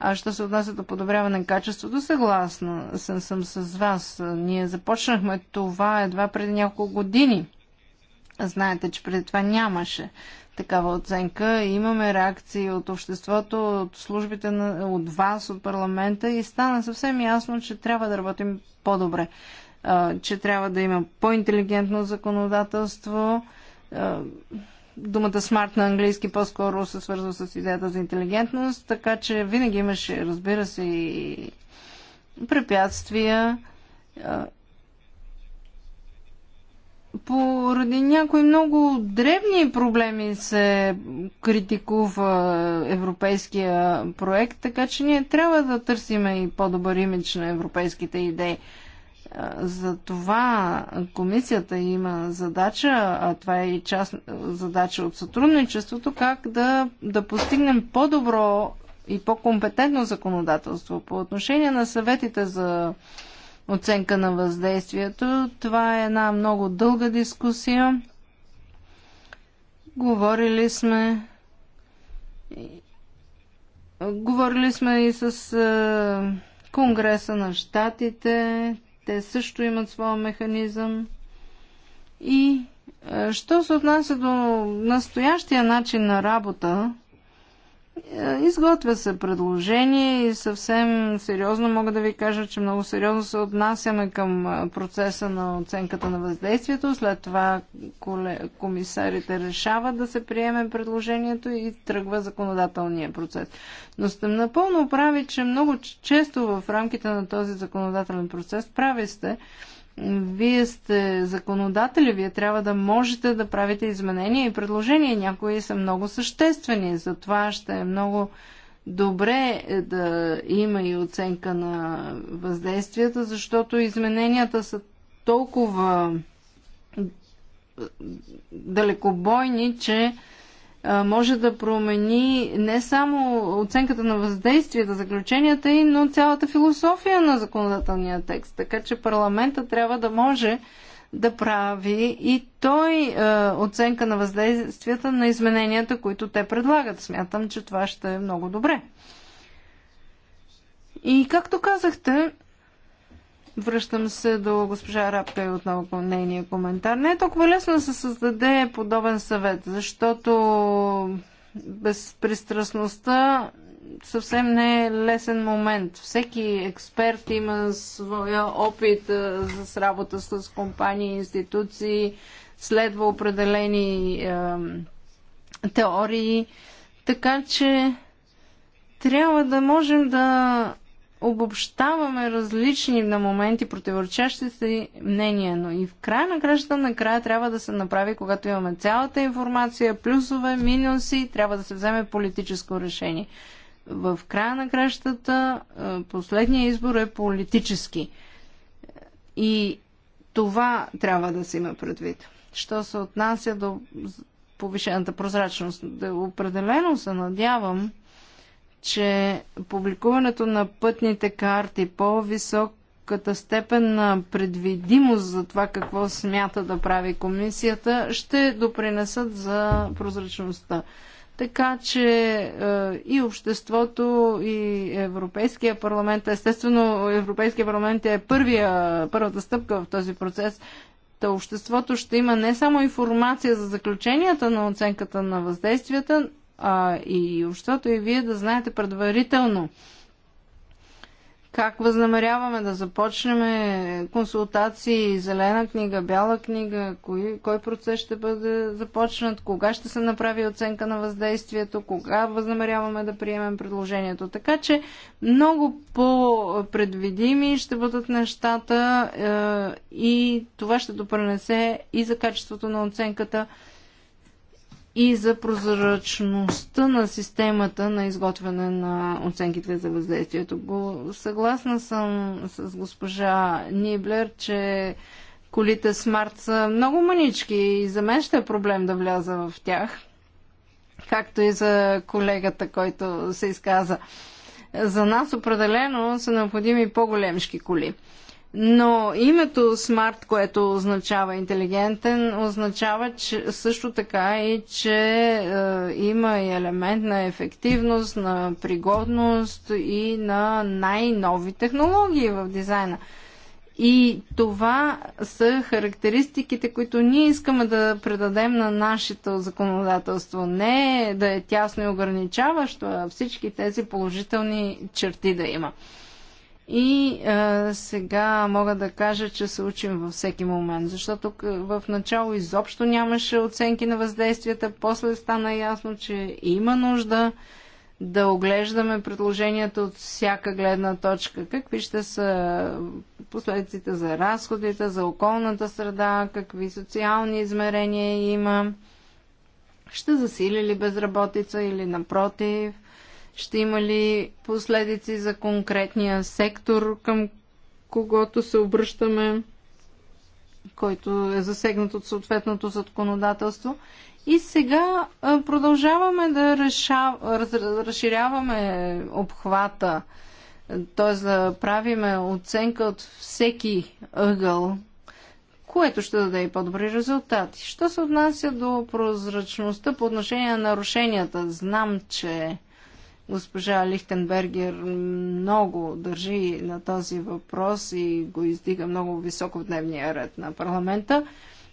А що се отнася до подобряване на качеството, съгласна съм, съм с вас. Ние започнахме това едва преди няколко години – Знаете, че преди това нямаше такава оценка. Имаме реакции от обществото, от службите, на, от вас, от парламента и стана съвсем ясно, че трябва да работим по-добре, че трябва да има по-интелигентно законодателство. Думата смарт на английски по-скоро се свързва с идеята за интелигентност, така че винаги имаше, разбира се, и препятствия поради някои много древни проблеми се критикува европейския проект, така че ние трябва да търсиме и по-добър имидж на европейските идеи. За това комисията има задача, а това е и част задача от сътрудничеството, как да, да постигнем по-добро и по-компетентно законодателство. По отношение на съветите за оценка на въздействието. Това е една много дълга дискусия. Говорили сме Говорили сме и с е, Конгреса на Штатите. Те също имат своя механизъм. И е, що се отнася до настоящия начин на работа, е, изготвя се предложение и съвсем сериозно мога да ви кажа, че много сериозно се отнасяме към е, процеса на оценката на въздействието. След това комисарите решават да се приеме предложението и тръгва законодателния процес. Но сте напълно прави, че много често в рамките на този законодателен процес прави сте, вие сте законодатели, вие трябва да можете да правите изменения и предложения. Някои са много съществени, затова ще е много добре да има и оценка на въздействията, защото измененията са толкова далекобойни, че може да промени не само оценката на въздействията, заключенията и, но цялата философия на законодателния текст. Така че парламента трябва да може да прави и той е, оценка на въздействията на измененията, които те предлагат. Смятам, че това ще е много добре. И както казахте, Връщам се до госпожа Рапка и отново към нейния коментар. Не е толкова лесно да се създаде подобен съвет, защото безпристрастността съвсем не е лесен момент. Всеки експерт има своя опит за работа с компании, институции, следва определени е, теории. Така че трябва да можем да обобщаваме различни на моменти противоречащи се мнения, но и в края на кращата накрая трябва да се направи, когато имаме цялата информация, плюсове, минуси, трябва да се вземе политическо решение. В края на кращата е, последният избор е политически. И това трябва да се има предвид. Що се отнася до повишената прозрачност, да определено се надявам, че публикуването на пътните карти по-високата степен на предвидимост за това какво смята да прави комисията ще допринесат за прозрачността. Така че е, и обществото, и Европейския парламент, естествено Европейския парламент е първия, първата стъпка в този процес, Та обществото ще има не само информация за заключенията на оценката на въздействията, а, и защото, и вие да знаете предварително как възнамеряваме да започнем консултации, зелена книга, бяла книга, кой, кой процес ще бъде започнат, кога ще се направи оценка на въздействието, кога възнамеряваме да приемем предложението. Така че много по-предвидими ще бъдат нещата е, и това ще допренесе и за качеството на оценката и за прозрачността на системата на изготвяне на оценките за въздействието. Съгласна съм с госпожа Ниблер, че колите смарт са много манички и за мен ще е проблем да вляза в тях, както и за колегата, който се изказа. За нас определено са необходими по-големшки коли. Но името смарт, което означава интелигентен, означава че, също така и, че е, има и елемент на ефективност, на пригодност и на най-нови технологии в дизайна. И това са характеристиките, които ние искаме да предадем на нашето законодателство. Не е да е тясно и ограничаващо, а всички тези положителни черти да има. И а, е, сега мога да кажа, че се учим във всеки момент, защото в начало изобщо нямаше оценки на въздействията, после стана ясно, че има нужда да оглеждаме предложенията от всяка гледна точка. Какви ще са последиците за разходите, за околната среда, какви социални измерения има, ще засили ли безработица или напротив, ще има ли последици за конкретния сектор, към когото се обръщаме, който е засегнат от съответното законодателство? И сега продължаваме да решав... разширяваме обхвата, т.е. да правиме оценка от всеки ъгъл, което ще даде и по-добри резултати. Що се отнася до прозрачността по отношение на нарушенията? Знам, че Госпожа Лихтенбергер много държи на този въпрос и го издига много високо в дневния ред на парламента.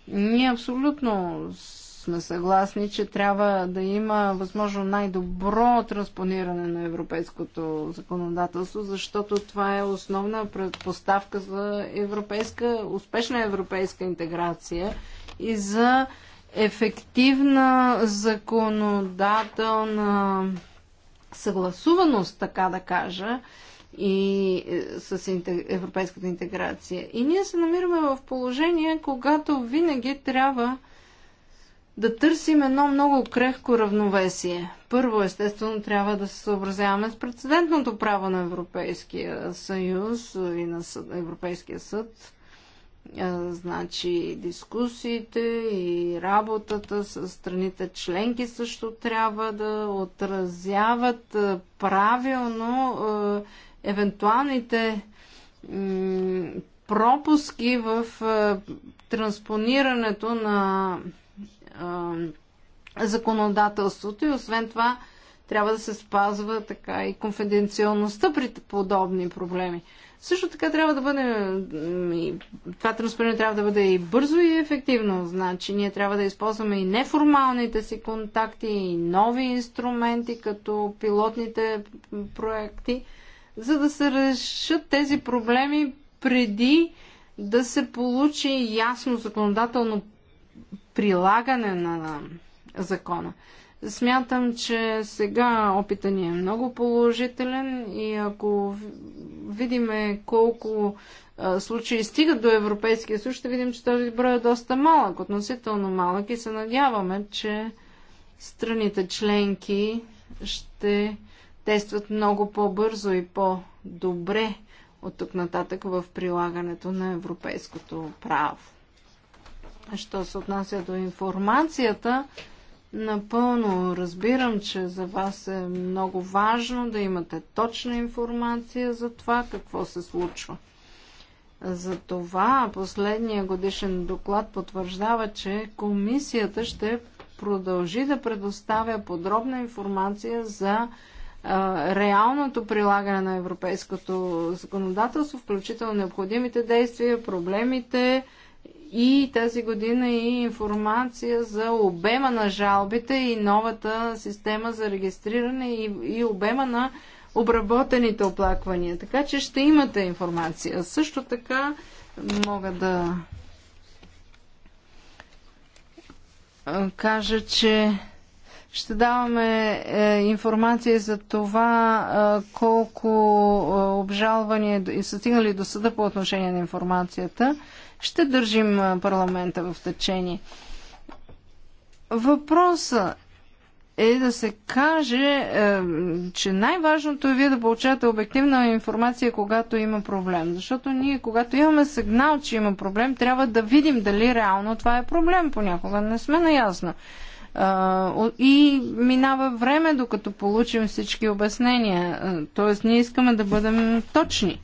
Ние абсолютно сме съгласни, че трябва да има възможно най-добро транспониране на европейското законодателство, защото това е основна предпоставка за европейска, успешна европейска интеграция и за ефективна законодателна съгласуваност, така да кажа, и е, с европейската интеграция. И ние се намираме в положение, когато винаги трябва да търсим едно много крехко равновесие. Първо, естествено, трябва да се съобразяваме с прецедентното право на Европейския съюз и на Европейския съд. Значи дискусиите и работата с страните членки също трябва да отразяват правилно евентуалните пропуски в транспонирането на законодателството и освен това трябва да се спазва така и конфиденциалността при подобни проблеми. Също така трябва да бъде, това транспориране трябва да бъде и бързо и ефективно. Значи ние трябва да използваме и неформалните си контакти, и нови инструменти, като пилотните проекти, за да се решат тези проблеми преди да се получи ясно законодателно прилагане на закона. Смятам, че сега опита ни е много положителен и ако видиме колко случаи стигат до Европейския съюз, ще видим, че този брой е доста малък, относително малък и се надяваме, че страните членки ще действат много по-бързо и по-добре от тук нататък в прилагането на европейското право. Що се отнася до информацията, Напълно разбирам, че за вас е много важно да имате точна информация за това какво се случва. За това последния годишен доклад потвърждава, че комисията ще продължи да предоставя подробна информация за реалното прилагане на европейското законодателство, включително необходимите действия, проблемите, и тази година и информация за обема на жалбите и новата система за регистриране и, и обема на обработените оплаквания. Така че ще имате информация. Също така мога да кажа, че ще даваме е, информация за това е, колко е, обжалвания са стигнали до съда по отношение на информацията ще държим парламента в течение. Въпроса е да се каже, е, че най-важното е вие да получавате обективна информация, когато има проблем. Защото ние, когато имаме сигнал, че има проблем, трябва да видим дали реално това е проблем. Понякога не сме наясно. И минава време, докато получим всички обяснения. Е, тоест, ние искаме да бъдем точни.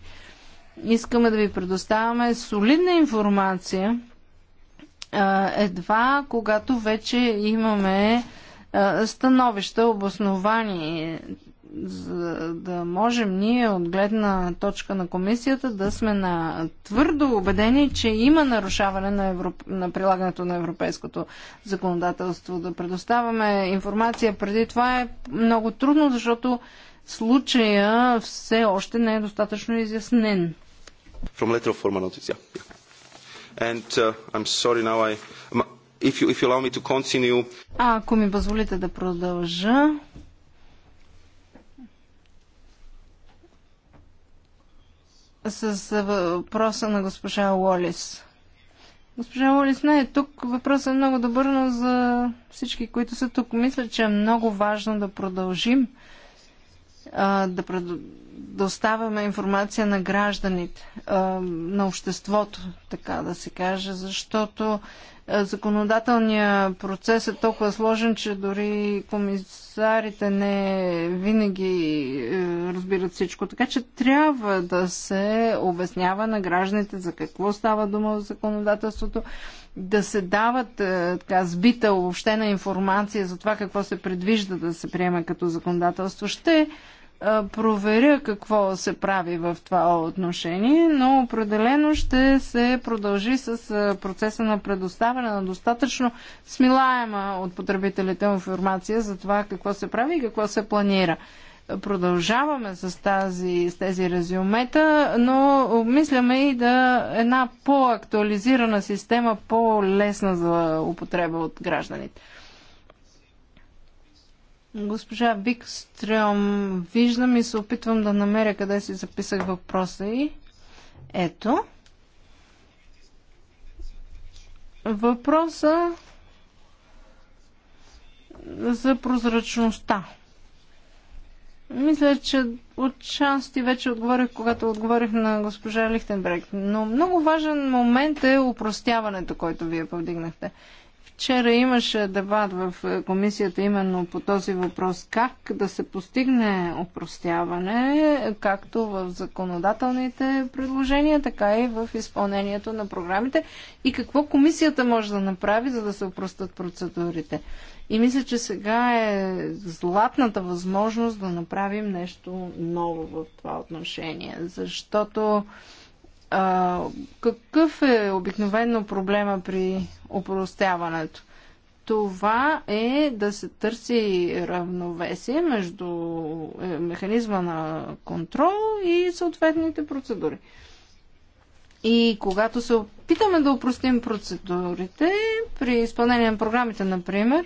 Искаме да ви предоставяме солидна информация едва когато вече имаме становища, обосновани, за да можем ние от гледна точка на комисията да сме на твърдо убедени, че има нарушаване на, Европ... на прилагането на европейското законодателство. Да предоставяме информация преди това е много трудно, защото случая все още не е достатъчно изяснен. From letter of formal notice, yeah. And uh, I'm sorry now I... If you, if you allow me to continue... А, ако ми позволите да продължа... С въпроса на госпожа Уолис. Госпожа Уолис не е тук. Въпросът е много добър, но за всички, които са тук, мисля, че е много важно да продължим а, да, пред доставяме информация на гражданите, на обществото, така да се каже, защото законодателният процес е толкова сложен, че дори комисарите не винаги е, разбират всичко. Така че трябва да се обяснява на гражданите за какво става дума в законодателството, да се дават е, така сбита обобщена информация за това какво се предвижда да се приеме като законодателство. Ще проверя какво се прави в това отношение, но определено ще се продължи с процеса на предоставяне на достатъчно смилаема от потребителите информация за това какво се прави и какво се планира. Продължаваме с, тази, с тези резюмета, но обмисляме и да една по-актуализирана система, по-лесна за употреба от гражданите. Госпожа Викстрем, виждам и се опитвам да намеря къде си записах въпроса и ето. Въпроса за прозрачността. Мисля, че от части вече отговорих, когато отговорих на госпожа Лихтенбрег. Но много важен момент е упростяването, който вие повдигнахте. Вчера имаше дебат в е, комисията именно по този въпрос как да се постигне опростяване, както в законодателните предложения, така и в изпълнението на програмите и какво комисията може да направи, за да се опростат процедурите. И мисля, че сега е златната възможност да направим нещо ново в това отношение, защото а, какъв е обикновено проблема при опростяването? Това е да се търси равновесие между е, механизма на контрол и съответните процедури. И когато се опитаме да упростим процедурите, при изпълнение на програмите, например,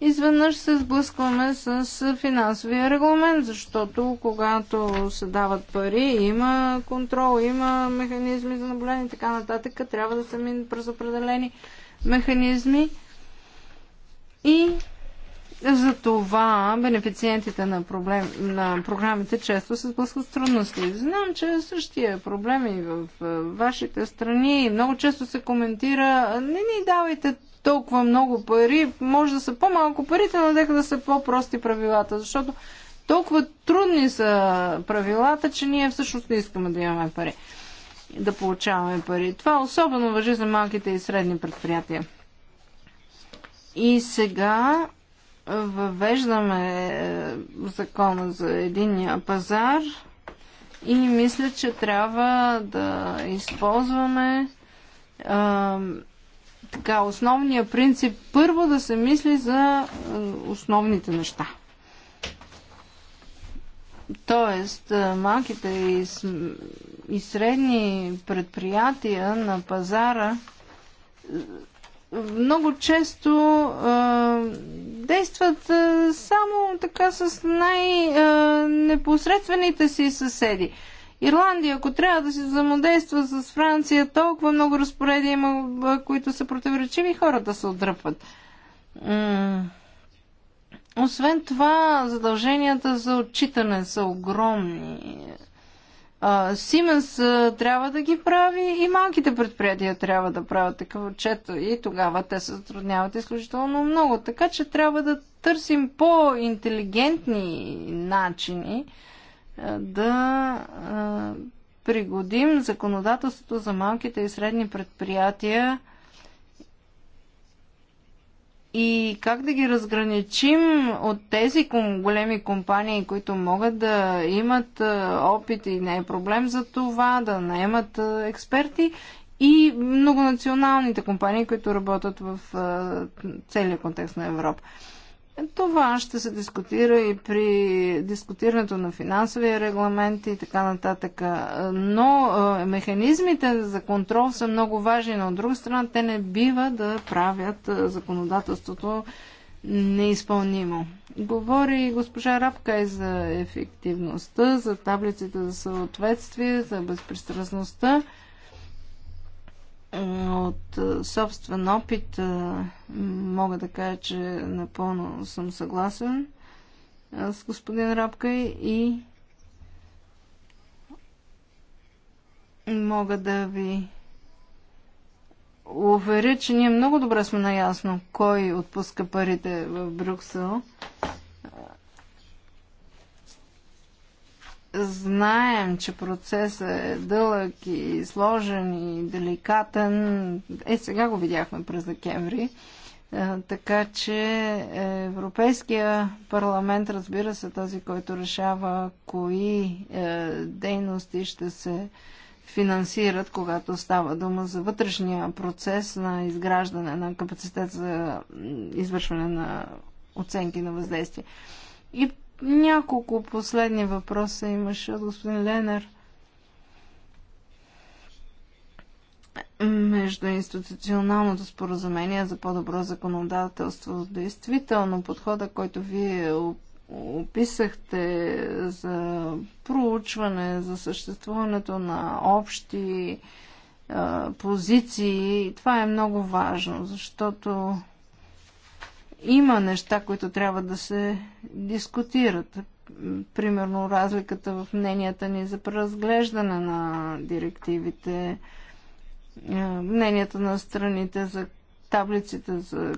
изведнъж се сблъскваме с финансовия регламент, защото когато се дават пари, има контрол, има механизми за наблюдение и така нататък, трябва да се мине през определени механизми. И за това бенефициентите на, проблем, на програмите често се сблъскват с трудности. Знам, че същия проблем и в е, вашите страни. Много често се коментира, не ни давайте толкова много пари, може да са по-малко парите, но нека да са по-прости правилата, защото толкова трудни са правилата, че ние всъщност не искаме да имаме пари, да получаваме пари. Това особено въжи за малките и средни предприятия. И сега въвеждаме е, закона за единния пазар и мисля, че трябва да използваме така основния принцип първо да се мисли за е, основните неща. Тоест, е, малките и, средни предприятия на пазара е, много често действат само така с най-непосредствените си съседи. Ирландия, ако трябва да се взаимодейства с Франция, толкова много разпореди има, които са противоречиви, хората се отдръпват. Освен това, задълженията за отчитане са огромни. Сименс трябва да ги прави и малките предприятия трябва да правят такъв отчет и тогава те се затрудняват изключително много. Така че трябва да търсим по-интелигентни начини да пригодим законодателството за малките и средни предприятия и как да ги разграничим от тези големи компании, които могат да имат опит и не е проблем за това, да наемат експерти и многонационалните компании, които работят в целия контекст на Европа. Това ще се дискутира и при дискутирането на финансовия регламент и така нататък. Но механизмите за контрол са много важни, но от друга страна те не бива да правят законодателството неизпълнимо. Говори госпожа Рапка и за ефективността, за таблиците за съответствие, за безпристрастността. От е, собствен опит е, мога да кажа, че напълно съм съгласен е, с господин Рапка и мога да ви уверя, че ние много добре сме наясно кой отпуска парите в Брюксел знаем, че процесът е дълъг и сложен и деликатен. Е, сега го видяхме през декември. Е, така че Европейския парламент, разбира се, този, който решава кои е, дейности ще се финансират, когато става дума за вътрешния процес на изграждане на капацитет за извършване на оценки на въздействие. И няколко последни въпроса имаше от господин Ленер. Между институционалното споразумение за по-добро законодателство, действително подхода, който вие описахте за проучване, за съществуването на общи е, позиции, това е много важно, защото има неща, които трябва да се дискутират. Примерно разликата в мненията ни за преразглеждане на директивите, е, мненията на страните за таблиците за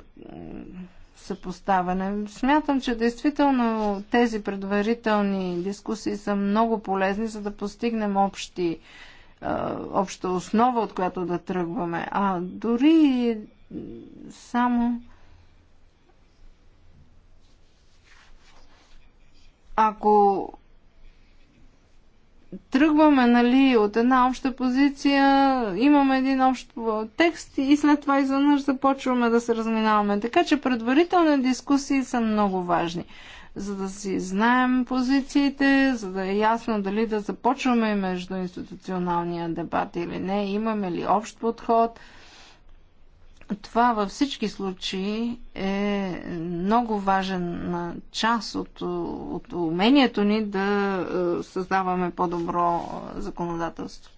съпоставяне. Смятам, че действително тези предварителни дискусии са много полезни, за да постигнем общи, е, обща основа, от която да тръгваме. А дори само ако тръгваме нали, от една обща позиция, имаме един общ текст и след това изведнъж започваме да се разминаваме. Така че предварителни дискусии са много важни, за да си знаем позициите, за да е ясно дали да започваме между институционалния дебат или не, имаме ли общ подход – това във всички случаи е много важен част от, от умението ни да е, създаваме по-добро законодателство.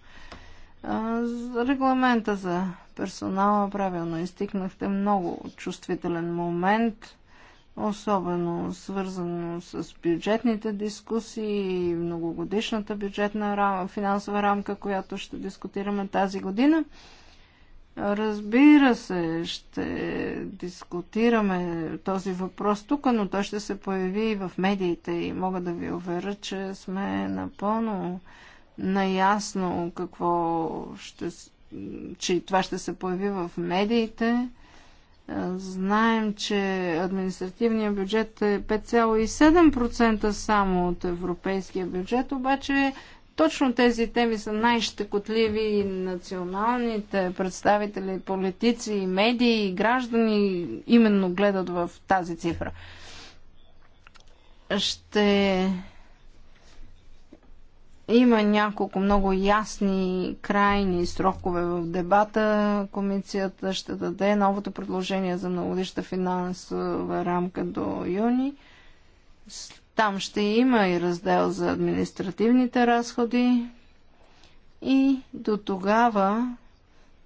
регламента за персонала правилно изтикнахте много чувствителен момент, особено свързано с бюджетните дискусии и многогодишната бюджетна рам, финансова рамка, която ще дискутираме тази година. Разбира се, ще дискутираме този въпрос тук, но той ще се появи и в медиите и мога да ви уверя, че сме напълно наясно какво ще, че това ще се появи в медиите. Е, знаем, че административният бюджет е 5,7% само от европейския бюджет, обаче точно тези теми са най-щекотливи и националните представители, политици, медии и граждани именно гледат в тази цифра. Ще има няколко много ясни крайни срокове в дебата. Комисията ще даде новото предложение за многодишна финансова рамка до юни. Там ще има и раздел за административните разходи и до тогава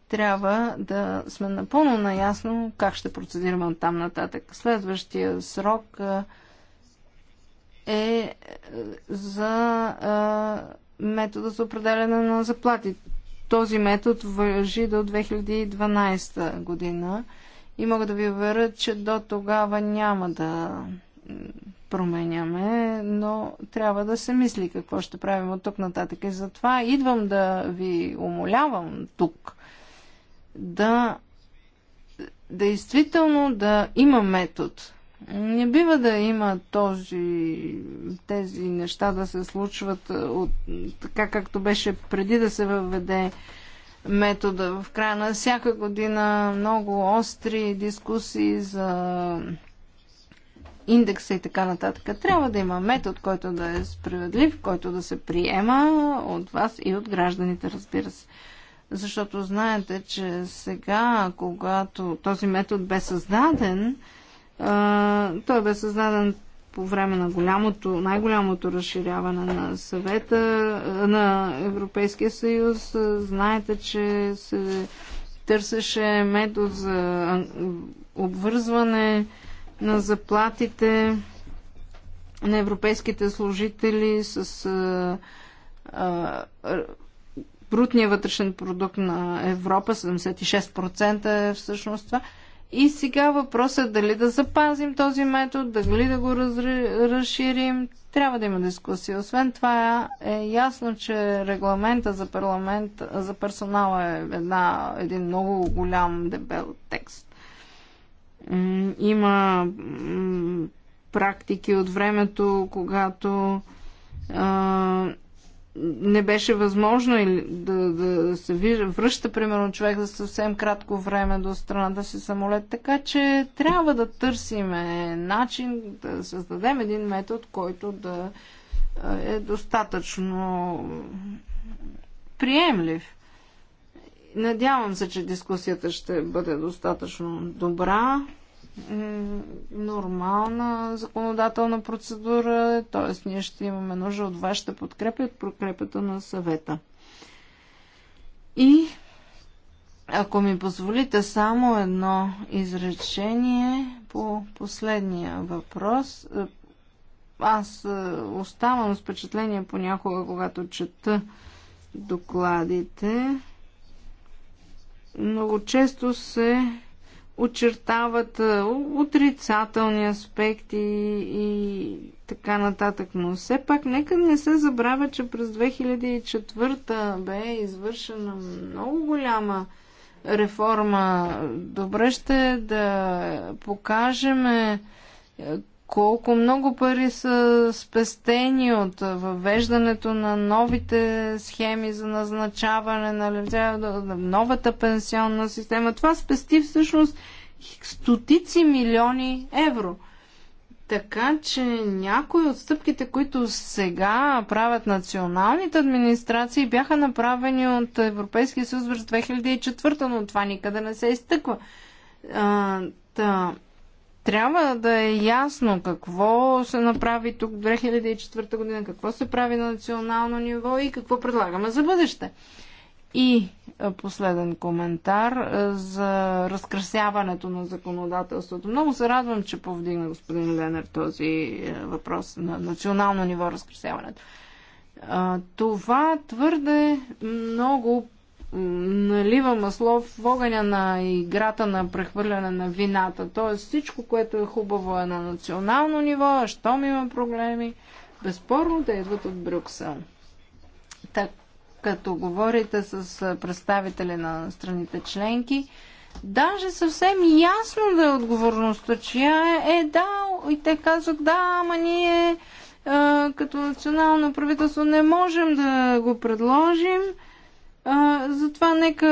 трябва да сме напълно наясно как ще процедираме от там нататък. Следващия срок е, е за метода за определяне на заплати. Този метод въжи до 2012 година и мога да ви уверя, че до тогава няма да променяме, но трябва да се мисли какво ще правим от тук нататък. И затова идвам да ви умолявам тук да действително да има метод. Не бива да има този, тези неща да се случват от, така както беше преди да се въведе метода. В края на всяка година много остри дискусии за индекса и така нататък. Трябва да има метод, който да е справедлив, който да се приема от вас и от гражданите, разбира се. Защото знаете, че сега, когато този метод бе създаден, той бе създаден по време на голямото, най-голямото разширяване на съвета на Европейския съюз. Знаете, че се търсеше метод за обвързване на заплатите на европейските служители с а, а, брутния вътрешен продукт на Европа, 76% е всъщност това. И сега въпросът е дали да запазим този метод, дали да го разширим. Трябва да има дискусия. Освен това е ясно, че регламента за парламент, за персонала е една, един много голям дебел текст. Има практики от времето, когато не беше възможно или да, да се връща, примерно, човек за съвсем кратко време до страната си самолет. Така че трябва да търсиме начин да създадем един метод, който да е достатъчно приемлив. Надявам се, че дискусията ще бъде достатъчно добра. Нормална законодателна процедура, т.е. ние ще имаме нужда от вашата подкрепа и от подкрепата на съвета. И ако ми позволите само едно изречение по последния въпрос. Аз е, оставам с впечатление понякога, когато чета докладите, много често се очертават отрицателни аспекти и така нататък. Но все пак нека не се забравя, че през 2004 бе извършена много голяма реформа. Добре ще е да покажем колко много пари са спестени от въвеждането на новите схеми за назначаване на новата пенсионна система. Това спести всъщност стотици милиони евро. Така че някои от стъпките, които сега правят националните администрации, бяха направени от Европейския съюз през 2004, но това никъде не се изтъква. А, трябва да е ясно какво се направи тук в 2004 година, какво се прави на национално ниво и какво предлагаме за бъдеще. И е, последен коментар е, за разкрасяването на законодателството. Много се радвам, че повдигна господин Ленер този е, въпрос на национално ниво разкрасяването. Това твърде много налива масло в огъня на играта на прехвърляне на вината. Тоест всичко, което е хубаво е на национално ниво, а щом има проблеми, безспорно да идват от Брюксел. Так, като говорите с представители на страните членки, даже съвсем ясно да е отговорността, чия е, е да, и те казват, да, ама ние като национално правителство не можем да го предложим, а, затова нека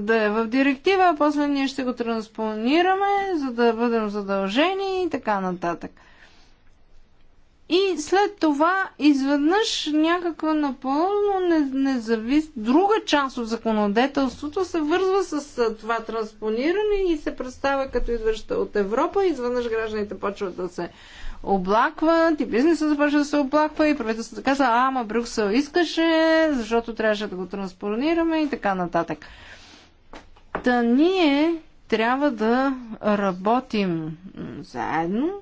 да е в директива, а после ние ще го транспонираме, за да бъдем задължени и така нататък. И след това изведнъж някаква напълно независ... друга част от законодателството се вързва с това транспониране и се представя като идваща от Европа. Изведнъж гражданите почват да се облакват и бизнесът започва да се оплаква и правителството каза, ама Брюксел искаше, защото трябваше да го транспорнираме и така нататък. Та ние трябва да работим заедно,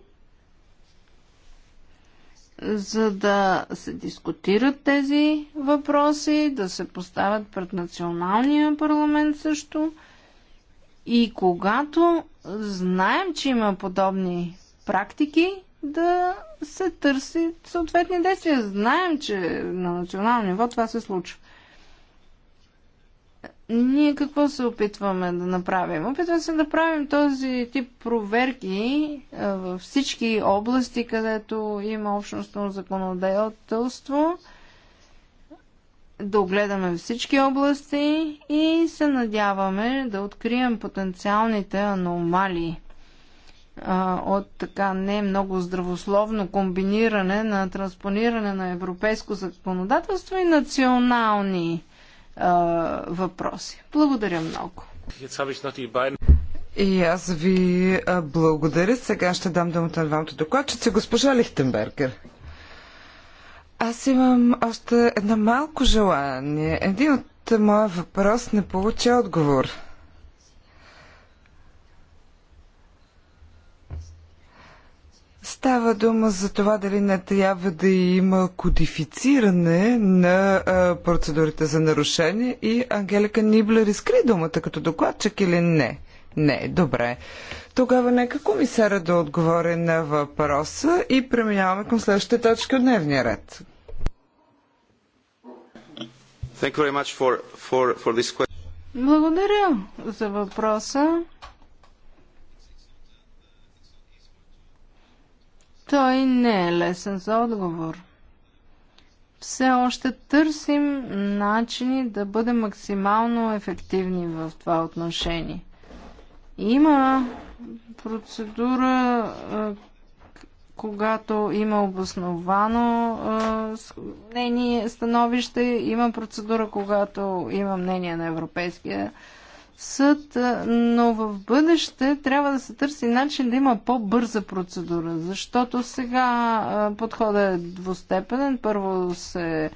за да се дискутират тези въпроси, да се поставят пред националния парламент също. И когато знаем, че има подобни практики, да се търси съответни действия. Знаем, че на национално ниво това се случва. Ние какво се опитваме да направим? Опитваме се да правим този тип проверки във всички области, където има общностно законодателство да огледаме всички области и се надяваме да открием потенциалните аномалии от така не много здравословно комбиниране на транспониране на европейско законодателство и национални а, въпроси. Благодаря много. И аз ви благодаря. Сега ще дам думата на двамата докладчици. Госпожа Лихтенбергер. Аз имам още едно малко желание. Един от моя въпрос не получи отговор. Става дума за това дали не трябва да има кодифициране на процедурите за нарушение и Ангелика Ниблер изкри думата като докладчик или не. Не, добре. Тогава нека комисара да отговори на въпроса и преминаваме към следващите точки от дневния ред. Благодаря за въпроса. Той не е лесен за отговор. Все още търсим начини да бъдем максимално ефективни в това отношение. Има процедура, когато има обосновано мнение, становище, има процедура, когато има мнение на Европейския съд, но в бъдеще трябва да се търси начин да има по-бърза процедура, защото сега подходът е двустепенен. Първо се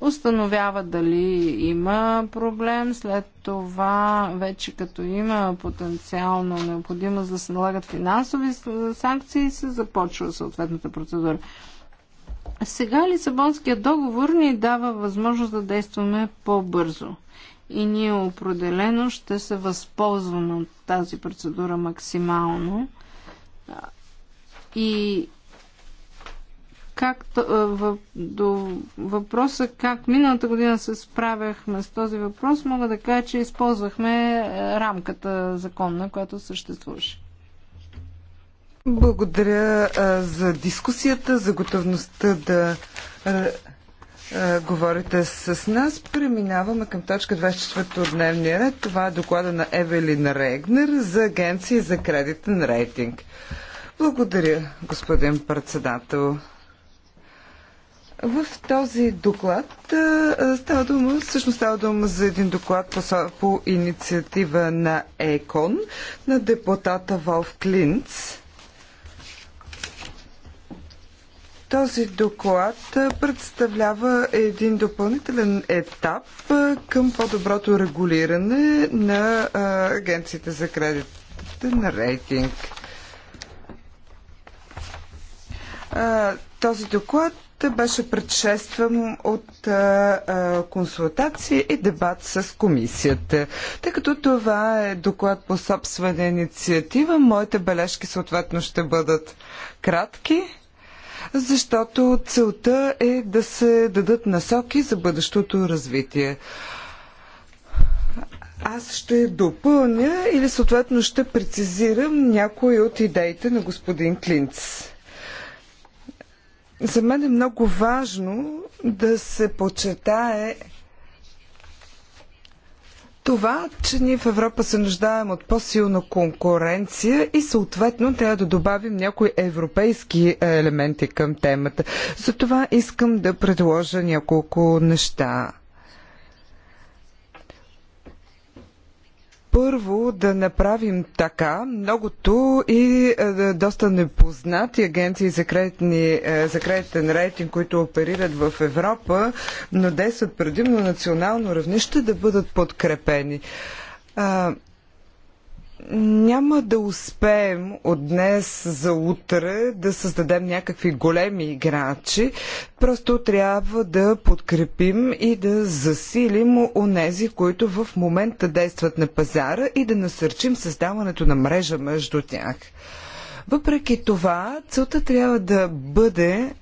установява дали има проблем, след това вече като има потенциално необходимост да се налагат финансови санкции, се започва съответната процедура. Сега Лисабонският договор ни дава възможност да действаме по-бързо и ние определено ще се възползваме от тази процедура максимално. И както до въпроса как миналата година се справяхме с този въпрос, мога да кажа, че използвахме е, рамката законна, която съществуваше. Благодаря за дискусията, за готовността да е, говорите с нас. Преминаваме към точка 24 от дневния ред. Това е доклада на Евелин Регнер за Агенция за кредитен рейтинг. Благодаря, господин председател. В този доклад е, става дума, всъщност става дума за един доклад по, по инициатива на ЕКОН, на депутата Волф Клинц Този доклад представлява един допълнителен етап към по-доброто регулиране на агенциите за кредит на рейтинг. Този доклад беше предшествам от а, а, консултации и дебат с комисията. Тъй като това е доклад по собствена инициатива, моите бележки съответно ще бъдат кратки защото целта е да се дадат насоки за бъдещото развитие. Аз ще допълня или съответно ще прецизирам някои от идеите на господин Клинц. За мен е много важно да се почетае. Това, че ние в Европа се нуждаем от по-силна конкуренция и съответно трябва да добавим някои европейски елементи към темата. За това искам да предложа няколко неща. първо да направим така многото и е, доста непознати агенции за, кредитни, е, за кредитен рейтинг, които оперират в Европа, но действат предимно национално равнище, да бъдат подкрепени няма да успеем от днес за утре да създадем някакви големи играчи. Просто трябва да подкрепим и да засилим онези, които в момента действат на пазара и да насърчим създаването на мрежа между тях. Въпреки това, целта трябва да бъде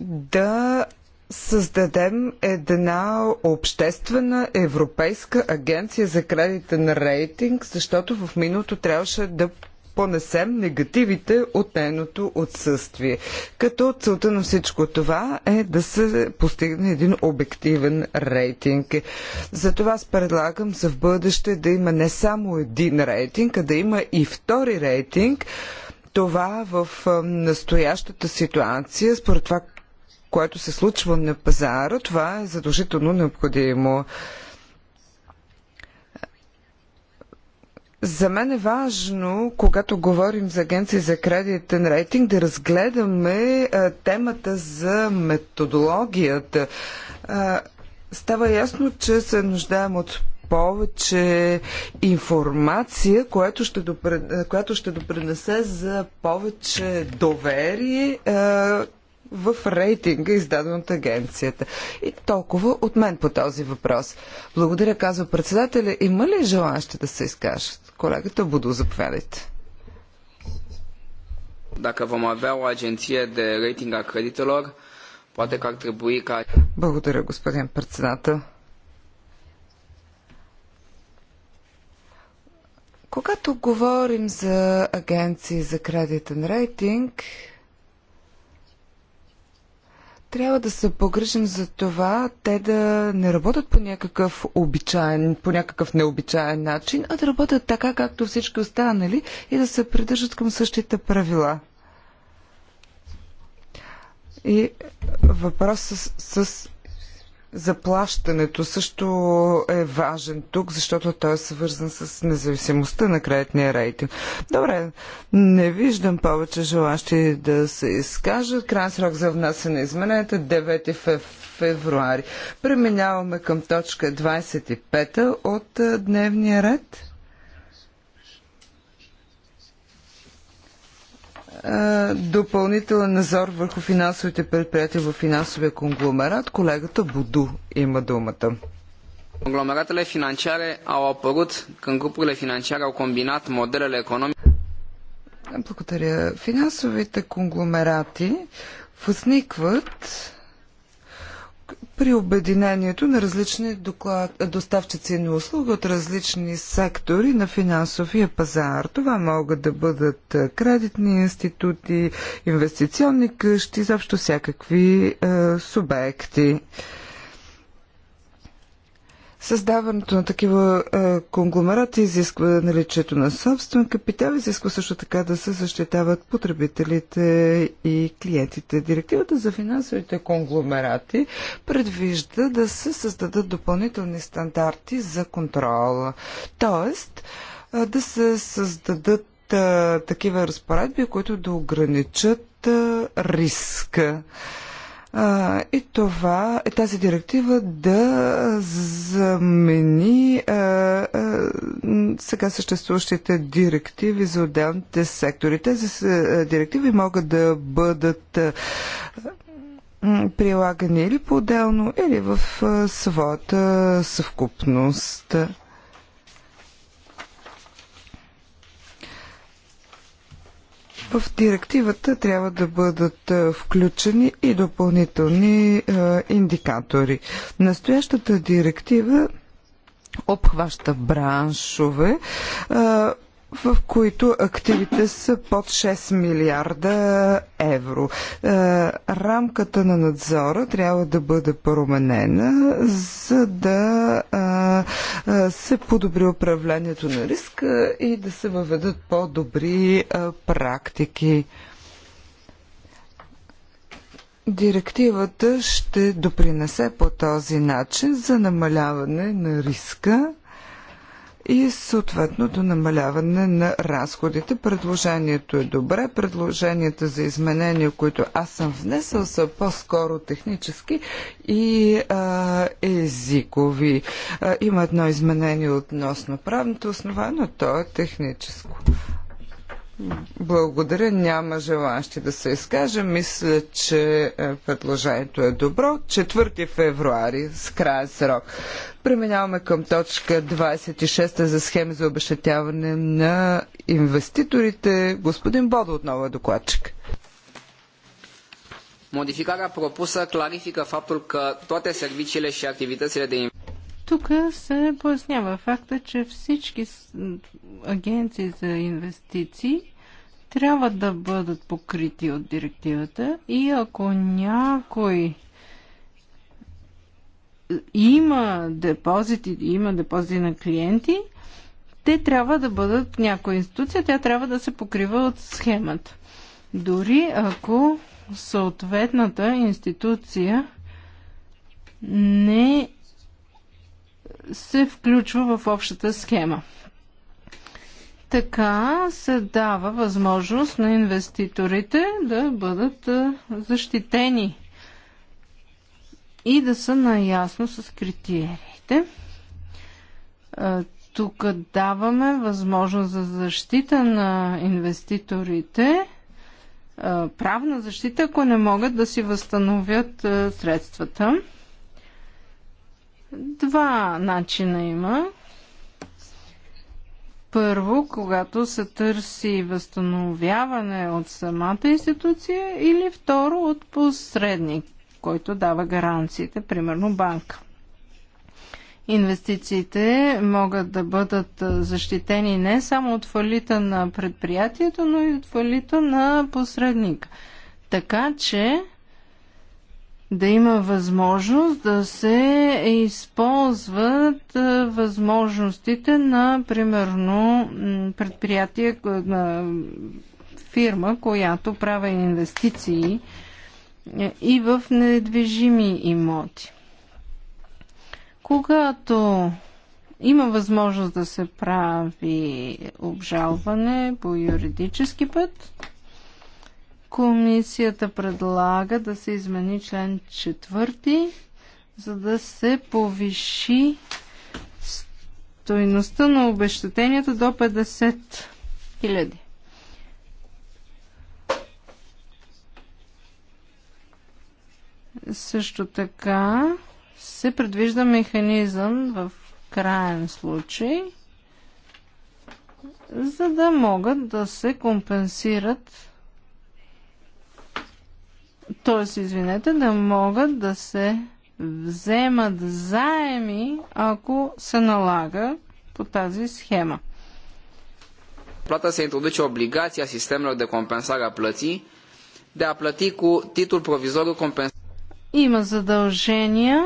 да създадем една обществена европейска агенция за кредитен рейтинг, защото в миналото трябваше да понесем негативите от нейното отсъствие. Като целта на всичко това е да се постигне един обективен рейтинг. Затова аз предлагам за в бъдеще да има не само един рейтинг, а да има и втори рейтинг, това в настоящата ситуация, според това което се случва на пазара, това е задължително необходимо. За мен е важно, когато говорим за агенции за кредитен рейтинг, да разгледаме а, темата за методологията. А, става ясно, че се нуждаем от повече информация, която ще, допред... която ще допринесе за повече доверие а, в рейтинга, издаден от агенцията. И толкова от мен по този въпрос. Благодаря, казва председателя. Има ли желание да се изкажат? Колегата Буду, заповядайте. Dacă vom avea o agenție de rating a creditelor, poate că ar trebui ca... Благодаря, господин председател. Когато говорим за агенции за кредитен рейтинг, трябва да се погрежим за това те да не работят по някакъв обичайен, по някакъв необичайен начин, а да работят така, както всички останали и да се придържат към същите правила. И въпрос с, с Заплащането също е важен тук, защото той е свързан с независимостта на кредитния рейтинг. Добре, не виждам повече желащи да се изкажат. Крайен срок за внасяне измененията 9 е февруари. Преминаваме към точка 25 от дневния ред. допълнителен назор върху финансовите предприятия в финансовия конгломерат. Колегата Буду има думата. Conglomeratele financiare au apărut când grupurile financiare au combinat modelele economice. Благодаря. Финансовите конгломерати възникват при обединението на различни доклад, доставчици на услуги от различни сектори на финансовия пазар. Това могат да бъдат кредитни институти, инвестиционни къщи, заобщо всякакви е, субекти. Създаването на такива е, конгломерати изисква наличието на собствен капитал, изисква също така да се защитават потребителите и клиентите. Директивата за финансовите конгломерати предвижда да се създадат допълнителни стандарти за контрола. Тоест, е, да се създадат е, такива разпоредби, които да ограничат е, риска. А, и това, е тази директива да замени а, а, сега съществуващите директиви за отделните сектори. Тези директиви могат да бъдат прилагани или по-отделно, или в своята съвкупност. В директивата трябва да бъдат е, включени и допълнителни е, индикатори. Настоящата директива обхваща браншове, е, в които активите са под 6 милиарда евро. Е, рамката на надзора трябва да бъде променена, за да е, е, се подобри управлението на риска и да се въведат по-добри практики. Директивата ще допринесе по този начин за намаляване на риска и съответно до намаляване на разходите. Предложението е добре. Предложенията за изменения, които аз съм внесъл, са по-скоро технически и а, езикови. А, има едно изменение относно правното основание, но то е техническо. Благодаря. Няма желащи да се изкажа. Мисля, че е, предложението е добро. 4 февруари с края срок. Преминаваме към точка 26 за схеми за обещетяване на инвеститорите. Господин Бодо отново е докладчик. Modificarea propusă clarifică faptul că toate serviciile și activitățile de тук се пояснява факта, че всички агенции за инвестиции трябва да бъдат покрити от директивата и ако някой има депозити, има депозити на клиенти, те трябва да бъдат някоя институция, тя трябва да се покрива от схемата. Дори ако съответната институция не се включва в общата схема. Така се дава възможност на инвеститорите да бъдат защитени и да са наясно с критериите. Тук даваме възможност за защита на инвеститорите, правна защита, ако не могат да си възстановят средствата. Два начина има първо, когато се търси възстановяване от самата институция или второ от посредник, който дава гаранциите, примерно банка. Инвестициите могат да бъдат защитени не само от фалита на предприятието, но и от фалита на посредника. Така че да има възможност да се използват възможностите на, примерно, предприятие, на фирма, която прави инвестиции е, и в недвижими имоти. Когато има възможност да се прави обжалване по юридически път, Комисията предлага да се измени член 4, за да се повиши стойността на обещетението до 50 000. Също така се предвижда механизъм в крайен случай, за да могат да се компенсират т.е. извинете, да могат да се вземат заеми, ако се налага по тази схема. Плата се интродуче облигация sistemelor de компенсара плати, да de плати ку титул провизорно provizoriu Има задължения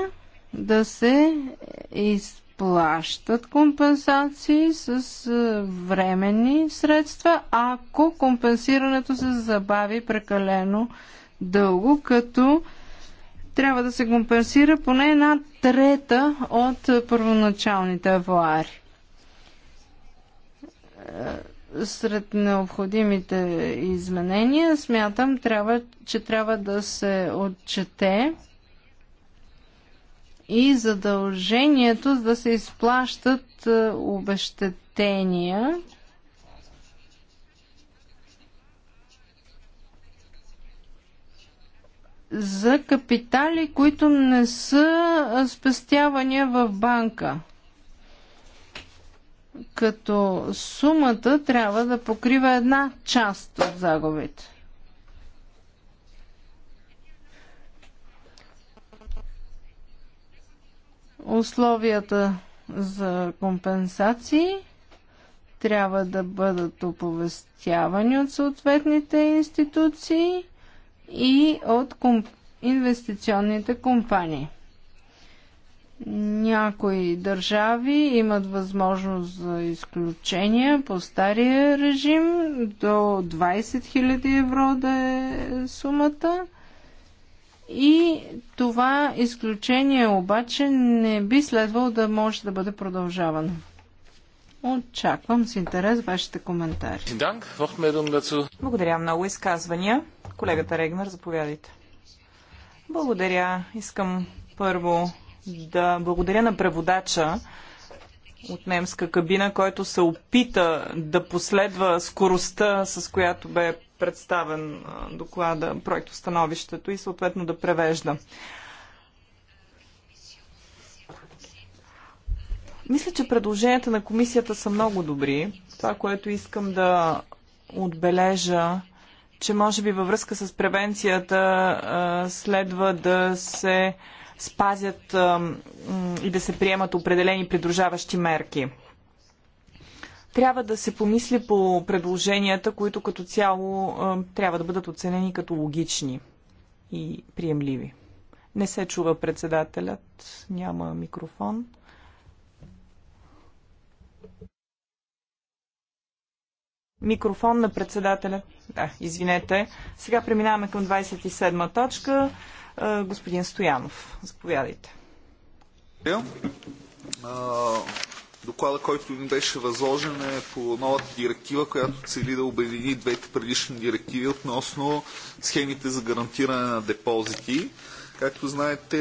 да се изплащат компенсации с е, временни средства, ако компенсирането се забави прекалено дълго, като трябва да се компенсира поне една трета от първоначалните авуари. Сред необходимите изменения смятам, трябва, че трябва да се отчете и задължението да се изплащат е, обещетения за капитали, които не са спестявания в банка. Като сумата трябва да покрива една част от загубите. Условията за компенсации трябва да бъдат оповестявани от съответните институции и от комп... инвестиционните компании. Някои държави имат възможност за изключения по стария режим до 20 000 евро да е сумата. И това изключение обаче не би следвало да може да бъде продължавано. Очаквам с интерес вашите коментари. Благодаря много изказвания. Колегата Регнер, заповядайте. Благодаря. Искам първо да благодаря на преводача от немска кабина, който се опита да последва скоростта, с която бе представен доклада, проектостановището и съответно да превежда. Мисля, че предложенията на комисията са много добри. Това, което искам да отбележа че може би във връзка с превенцията следва да се спазят и да се приемат определени придружаващи мерки. Трябва да се помисли по предложенията, които като цяло трябва да бъдат оценени като логични и приемливи. Не се чува председателят, няма микрофон. Микрофон на председателя. Да, извинете. Сега преминаваме към 27-ма точка. Господин Стоянов, заповядайте. Доклада, който им беше възложен е по новата директива, която цели да обедини двете предишни директиви относно схемите за гарантиране на депозити. Както знаете,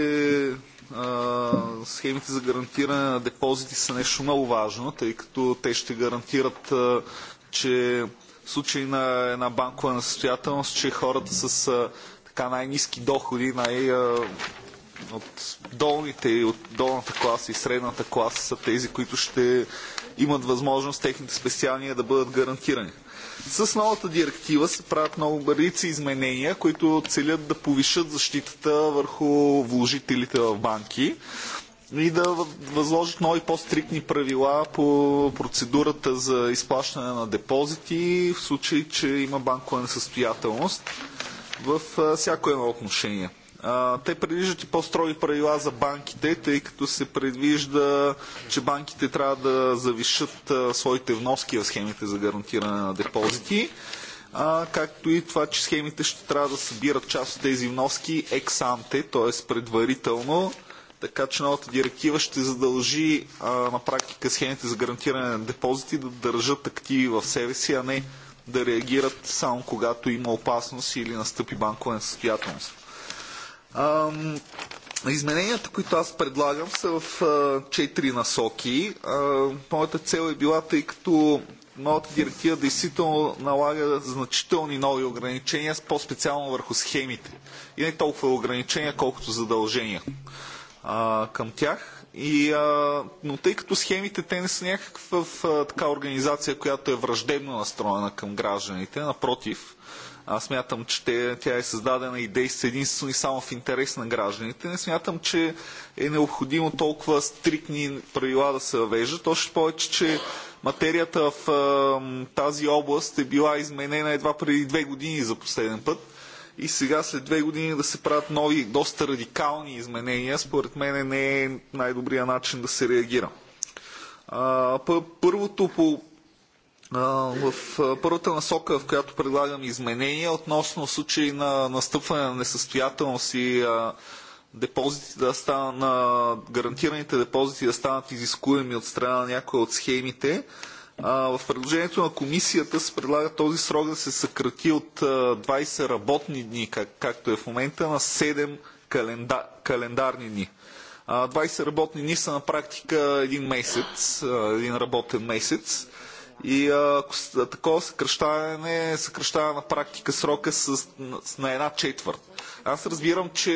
схемите за гарантиране на депозити са нещо много важно, тъй като те ще гарантират че в случай на една банкова несъстоятелност, че хората с а, така най-низки доходи, най- а, от долните и от долната класа и средната класа са тези, които ще имат възможност техните специалния да бъдат гарантирани. С новата директива се правят много редици изменения, които целят да повишат защитата върху вложителите в банки и да възложат нови по-стрикни правила по процедурата за изплащане на депозити в случай, че има банкова несъстоятелност в всяко едно отношение. Те предвиждат и по-строги правила за банките, тъй като се предвижда, че банките трябва да завишат своите вноски в схемите за гарантиране на депозити, както и това, че схемите ще трябва да събират част от тези вноски ексанте, т.е. предварително, така че новата директива ще задължи а, на практика схемите за гарантиране на депозити да държат активи в себе си, а не да реагират само когато има опасност или настъпи банкова несъстоятелност. Измененията, които аз предлагам, са в четири насоки. А, моята цел е била, тъй като новата директива действително налага значителни нови ограничения, по-специално върху схемите. И не толкова ограничения, колкото задължения а, към тях. И, а, но тъй като схемите те не са някаква а, така организация, която е враждебно настроена към гражданите, напротив, аз смятам, че те, тя е създадена и действа единствено и само в интерес на гражданите. Не смятам, че е необходимо толкова стрикни правила да се въвеждат. Още повече, че материята в а, тази област е била изменена едва преди две години за последен път и сега след две години да се правят нови, доста радикални изменения, според мен не е най-добрия начин да се реагира. А, първото по в първата насока, в която предлагам изменения е относно случаи на настъпване на несъстоятелност и депозити да станат, на гарантираните депозити да станат изискуеми от страна на някои от схемите, в предложението на комисията се предлага този срок да се съкрати от 20 работни дни, как, както е в момента, на 7 календа, календарни дни. 20 работни дни са на практика един месец, един работен месец. И ако такова съкръщаване, съкръщава на практика срока с, на една четвърт. Аз разбирам, че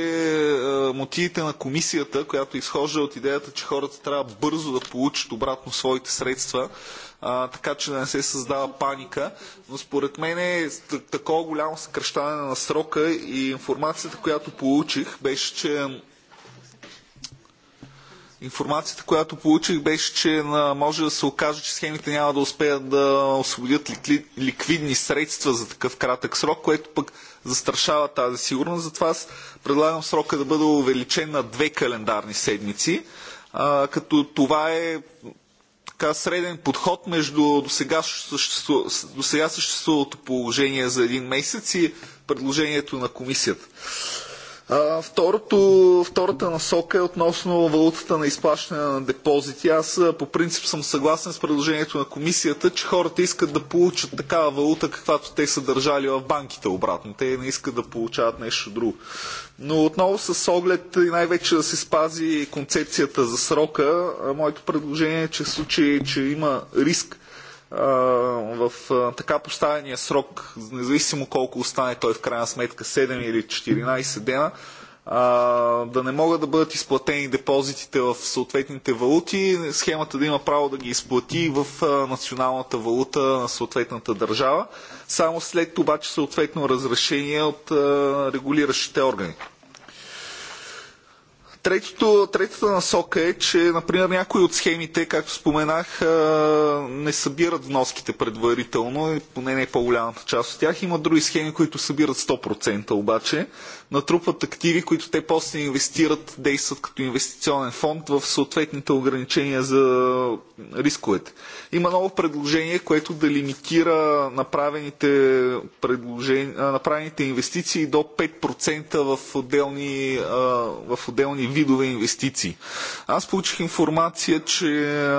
мотивите на комисията, която изхожда от идеята, че хората трябва бързо да получат обратно своите средства, а, така че да не се създава паника. Но според мен е такова голямо съкръщане на срока и информацията, която получих, беше, че Информацията, която получих беше, че на, може да се окаже, че схемите няма да успеят да освободят ликли, ликвидни средства за такъв кратък срок, което пък застрашава тази сигурност. Затова аз предлагам срока да бъде увеличен на две календарни седмици, а, като това е така среден подход между досега, съществу, досега съществувалото положение за един месец и предложението на комисията. Второто, втората насока е относно валутата на изплащане на депозити. Аз по принцип съм съгласен с предложението на комисията, че хората искат да получат такава валута, каквато те са държали в банките обратно. Те не искат да получават нещо друго. Но отново с оглед и най-вече да се спази концепцията за срока, моето предложение е, че в случай, че има риск в така поставения срок, независимо колко остане той в крайна сметка 7 или 14 дена, да не могат да бъдат изплатени депозитите в съответните валути, схемата да има право да ги изплати в националната валута на съответната държава, само след обаче съответно разрешение от регулиращите органи. Третото, третата насока е, че, например, някои от схемите, както споменах, не събират вноските предварително, поне не е по-голямата част от тях. Има други схеми, които събират 100% обаче, натрупват активи, които те после инвестират, действат като инвестиционен фонд в съответните ограничения за рисковете. Има ново предложение, което да лимитира направените, направените инвестиции до 5% в отделни, в отделни видове инвестиции. Аз получих информация, че е, е,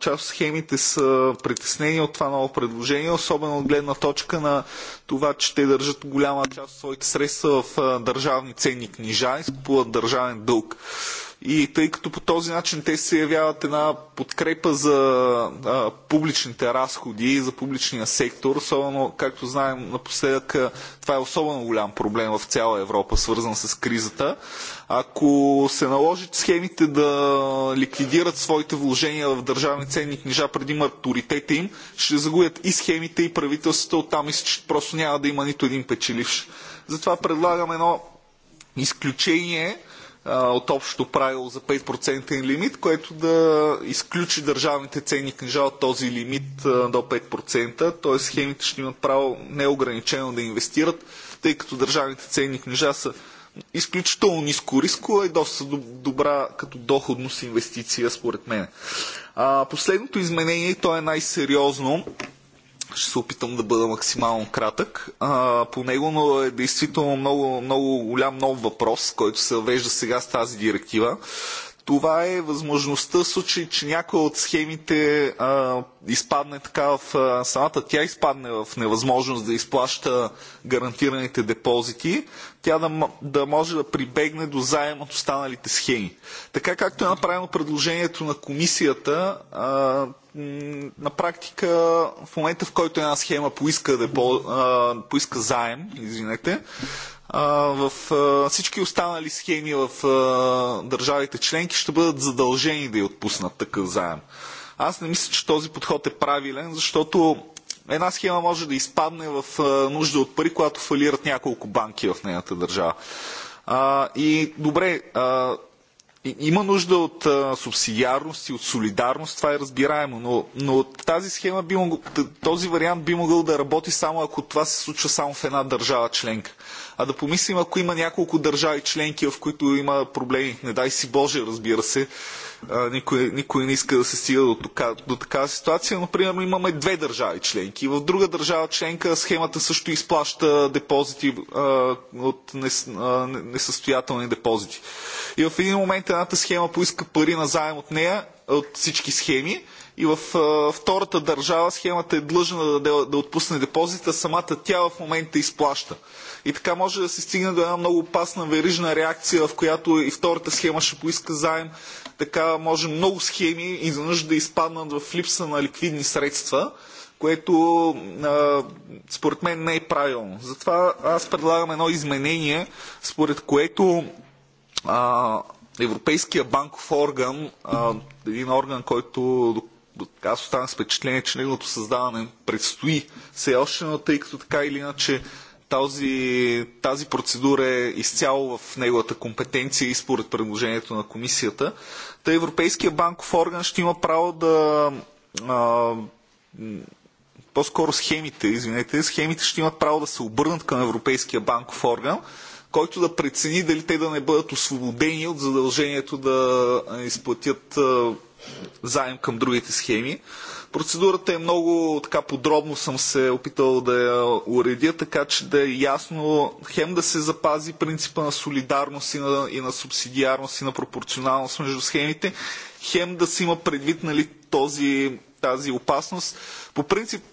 част от схемите са притеснени от това ново предложение, особено от гледна точка на това, че те държат голяма част от своите средства в е, държавни ценни книжа и скупуват държавен дълг. И тъй като по този начин те се явяват една подкрепа за а, публичните разходи и за публичния сектор, особено, както знаем, напоследък това е особено голям проблем в цяла Европа, свързан с кризата. Ако се наложат схемите да ликвидират своите вложения в държавни ценни книжа преди мартуритета им, ще загубят и схемите, и правителствата. Оттам мисля, че просто няма да има нито един печеливш. Затова предлагам едно изключение, от общото правило за 5% лимит, което да изключи държавните ценни книжа от този лимит до 5%, т.е. схемите ще имат право неограничено да инвестират, тъй като държавните ценни книжа са изключително ниско рискова и доста добра като доходност инвестиция, според мен. А, последното изменение, то е най-сериозно, ще се опитам да бъда максимално кратък а, по него, но е действително много, много голям нов въпрос, който се въвежда сега с тази директива. Това е възможността, в случай, че някоя от схемите а, изпадне така в а, самата, тя изпадне в невъзможност да изплаща гарантираните депозити, тя да, да може да прибегне до заем от останалите схеми. Така както е направено предложението на комисията, а, на практика в момента в който една схема поиска, да по, а, поиска заем, извинете, в всички останали схеми в държавите членки ще бъдат задължени да я отпуснат такъв заем. Аз не мисля, че този подход е правилен, защото една схема може да изпадне в нужда от пари, когато фалират няколко банки в нейната държава. А, и добре, а, има нужда от а, субсидиарност и от солидарност, това е разбираемо, но, но тази схема би могъл, този вариант би могъл да работи само ако това се случва само в една държава членка. А да помислим, ако има няколко държави членки, в които има проблеми, не дай си Боже, разбира се, никой, никой не иска да се стига до, до такава ситуация, но примерно имаме две държави членки. В друга държава членка схемата също изплаща депозити а, от нес, а, несъстоятелни депозити. И в един момент едната схема поиска пари на заем от нея, от всички схеми, и в а, втората държава схемата е длъжна да, да, да отпусне депозита, самата тя в момента изплаща. И така може да се стигне до една много опасна верижна реакция, в която и втората схема ще поиска заем, така може много схеми изведнъж да изпаднат в липса на ликвидни средства, което а, според мен не е правилно. Затова аз предлагам едно изменение, според което а, Европейския банков орган, а, един орган, който аз останах с впечатление, че неговото създаване предстои все още, но тъй като така или иначе тази процедура е изцяло в неговата компетенция и според предложението на комисията. Та Европейския банков орган ще има право да а, по-скоро схемите, извинете, схемите ще имат право да се обърнат към Европейския банков орган, който да прецени дали те да не бъдат освободени от задължението да изплатят заем към другите схеми. Процедурата е много така подробно съм се опитал да я уредя, така че да е ясно хем да се запази принципа на солидарност и на, и на субсидиарност и на пропорционалност между схемите, хем да се има предвид нали, този тази опасност. По принцип,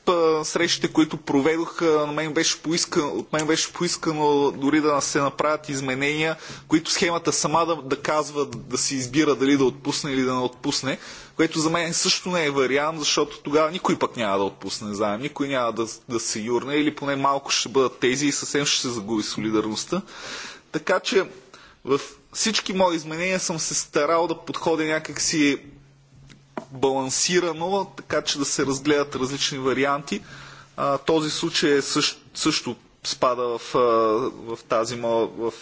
срещите, които проведох, на мен беше поискано, от мен беше поискано дори да се направят изменения, които схемата сама да, да казва, да се избира дали да отпусне или да не отпусне, което за мен също не е вариант, защото тогава никой пък няма да отпусне заем, никой няма да, да се юрне или поне малко ще бъдат тези и съвсем ще се загуби солидарността. Така че в всички мои изменения съм се старал да подходя някакси балансирано, така че да се разгледат различни варианти. А, този случай е също, също спада в, в, тази, в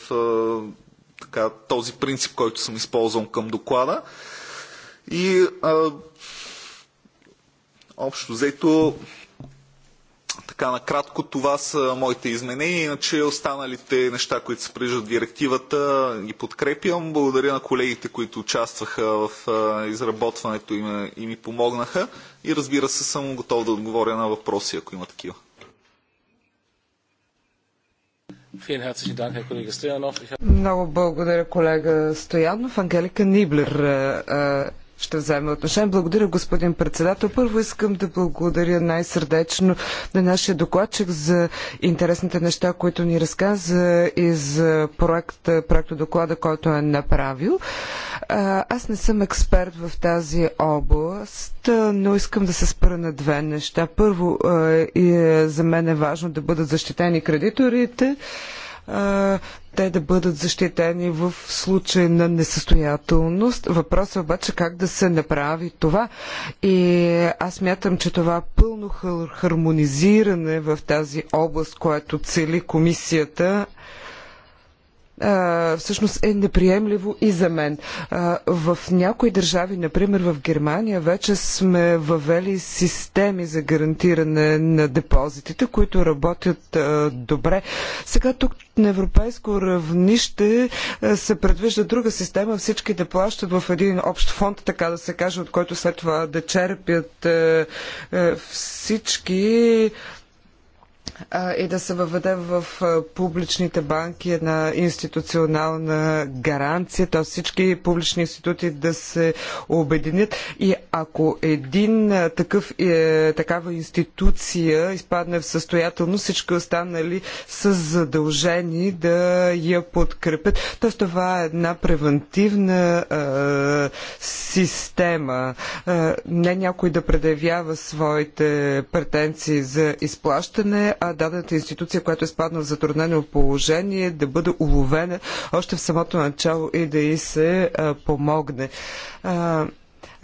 така, този принцип, който съм използвал към доклада. И а, общо взето така накратко това са моите изменения, иначе останалите неща, които се прижат в директивата, ги подкрепям. Благодаря на колегите, които участваха в изработването и ми помогнаха. И разбира се, съм готов да отговоря на въпроси, ако има такива. Много благодаря, колега Стоянов. Ангелика Ниблер ще вземе отношение. Благодаря, господин председател. Първо искам да благодаря най-сърдечно на нашия докладчик за интересните неща, които ни разказа и за проекта, проекта доклада, който е направил. Аз не съм експерт в тази област, но искам да се спра на две неща. Първо, е, е, за мен е важно да бъдат защитени кредиторите те да бъдат защитени в случай на несъстоятелност. Въпросът е обаче как да се направи това. И аз мятам, че това пълно хармонизиране в тази област, което цели комисията, всъщност е неприемливо и за мен. В някои държави, например в Германия, вече сме въвели системи за гарантиране на депозитите, които работят добре. Сега тук на европейско равнище се предвижда друга система, всички да плащат в един общ фонд, така да се каже, от който след това да черпят всички и да се въведе в публичните банки една институционална гаранция, т.е. всички публични институти да се обединят. И ако един такъв, е, такава институция изпадне в състоятелност, всички останали са задължени да я подкрепят. Т.е. това е една превентивна система. не някой да предявява своите претенции за изплащане, дадената институция, която е спадна в затруднено положение, да бъде уловена още в самото начало и да й се помогне.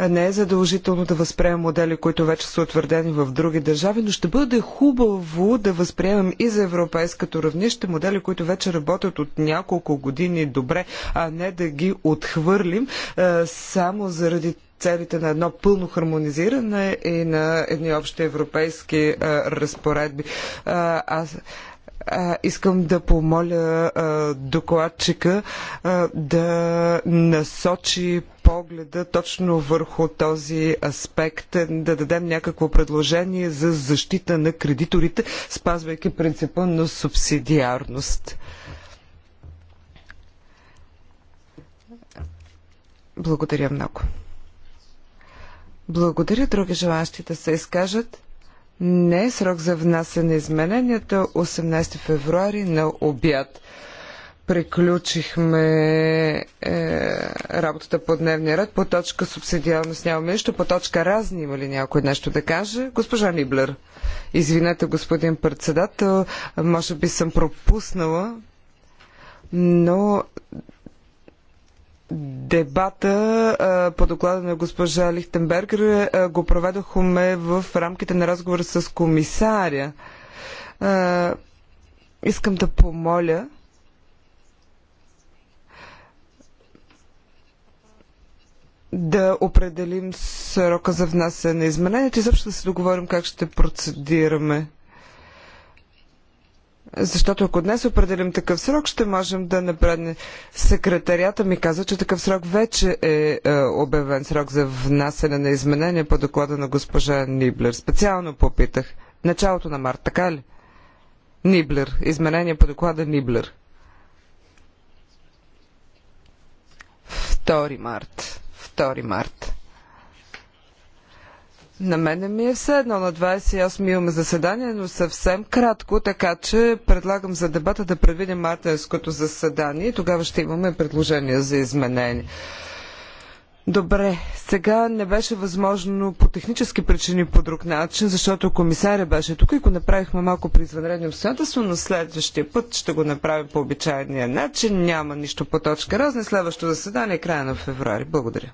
Не е задължително да възприемем модели, които вече са утвърдени в други държави, но ще бъде хубаво да възприемем и за европейското равнище модели, които вече работят от няколко години добре, а не да ги отхвърлим само заради целите на едно пълно хармонизиране и на едни общи европейски а, разпоредби. А, аз, искам да помоля докладчика да насочи погледа точно върху този аспект, да дадем някакво предложение за защита на кредиторите, спазвайки принципа на субсидиарност. Благодаря много. Благодаря. Други желащи да се изкажат? Не срок за внасяне измененията 18 е февруари на обяд. Приключихме е, работата по дневния ред. По точка субсидиарност нямаме нещо. По точка разни има ли някой нещо да каже? Госпожа Ниблер. Извинете, господин председател, може би съм пропуснала, но Дебата по доклада на госпожа Лихтенбергер го проведохме в рамките на разговора с комисаря. Искам да помоля да определим срока за внасяне на изменението и защо да се договорим как ще процедираме. Защото ако днес определим такъв срок, ще можем да напредне. Секретарията ми каза, че такъв срок вече е, е обявен срок за внасене на изменения по доклада на госпожа Ниблер. Специално попитах. Началото на март, така ли? Ниблер. Изменения по доклада Ниблер. 2 март. 2 март. На мене ми е все едно. На 28 имаме заседание, но съвсем кратко, така че предлагам за дебата да предвидим мартенското заседание и тогава ще имаме предложения за изменение. Добре, сега не беше възможно по технически причини по друг начин, защото комисаря беше тук и го направихме малко при извънредни обстоятелства, но следващия път ще го направим по обичайния начин. Няма нищо по точка разни. Следващото заседание е края на февруари. Благодаря.